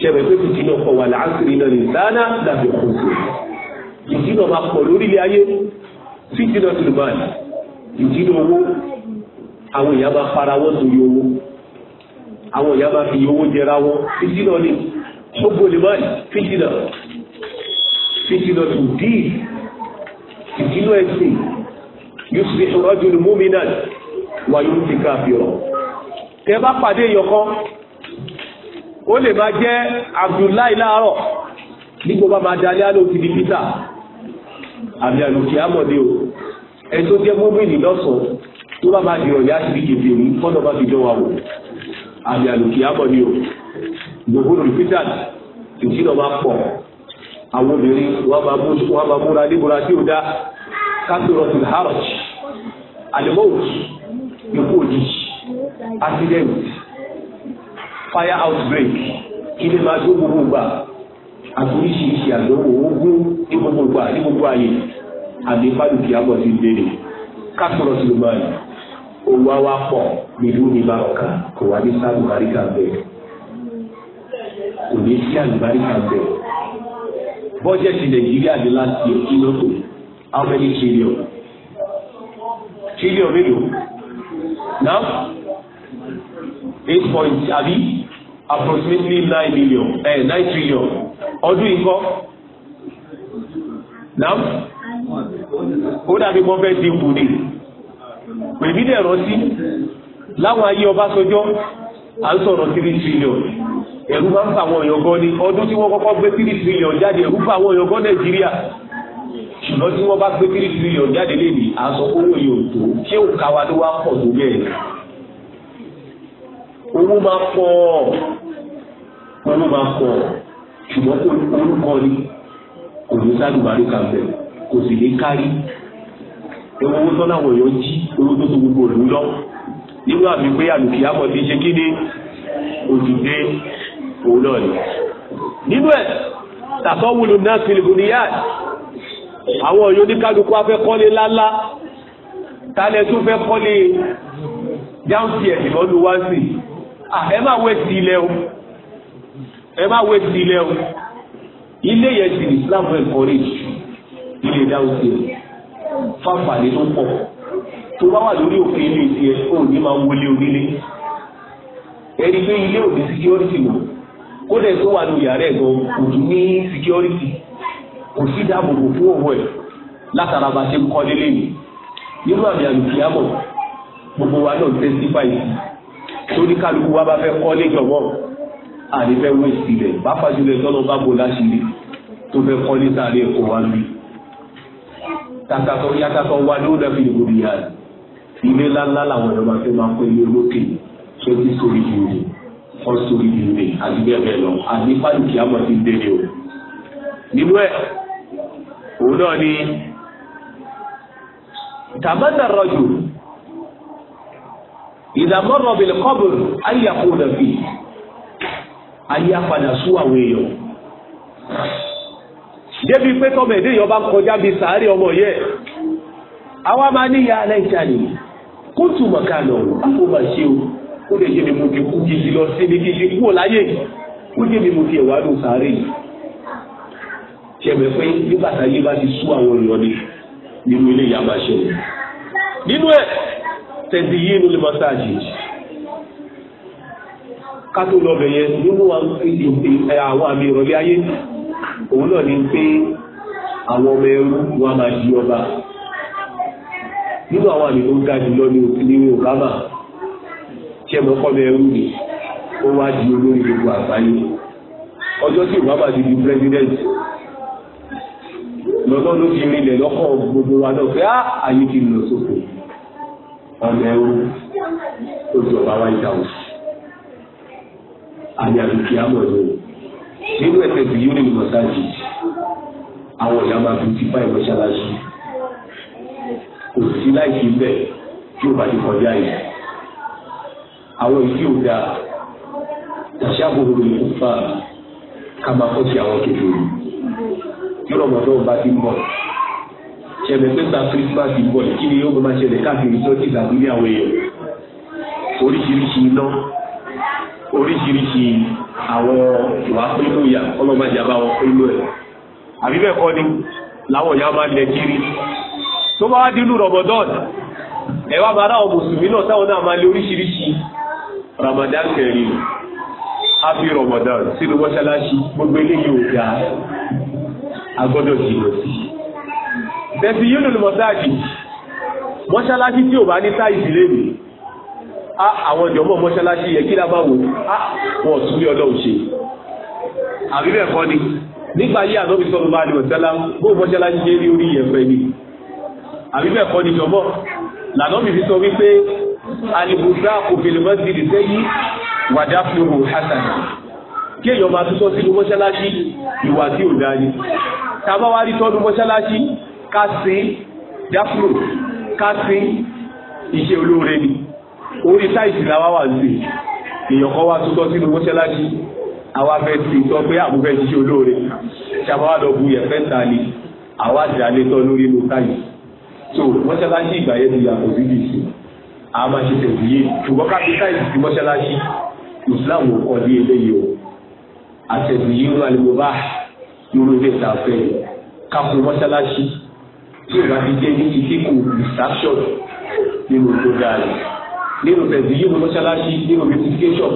ṣẹ̀bẹ̀ pé fìtínà kọ̀ wà láásìrì náà ní sáánà láti kù sí fìtínà máa pọ̀ lórílẹ̀ ayé fìtínà tìlùmáàlì fìtínà owó àwọn èèyàn máa fara wọ́n torí owó àwọn èèyàn máa fi owó jẹra wọn fìtínà ni gbogbo lè máa fìtínà fìtínà tó díì fìtínà ẹ̀sìn yusbihu rajulun mu'minan wa yumsi kafiran tẹ bá pàdé yọkan ó lè máa jẹ́ Abdullahi láàárọ̀ nígbò bá máa dalẹ́ àlọ́ ti di Peter àbí àlùkí àmọ̀dé o ẹ tó jẹ́ mọ́bìlì lọ́sàn-án tó bá máa di ọ̀yá sí ìdìbò èmi fọ́nà bá fi jọ wa wò àbí àlùkí àmọ̀dé o gbogbo olùpítà ìjìnà máa pọ̀ àwọn obìnrin wọ́n máa múra níbura tí ó dá kásìrọ̀tì harrods àlẹ́mọ́ọ̀tì ikú òjijì accident fire outbreak kí lè máa dó gbogbo gbà àtúríṣiríṣi àdánwò ogún ní gbogbo gbà ní gbogbo ààyè àbí fálùkì àbọ̀ ti délé kásọ̀rọ̀ sí ló máa yìí owó àwa pọ̀ nílùú ní bàkà kò wá ní sáà lùbáríkà bẹ́ẹ̀ kò ní sí àlùbáríkà bẹ́ẹ̀ bọ́jẹ̀tì nàìjíríà ní láti yẹ kí ló tó how many trillion trillion mélòó náà eight point àbí approximately nine million eh, nine trillion ọdún yìí kọ́ náà ó dàbí wọ́n fẹ́ dínkù ni pèmí dẹ̀ rántí láwọn ayé Ọbásanjọ́ à ń sọ̀rọ̀ three trillion ẹ̀rú máa ń fa àwọn èèyàn gan ni ọdún tí wọ́n kọ́kọ́ gbé three trillion jáde ẹ̀rú fa àwọn èèyàn gan Nàìjíríà ṣùgbọ́n tí wọ́n bá gbé three trillion jáde lè ní àsọkúrò yóò tó ṣé òǹkà wa ló wá pọ̀ tó bẹ́ẹ̀ owó máa pọ̀ owó máa pọ̀ ṣùgbọ́n kò orúkọ ni kò ní sálùbárí kàfẹ́ kò sì ní kárí ẹwọ owó tọ́lá àwọn èèyàn jí owó tó tó gbogbo òlú lọ nínú àmì pé àlùkí àmọ́ ti ṣe kí ni òdìdé òun náà ni nínú ẹ̀ tàkọ́wùlù náà sí lùbùnìyàn àwọn òyìn oníkálukú afẹ́ kọ́lé lálá tálẹ̀ tó fẹ́ kọ́lé dáńtì ẹ̀ ìmọ̀lú wá sí i Ah, ẹ má wé sí ilẹ̀ o ẹ má wé sí ilẹ̀ o ilé yẹn ti Islam encourage ilé dáhùsẹ̀ fáfàlẹ́ tó pọ̀ tó bá wà lórí òfin ilé tiẹ̀ ó ní máa wọlé onílé ẹni pé ilé òbí security wò kódà tó wà lórí ààrẹ gan kò tún ní security kò sí dáàbòbò fún òwò ẹ̀ látara bá ṣe ń kọ́ lélẹ́yìn nínú àmì àmì kìámọ̀ gbogbo wa náà tẹ́sí báyìí torí kálukú wa bá fẹ́ kọ́ lé jọ̀wọ́ àdìfẹ́ wé sílẹ̀ pápá jùlọ ìtọ́nà bá bo láṣìírí tó fẹ́ kọ́ ní sáré ẹ̀kọ́ wa lù takatọ yatatọ wa ní ó dàbí ìgbòho yá ilé ńláńlá làwọn ẹ̀rọ máa fẹ́ máa pẹ́ ilé olókè tó ti sórí ju ní wọ́n sórí ju ní àti bẹ́ẹ̀ bẹ́ẹ̀ lọ àti pálíkì àmọ́ ti délé o nínú ẹ̀ òun náà ni tàbátà rọjò ìdàmọ́nà ọ̀bẹ̀lẹ̀ kọ́bùrù ayíyàpọ̀ dàbí ayíyàpadà sú àwọn èèyàn. débi pé tọ́mọ èdè yẹn bá kọjá bíi sàárè ọmọ yẹ àwa máa ní ya aláìsà ni kóòtù màkà lọ àpò máa ṣe o ó lè jẹ́ mi mo ti kú kìí lọ síbi kìí ṣe kúrò láyé ó jẹ́ mi mo ti ẹ̀wà lù sàárè yìí. ṣẹ̀mẹ̀ pé nígbà táyé bá ti sú àwọn èèyàn ni nínú ilé ìyá máa ṣẹlẹ̀ nínú ẹ̀ tẹ̀díyínú lè mọ́sáàjì kátó lọ́bẹ̀ yẹn nínú àwọn àmì ìrọ̀lẹ́ ayé òun náà ni pé àwọn ọmọ ẹrú wọn máa di ọba nínú àwọn àmì tó ń ga jùlọ ní òkìlẹ̀ obama tí ẹ mọ́kọ́ ẹrú ni ó wá di olórí gbogbo àgbáyé ọjọ́ tí obama ti di president lọ́dọ́ ló fi rinlẹ̀ lọ́kọ̀ gbogbo wa náà pé á ayé ti lọ sókè ọ̀nà ẹ̀rú tó jọba white house àmì àlùkí àmọ̀ ẹ̀rọ nínú ẹ̀fẹ̀ bí yóò nínú mọ̀sáàjì àwọn ìyá máa fi tipa ìwé ṣáláṣí kò sí láìsí bẹ́ẹ̀ tí ó bá ti kọjá yìí àwọn ìdí ò dáa tàṣí àbúrò rẹ̀ kò fà á ká máa kọ́ sí àwọn kékeré yóò rọ̀ mọ́tò bá ti mọ̀ ṣẹlẹ̀ pẹ́ta christmas ìbọ̀ kí ni yóò máa ṣẹlẹ̀ káàkiri tó ti dàbílẹ̀ àwọn èèyàn oríṣiríṣi iná oríṣiríṣi àwọn ìwà pínlú ìyà ọlọ́mọdé àbá wọn pínlú ẹ̀ àbí bẹ́ẹ̀ kọ́ ni làwọn ìyá máa lẹ kiri tó bá wá dínú rọmọdọ́n ẹ wá bàrà àwọn mùsùlùmí náà táwọn náà máa lé oríṣiríṣi ramadan kẹrin happy ramadan sínú mọ́ṣáláṣí gbogbo eléyìí ò dáa agbọ́dọ̀ jìnnà sí i bẹ̀sí yóò lòlù mọ́sáàjì mọ́ṣáláṣí tí ò bá ní sáìsì lèmi àwọn ìjọ̀mọ́ mọ́ṣáláṣí yẹ kí lábá wò wọ́n tún lé ọlọ́run ṣe àbí bẹ́ẹ̀ ni nígbà yí ànábi sọ́nù bá àdìmọ̀ sẹ́lá bó mọ́ṣáláṣí yẹ rí orí yẹn fẹ́ ni àbí bẹ́ẹ̀ kọ́ ni jọ̀mọ́ lànàmi fi sọ wípé alìbùsá òfìlìmọ́sí lè sẹ́yìn wàdà fúnhùn hasana kí èèyàn máa tún sọ sínú mọ́ṣáláṣí ìwà tí ò dáa ni tá bá wá rí sọ́nù mọ́ṣáláṣí ká sí dáfúrò ká sí iṣẹ́ olóore ni orí táìsì làwa wà sí èèyàn kan wá tútọ́ sínú mọ́ṣáláṣí àwa fẹ́ ti sọ pé àbúfẹ́ ṣiṣẹ́ olóore ṣàbáwá bu yẹ̀fẹ́ ta ni àwa sì alẹ́ tọ́ lórí inú táìsì so mọ́ṣáláṣí ìgbà yẹn ti yàtọ̀ sí gbèsè a máa ṣe tẹ̀síyé ṣùgbọ́n ká fi táìsì sí mọ́ṣáláṣí Islam ò kọ́ ní eléyìí o àtẹ̀síyé ń tí ìwà ti jẹ́ ní ìdíkù reception nínú tó dára nínú tẹ̀sí yìí mo mọ́ṣáláṣí nínú meditation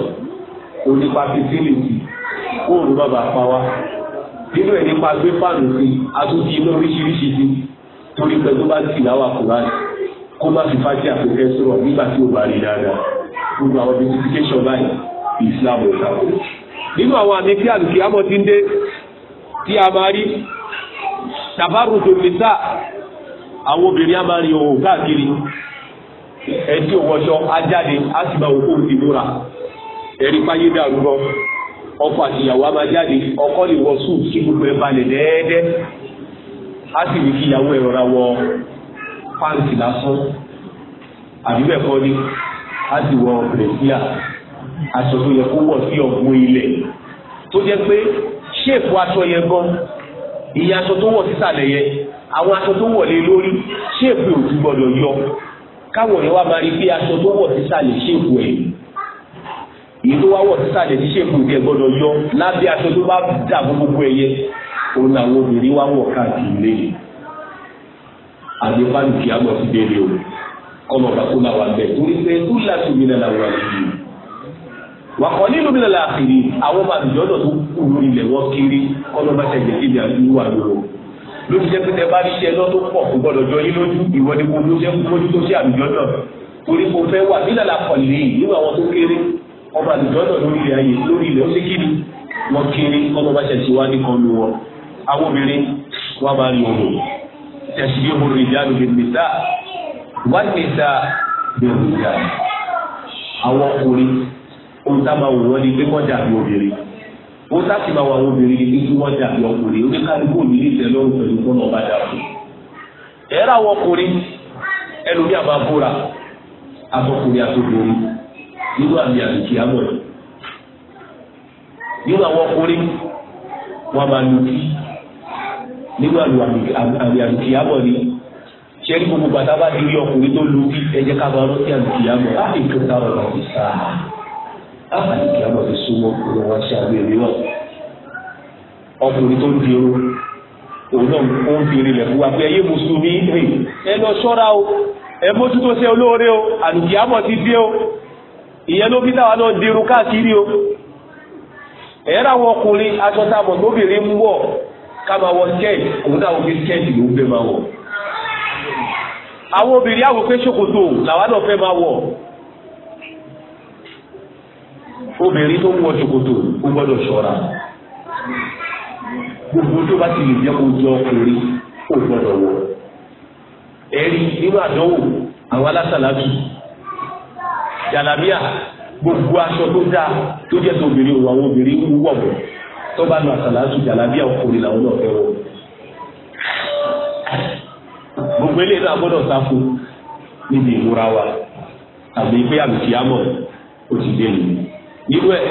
onípa facility fóònù bàbá pa wá nínú ẹ̀ nípa gbé fáànù sí atúndì iná oríṣiríṣi sí torí pé tó bá ti láwà kó bá kó má fi fájí àpòkẹ́ sọ̀rọ̀ nígbà tí ò bá rí dáadáa gbogbo àwọn meditation báyìí Islam ọ̀tá nínú àwọn àmì tí àlùkí àmọ́ ti ń dé tí a máa rí tàbárùtò nìta àwọn obìnrin á máa rin òhò káàkiri ẹtí òwọṣọ ajáde á sì máa òkú ti múra ẹ̀rí páyé dàrú gan ọkọ àtìyàwó á máa jáde ọkọ lè wọ sùn kí gbogbo ẹ̀ balẹ̀ dẹ́ẹ́dẹ́ á sì ní kí ìyàwó ẹ̀ rọra wọ pàǹtì lásán àbí bẹ́ẹ̀ kọ́ ni á sì wọ bẹ̀rẹ̀síà aṣọ tó yẹ kó wọ̀ sí ọ̀gbun ilẹ̀ tó jẹ́ pé ṣéèpù aṣọ yẹn gan ìyẹn aṣọ tó wọ̀ sísàlẹ̀ yẹn àwọn aṣọ tó wọlé lórí ṣéèpù òtún gbọdọ̀ yọ káwọn èèyàn wá máa rí bí aṣọ tó wọ̀ sísàlẹ̀ ṣéèpù ẹ̀ èyí tó wá wọ̀ sísàlẹ̀ tí ṣéèpù ẹ̀ gbọdọ̀ yọ lábẹ́ aṣọ tó bá dà gbogbo ẹ̀yẹ òun àwọn obìnrin wá wọ̀ káàkiri lẹ́yìn àdébánù kí á lọ sí délé o kọ́nà ọ̀gá kó máa wà bẹ́ẹ̀ torí pé tó láti mi lẹ́la wà lórí wàkọ̀ nínú mi lẹ́la àkìrí àwọn ọmọ àbíjọ́dọ̀ tó kù lórí ilẹ̀ wọ́n kiri kọ́nà bá ṣẹ̀jẹ̀ kéde àdúrà lóru ló fi jẹ́ pé tẹ bá rí iṣẹ́ lọ tó pọ̀ kó gbọ́dọ̀ jọ yín lójú ìwọ ni gbogbo ṣe ń mójú tó ṣe àlùjọ náà torí kò fẹ́ wà nílẹ̀ làkọ̀lẹ̀ yìí nínú àwọn tó kéré ọmọ àlùjọ náà lórí ilẹ̀ ayé lórí ilẹ̀ ó ṣe kí ni wọ́n kéré ọmọ bá ṣe ti wá nìkan lu wọn àwọn obìnrin wọ́n máa lò ó tẹ̀sí bí mo rìn ìyá lóde nìta wọ́n nìta bẹ̀rù ìyá àwọn ọkùnrin ohun tá a máa wù wọ́n ni pé kọ́ dàbí obìnrin wọ́n sáàtì máa wọ àwọn obìnrin ní kí wọ́n dàbí ọkùnrin oníkálukú òní lè tẹ̀ lọ́rùn pẹ̀lú fọ́nà ọba dàbí. ẹ̀rọ àwọn ọkùnrin ẹlòmíà máa bóra àtọkùnrin àtọkùnrin nínú àmì àdùkì àmọ̀ ẹ̀. nínú àwọn ọkùnrin wọn máa lu kí nínú àmì àdùkì àmọ̀ ni gbogbo bàtà bá di orí ọkùnrin tó lu kí ẹ jẹ́ ká máa rántí àdùkì àmọ̀ láti ìkẹta ọ̀rọ̀ ìsáà. àbáyé nke a máa fi súnmọ́ òun wá mìíràn ọkùnrin tó ń di òun náà ó ń fi fún wa pé ẹyẹ mùsùlùmí ẹ lọ o ẹ mójútó ṣe o àlùkí àmọ̀ ti dé o ìyẹn ló fi táwa náà di o ẹ̀yẹ́ ọkùnrin aṣọ wọ òun náà wọ́n fi ló ń fẹ́ máa wọ̀ àwọn obìnrin ṣòkòtò làwọn obìnrin tó ń wọ ṣòkòtò ó gbọ́dọ̀ ṣọ́ra gbogbo tó bá ti lè jẹ́ kó jọ ọkùnrin ó gbọ́dọ̀ wọ̀ ẹ̀rí nínú àdánwò àwọn alásàlábì jàlábíà gbogbo aṣọ tó dáa tó jẹ́ tó obìnrin òun àwọn obìnrin ń wọ̀ bọ̀ tó bá lọ àsàlátù jàlábíà ọkùnrin làwọn náà fẹ́ wọ̀ gbogbo eléyìí náà gbọ́dọ̀ sá fún níbi ìmúra wa àbí pé àbùkù yá mọ̀ ó ti dé nìyí irú ẹ̀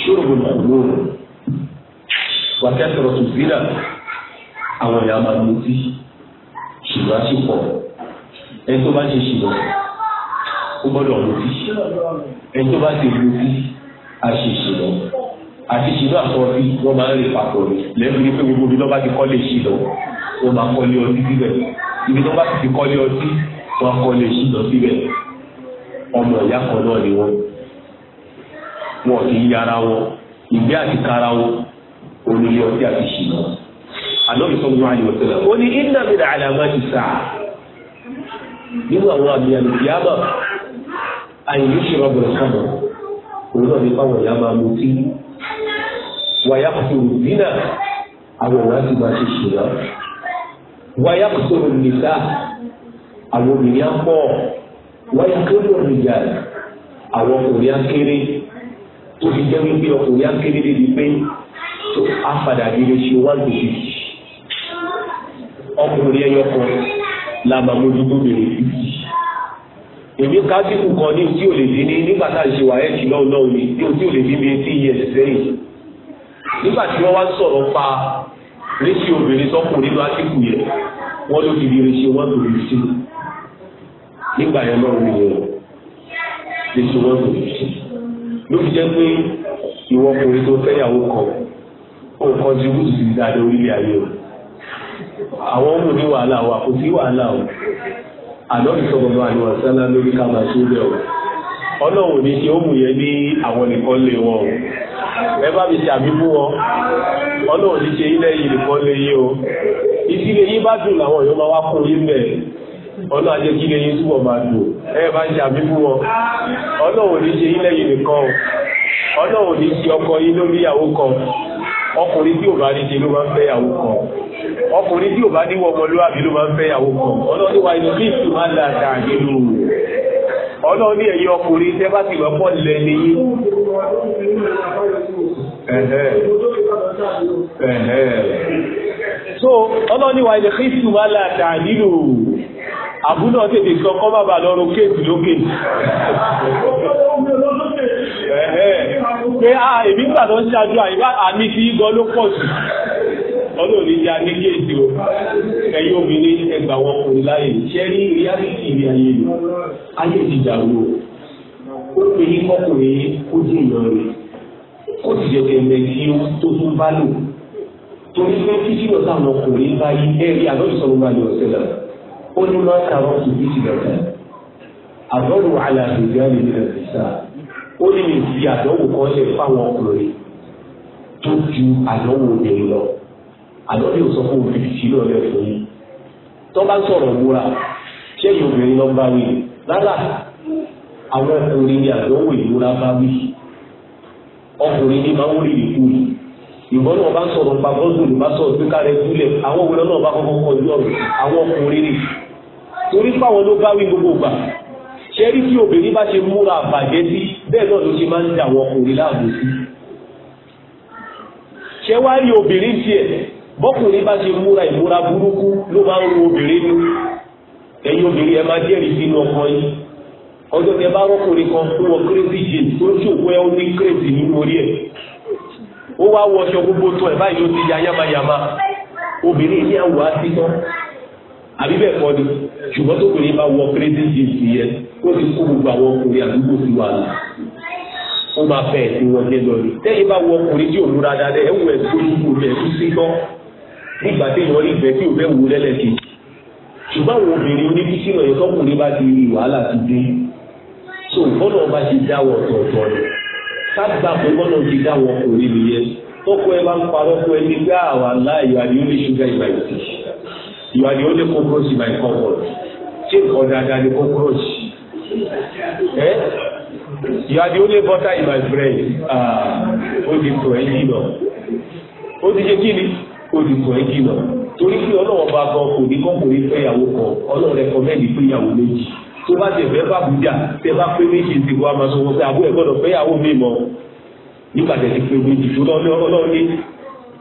ṣòro màgbó wàkẹ́sọ̀rọ̀ tó sílẹ̀ àwọn èèyàn máa mú sí ṣùgbọ́n sì pọ̀ ẹni tó bá ṣe ṣùgbọ́n ó gbọ́dọ̀ mú sí ẹni tó bá ṣe mú sí àṣìṣìlọ àṣìṣìlọ àtọ́rí wọ́n máa ń rìn papọ̀ lẹ́nu ní pé gbogbo ibi tó bá ti kọ́lé ìṣìlọ wọ́n máa kọ́lé ọtí síbẹ̀ ibi tó bá ti kọ́lé ọtí wọ́n á kọ́lé ìṣìlọ síbẹ̀ ọmọ ìyá kan náà ni wọ́n wọn kì í yára wọn ìgbé àti kára wọn onílé ọtí àti ṣìnà ànábì sọ wọn àyẹ̀wò tẹ́lẹ̀ ó ní iná mi rà àlàmà ti sà nínú àwọn àmì àmì kìámà àyẹ̀wò ṣe rọ̀bù kàmọ́ òun náà ní fáwọn ìyá máa mú tí wàyà kòtòrò dínà àwọn ìyá ti máa ṣe ṣìnà wàyà kòtòrò nìta àwọn obìnrin á pọ̀ wáyà kéré òrìjà àwọn obìnrin á kéré tó fi jẹ́ wípé ọkùnrin akéde débi pé tó á padà di ratio one to fifty ọkùnrin ẹyọ kan la máa mójú gómìnà fifty èmi kásìkù kan ní tí ò lè dín ní nígbà tá à ń ṣe wàá ẹ̀sìn náà náà ni tí ò tí ò lè dín ní etí yẹn sẹ́yìn nígbà tí wọ́n wá sọ̀rọ̀ pa ratio obìnrin sọ́kùnrin nínú àtìkù yẹn wọ́n ló ti di ratio one to fifty nígbà yẹn náà ni wọ́n ratio one to fifty ló fi jẹ́ pé ìwọ ọkùnrin tó fẹ́yàwó kan ó contribute sí dáadáa orílẹ̀ ayé o àwọn ọmọ ní wàhálà wa kò sí wàhálà o àdọ́bí sọ̀rọ̀ àníwà sálá lórí ká máa ṣe bẹ́ẹ̀ o ọlọ́run ní ṣe ó mú yẹn ní àwọn nìkan lè wọn o ẹ bá mi ṣàmì fún wọn ọlọ́run ní ṣe ilẹ̀ yìí nìkan lè yí o ìdílé yín bá dùn làwọn èèyàn máa wá kún yín bẹ́ẹ̀ ọlọ́ kí lè yín túbọ̀ máa lò ẹ bá ń fún wọn ṣe ilẹ̀ yìí kan o ọkọ yín lórí kan ọkùnrin tí ò bá ní ṣe ló máa ń fẹ́ kan ọkùnrin tí ò bá ní wọmọlúwàbí ló máa ń fẹ́ kan inú bí ìtù máa ọkùnrin tẹ́ bá ti lọ́pọ̀ lẹ́ àbúnà tètè sọ kọ́ bàbà lọ́rọ̀ kéèkì lókè pé a èmi gbà tó ń ṣáájú àyíká àmì sí igan ló pọ̀ sí ọlọ́ọ̀ni ya ní kéèkì o ẹ̀yin obìnrin ẹgbà wọn kò láyè ṣe rí reality ìrì ayé mi ayé ti dàrú o ó pè ní kọkùnrin ó dì ìyàn rẹ̀ ó sì jẹ́ tẹ̀lé tí ó tó tún bá lò torí pé títí lọ́sàn-án ọkùnrin báyìí ẹ̀rí àlọ́ ìsọ̀rọ̀ balẹ̀ ọ̀sẹ̀ náà ó ní máa kàrọ́ sí bíi bẹ̀rẹ̀ àdọ́rù alàdùnjá lè bẹ̀rẹ̀ sá ó ní mi fi àdánwò kan lè fáwọn ọkùnrin tó ju àdánwò lè lọ àdánwò yóò sọ fún òbí tí náà lè fún yín tó bá sọ̀rọ̀ múra ṣé obìnrin lọ bá wí rárá àwọn ọkùnrin ní àdánwò ìmúra bá wí ọkùnrin ní máa ń rí ìkú yìí ìbọn náà bá sọ̀rọ̀ pa bọ́ọ̀dù ló bá sọ̀rọ̀ pé ká rẹ dúlẹ̀ àwọn òwe náà bá kọ́kọ́ kọ́ ìlú ọ̀rọ̀ àwọn ọkùnrin nìyí torí fáwọn ló bá wí gbogbo gbà ṣẹ́rí tí obìnrin bá ṣe múra àbàjẹ́ sí bẹ́ẹ̀ náà ló ṣe máa ń dà wọ́n ọkùnrin láàbò sí ṣẹ́ wá rí obìnrin tiẹ̀ bọ́kùnrin bá ṣe múra ìmúra burúkú ló máa ń ru obìnrin ní ẹ̀yin obìnrin ẹ máa jẹ́rìí sínú ọkọ yín ọjọ́ tẹ bá rọ́kùnrin kan tó wọ kírésì jìn tó ń ṣòwò ẹ ó ní kírésì nínú orí ẹ̀ ó wá wọ aṣọ gbogbo tó ẹ̀ báyìí ló ti ya yamayama obìnrin ní àwọ̀ á àbí bẹ́ẹ̀ kọ́ ni ṣùgbọ́n tó kùnrin bá wọ credit gift yẹn ó ti kó gbogbo àwọn ọkùnrin àdúgbò sí wa lọ ó máa fẹ́ ẹ̀ sí wọn dé lọ rí tẹ́yìn bá wọ ọkùnrin tí òun rada rẹ̀ ẹ̀wù ẹ̀ tó dúró rẹ̀ tó sí tán nígbà tí ìwọ́n rí ìfẹ́ tí òun fẹ́ wò lẹ́lẹ́kì ṣùgbọ́n àwọn obìnrin oníbísí náà yẹn tọkùnrin bá ti rí wàhálà ti dé so bọ́nà ọba ti dá wọ ọ̀tọ̀ọ̀tọ̀ rẹ̀ kágbà pé You are the only cockroach in my cupboard. Ṣé nǹkan dáadáa ni cockroach? Ẹ́ eh? You are the only butter in my bread. Ah, ó ti tọ̀ ẹ́ jìnà. Ó ti ṣe kí ni? Ó ti tọ̀ ẹ́ jìnà. Torí pé ọlọ́wọ́n bá gan kò ní kán kò ní fẹ́ ìyàwó kan, ọlọ́run rẹ̀ kọ́ mẹ́rin fún ìyàwó méjì tó bá ti ẹ̀fẹ́ bá bùjá tẹ bá pé méjì ti wá máa sọ wọn pé àbúrò ẹ̀gbọ́dọ̀ fẹ́yàwó mi mọ́ nígbà tẹ̀ ti pé méjì tó lọ́ọ́ ní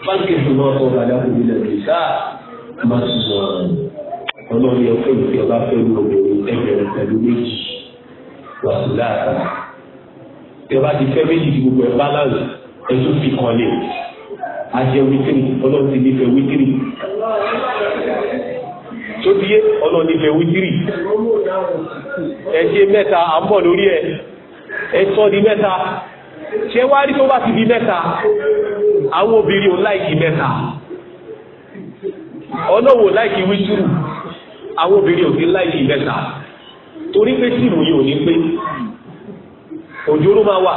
báńkì tó lọ́ọ́ sọ ọ̀gá àdàkùn má ti mọ̀ ọlọ́run yẹ fún ìfẹ́ ọba fẹ́ lu obìnrin ẹgbẹ̀rún pẹ̀lú méjì wàásù láàbà tí ọba ti fẹ́ méjì ti gbogbo ẹ̀ balance ẹ̀tún fi kan lè ajẹ́ wítírì ọlọ́run ti nífẹ̀ẹ́ wítírì tó ti yé ọlọ́run nífẹ̀ẹ́ wítírì ẹ ṣe mẹ́ta à ń bọ̀ lórí ẹ̀ ẹ sọ di mẹ́ta ṣé wá rí tó bá ti di mẹ́ta àwọn obìnrin ò láì di mẹ́ta ọlọ́wọ́ láìkí wítírù àwọn obìnrin ò ní láìkí mẹ́ta torí pé tìrù yìí ò ní pé òjòrò máa wà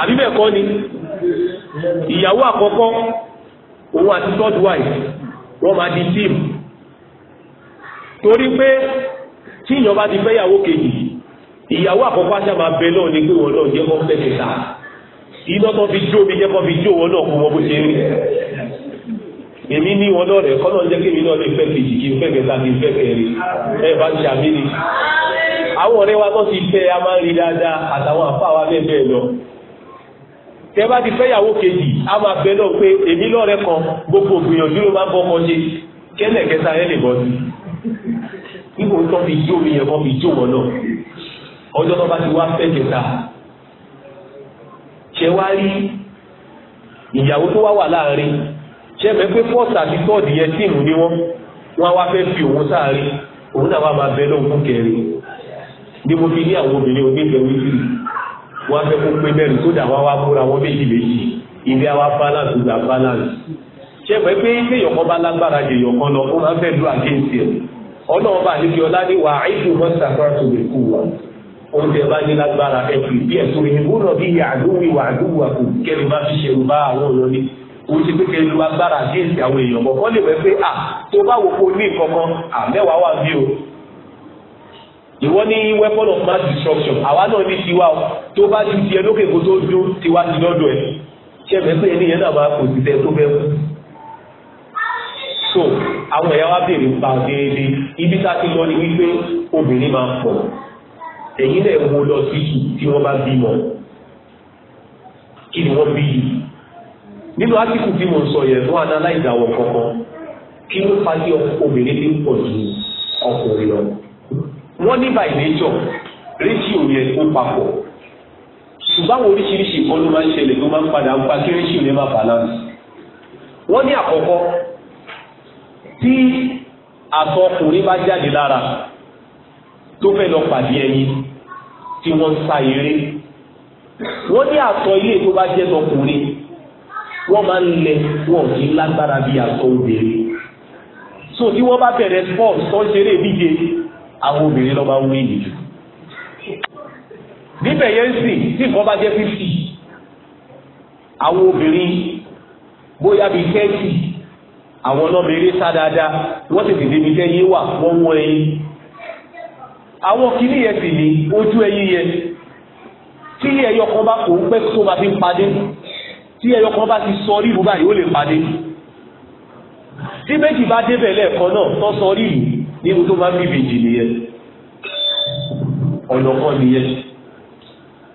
àbí bẹ́ẹ̀ kọ́ ni ìyàwó àkọ́kọ́ òun àti third wife wọ́n máa di team torí pé tí ìyàn bá ti fẹ́ ìyàwó kejì ìyàwó àkọ́kọ́ àṣà máa bẹ náà ni pé wọn náà jẹ́ kọ́ fẹ́ kẹta iná tó fi jó mi jẹ́ kọ́ fi jó wọn náà kó wọn bó ṣe rí èmi ní wọn lọ́rẹ̀ kọ́nà jẹ́ kí èmi náà lè fẹ́ kejì kí n fẹ́ kẹta kí n fẹ́ kẹrin ẹ bá ń ṣàmì ni. àwọn ọ̀rẹ́ wa tó ti fẹ́ a máa ń rí dáadáa àtàwọn àfa wa bẹ́ẹ̀ bẹ́ẹ̀ lọ. tẹ bá ti fẹ́yàwó kejì a máa fẹ́ náà pé èmi lọ́rẹ̀ kan gbogbo gbìyànjú ló máa ń bọ́kọ ṣe kẹ́lẹ̀ kẹta ẹ lè bọ́ sí. ipò tó fi jó mi yẹn kọ́ fi jó wọn náà ọjọ́ tó bá ti wá ṣe mẹ́ pé fọ́ọ̀sì àti tọ́ọ̀dì yẹn tíìmù ni wọ́n wọ́n wá fẹ́ fi òun sáàrí òun náà wá máa bẹ lóhùn fún kẹrin ni mo fi ní àwọn obìnrin onífẹ̀ẹ́ wíwí wọ́n fẹ́ kó pé mẹ́rin sódà wá wá múra wọn méjì méjì ilé àwa balance ìgbà balance ṣe mẹ́ pé kéèyàn kan bá lágbára jèèyàn kan lọ fún máa fẹ́ lu àkéǹsì ẹ̀ ọlọ́run bá ní kí ọlá ní wà áìsù mọ́sàkárà tó lè kú wa òun tẹ bá ní lágbára ẹ̀ fi bí ẹ̀ sórí ìbúrọ̀ bí àdúwì wà àdúwà kò fi ṣerú bá àwọn ọ̀nà ní òun ti pé kẹ́ lu agbára against àwọn èèyàn mọ́ wọ́n lè wẹ́ pé à ah, tó bá wò kó ní nǹkan kan à mẹ́wàá wà bí o ìwọ ní weapon of mass destruction àwa náà ní tiwa o tó bá ju tiẹ̀ lókè kó tó dún tiwa ti lọ́dọ̀ ẹ̀ ṣẹ̀fẹ̀ pé ẹni yẹn náà máa kò sí fẹ́ tó fẹ́ kú so àwọn ẹ̀yà wa béèrè pa déédéé ibi tá a ti lọ ni wípé obìnrin máa pọ̀ ẹ̀yin náà wo lọ sí tù tí wọ́n bá bímọ kí ni wọ́n bí yìí nínú átíkù tí mo sọ yẹn fún analyze àwọn kankan kí ló fa ní obìnrin tí ń pọ̀ ju ọkùnrin lọ. wọ́n ní by nature rétíò yẹn ó papọ̀ ṣùgbọ́n àwọn oríṣiríṣi nǹkan ló máa ń ṣẹlẹ̀ tó máa ń padà ń pa kí rétíò yẹn máa balance. wọ́n ní àkọ́kọ́ tí àtọ̀ ọkùnrin bá jáde lára tó fẹ́ lọ pàdé ẹyin tí wọ́n ń sa eré wọ́n ní àtọ̀ ilé tó bá jẹ́ tọkùnrin wọ́n máa ń lẹ wọn ò ní lágbára bí àtọ́ obìnrin so tí wọ́n bá bẹ̀rẹ̀ sport tó ń ṣeré ìdíje àwọn obìnrin ló máa ń wí nìyí níbẹ̀ yẹn sì tí nǹkan bá jẹ́ fífì àwọn obìnrin bóyá bíi tẹ́tì àwọn ọlọ́bìnrin sá dáadáa wọ́n tètè débi tẹ́ yé wà wọ́n wọ́n ẹyin àwọn kìíní yẹn sì ní ojú ẹyin yẹn tí ẹyọ kan bá kò ń pẹ́ tó máa fi ń padé tí ẹyọ kan bá ti sọ ríru báyìí ó lè padé tí méjì bá débẹ̀ lẹ́ẹ̀kan náà tó sọ ríru nínú tó máa ń bíbi ìjì nìyẹn ọ̀nà kan nìyẹn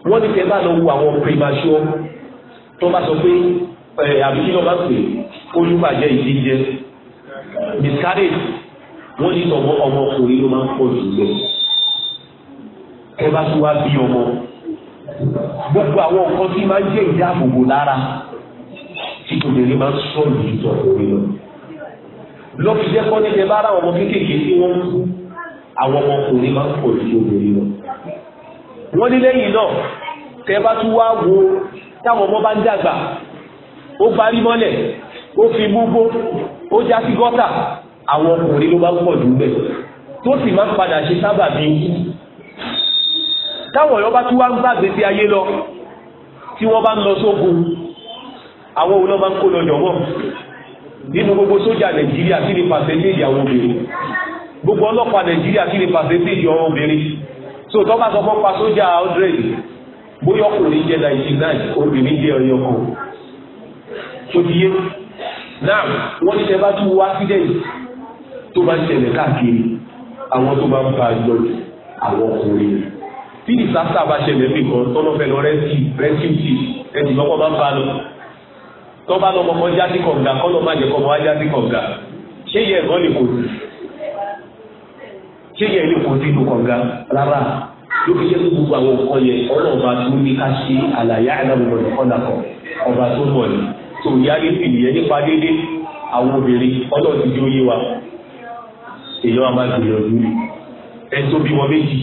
wọ́n ní tẹ́ bá lọ wo àwọn primasio tó bá sọ pé ẹ̀ àbí kí ló bá pè olùbàjẹ́ ìdíjẹ miscarriage wọ́n ní tọmọ ọmọkùnrin ló máa ń pọ̀ jù lọ tẹ́ bá tún wá bí ọmọ gbogbo àwọn nǹkan tí máa ń jẹ́ ìdáàbòbò lára tí obìnrin máa ń sọ yìí sọ orí lọ. lọ́fi jẹ́ kọ́ nílẹ̀ bá ara ọmọ kéékèèké tí wọ́n ń kú àwọn ọmọkùnrin máa ń pọ̀ sí obìnrin lọ. wọ́n ní lẹ́yìn náà tẹ́ bá tún wá wo táwọn ọmọ bá ń dàgbà ó parí mọ́lẹ̀ ó fi gbogbo ó já sí gọ́tà àwọn ọkùnrin ló bá pọ̀ jù bẹ́ẹ̀ tó sì máa ń padà ṣe sábàbí ikú táwọn ọ̀yọ́ bá tún wá ń gbàgbé sí ayé lọ tí wọ́n bá ń lọ sógun àwọn òun náà máa ń kó lọ yọ̀wọ́ nínú gbogbo sójà nàìjíríà kí ni pàṣẹ́ntéèjì àwọn obìnrin gbogbo ọlọ́pàá nàìjíríà kí ni pàṣẹ́ntéèjì àwọn obìnrin so tó bá sọ fún pa sójà hundred bóyá ọkùnrin jẹ ninety nine obìnrin jẹ ọyọ kan tó náà wọ́n ní tẹ́ bá tún wá sídẹ̀yìn tó bá ń ṣẹlẹ̀ káàkiri àwọn tó bá ń ba yọjú àwọn ọkùnrin tí disaster bá ṣẹlẹ̀ bí kan tọ́lọ́ fẹ́ lọ rescue rescue team ẹ̀sìn lọ́kọ́ máa ń bá lọ tọ́ bá lọ́mọ kan já sí kọ̀ǹga kọ́ lọ́ má jẹ́ kọ́mọ wá já sí kọ̀ǹga ṣé yẹ ẹ̀gbọ́n lè kò sí ṣé yẹ ilé kò sí ìlú kọ̀ǹga rárá ló fi jẹ́ kó gbogbo àwọn nǹkan yẹn ọlọ́ọ̀ba tó ní ká ṣe àlàyé àdàbọ̀n ọ̀nà kan ọba ẹ̀ tó bí wọn méjì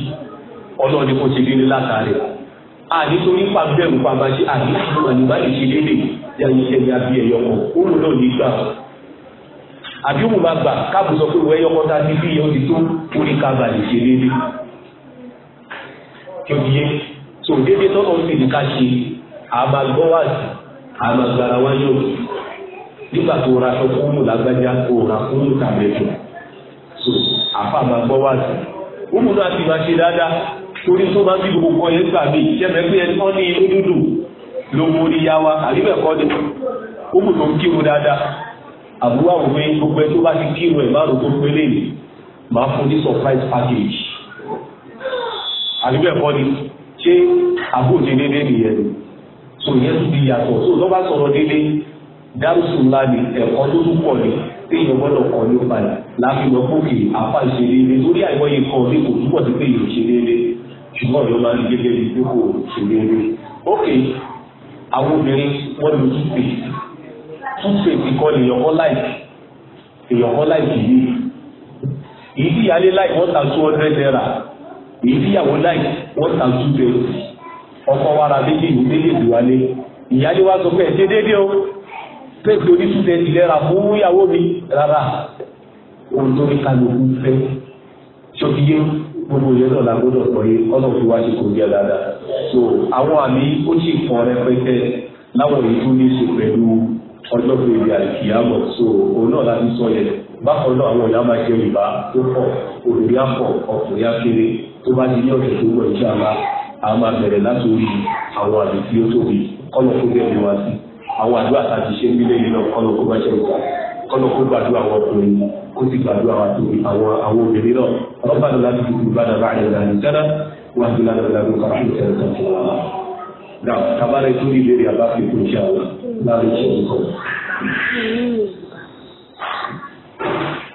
ọlọ́run ni kò ṣe déédé látàrí àní torí pàbẹ́rù pàbàṣẹ àní àwọn àníbàdì ṣe déédé yàrá iṣẹ́ ní abí ẹ̀yọ náà ní àbí òun máa gbà káàbù sọ pé ẹyọ kan bí o so déédé ń fìdí ká ṣe àmàgbọ́wàsì nígbà tó ra aṣọ fún mú lágbájá kó ra ṣe dáadáa. torí tó máa ń bí gbogbo kan yẹn gbà mí jẹ́mẹ̀ pé ẹni wọ́n ní inú dúdú ló mú orí ya wa àríwẹ̀ kọ́ ni ó mú tó ń kírun dáadáa àbúrò àwọn ọmọ gbogbo ẹ tó bá ti kírun ẹ̀ márùn tó pélé ni máa fún ní surprise package àríwẹ̀ kọ́ ni ṣé àbúrò ti dédé nìyẹn ni tò yẹn tún di yàtọ̀ tó lọ́ bá sọ̀rọ̀ dédé dárúsùn ńlá ni ẹ̀kọ́ tó tún pọ̀ ni téèyàn gbọ́dọ̀ kọ́ ní ó balẹ̀ láfi lọ kókè àpá ìṣèlérí lórí àìmọye kan ní kò túbọ̀ sí pé ìròṣèlérí ṣùgbọ́n ìlú máa ń gẹ́gẹ́ bí pé kò ṣèlérí. ok àwọn obìnrin wọ́n lu toothpaste toothpaste kọ́ ni èèyàn kọ́ láìkì èèyàn kọ́ láìkì yìí èyí láì wọ́n ta two hundred naira èyí tí ìyàwó láì wọ́n ta two thousand. ọkọ wa méjì ìlú méjèèjì wálé ìyáálé wa sọ pé ẹ̀ ṣe déédéé o pèsè oníṣúté ìlera fún ìyàwó mi rárá ohun tó ní kálukú fẹ́ ṣòkìyé gbogbo yẹn náà la gbọ́dọ̀ pọ̀ yé ọ̀nà òfin wá sí kò jẹ́ dáadáa so àwọn àmì ó sì pọ̀ rẹpẹtẹ láwọn èyí tó ní í ṣe pẹ̀lú ọjọ́ gbèrè àìkìyàmọ̀ so òun náà láti sọ yẹn bákan náà àwọn ìyá máa jẹ ìbá tó pọ̀ òrùlé àpọ̀ ọkùnrin akéré tó bá ti ní ọ̀sẹ̀ tó wọ̀ ìjà máa a máa bẹ̀rẹ̀ láti orí àwọn àmì tí ó tóbi kọ́nà kó bẹ̀rẹ̀ wá sí àwọn àdúrà tá a ti ṣe nílé yìí náà kọ́nà kó bá ṣe ìgbà kọ́nà kó gbàdúrà àwọn ọkùnrin kó sì gbàdúrà àwọn àwọn obìnrin náà ọlọ́pàá náà láti fi kúrú bá dàbà àyẹ̀dà nìjánà wà sí lánàá lánàá kọ́ àti ìṣẹ̀lẹ̀ kan fún wa. Nà tabalẹ̀ tó ní ìbéèrè àbá fi kún iṣẹ́ àwọn láàrin ìṣẹ̀lẹ̀ kan.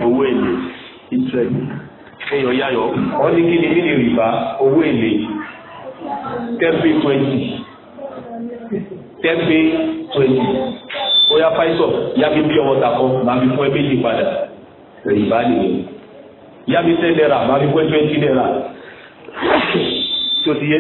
Owó èlé ìtẹ̀lẹ̀ kéèyàn yáyọ̀ wọ́n ní kí ni mí lè rìbá owó èlé ten twenty ten twenty ó yá fáìsọ̀ yá mi bí ọwọ́ takọ máa fi fún ẹ méjì padà rìbá nìyẹn yá mi ten naira máa fi fún ẹ twenty naira tí ó ti yé.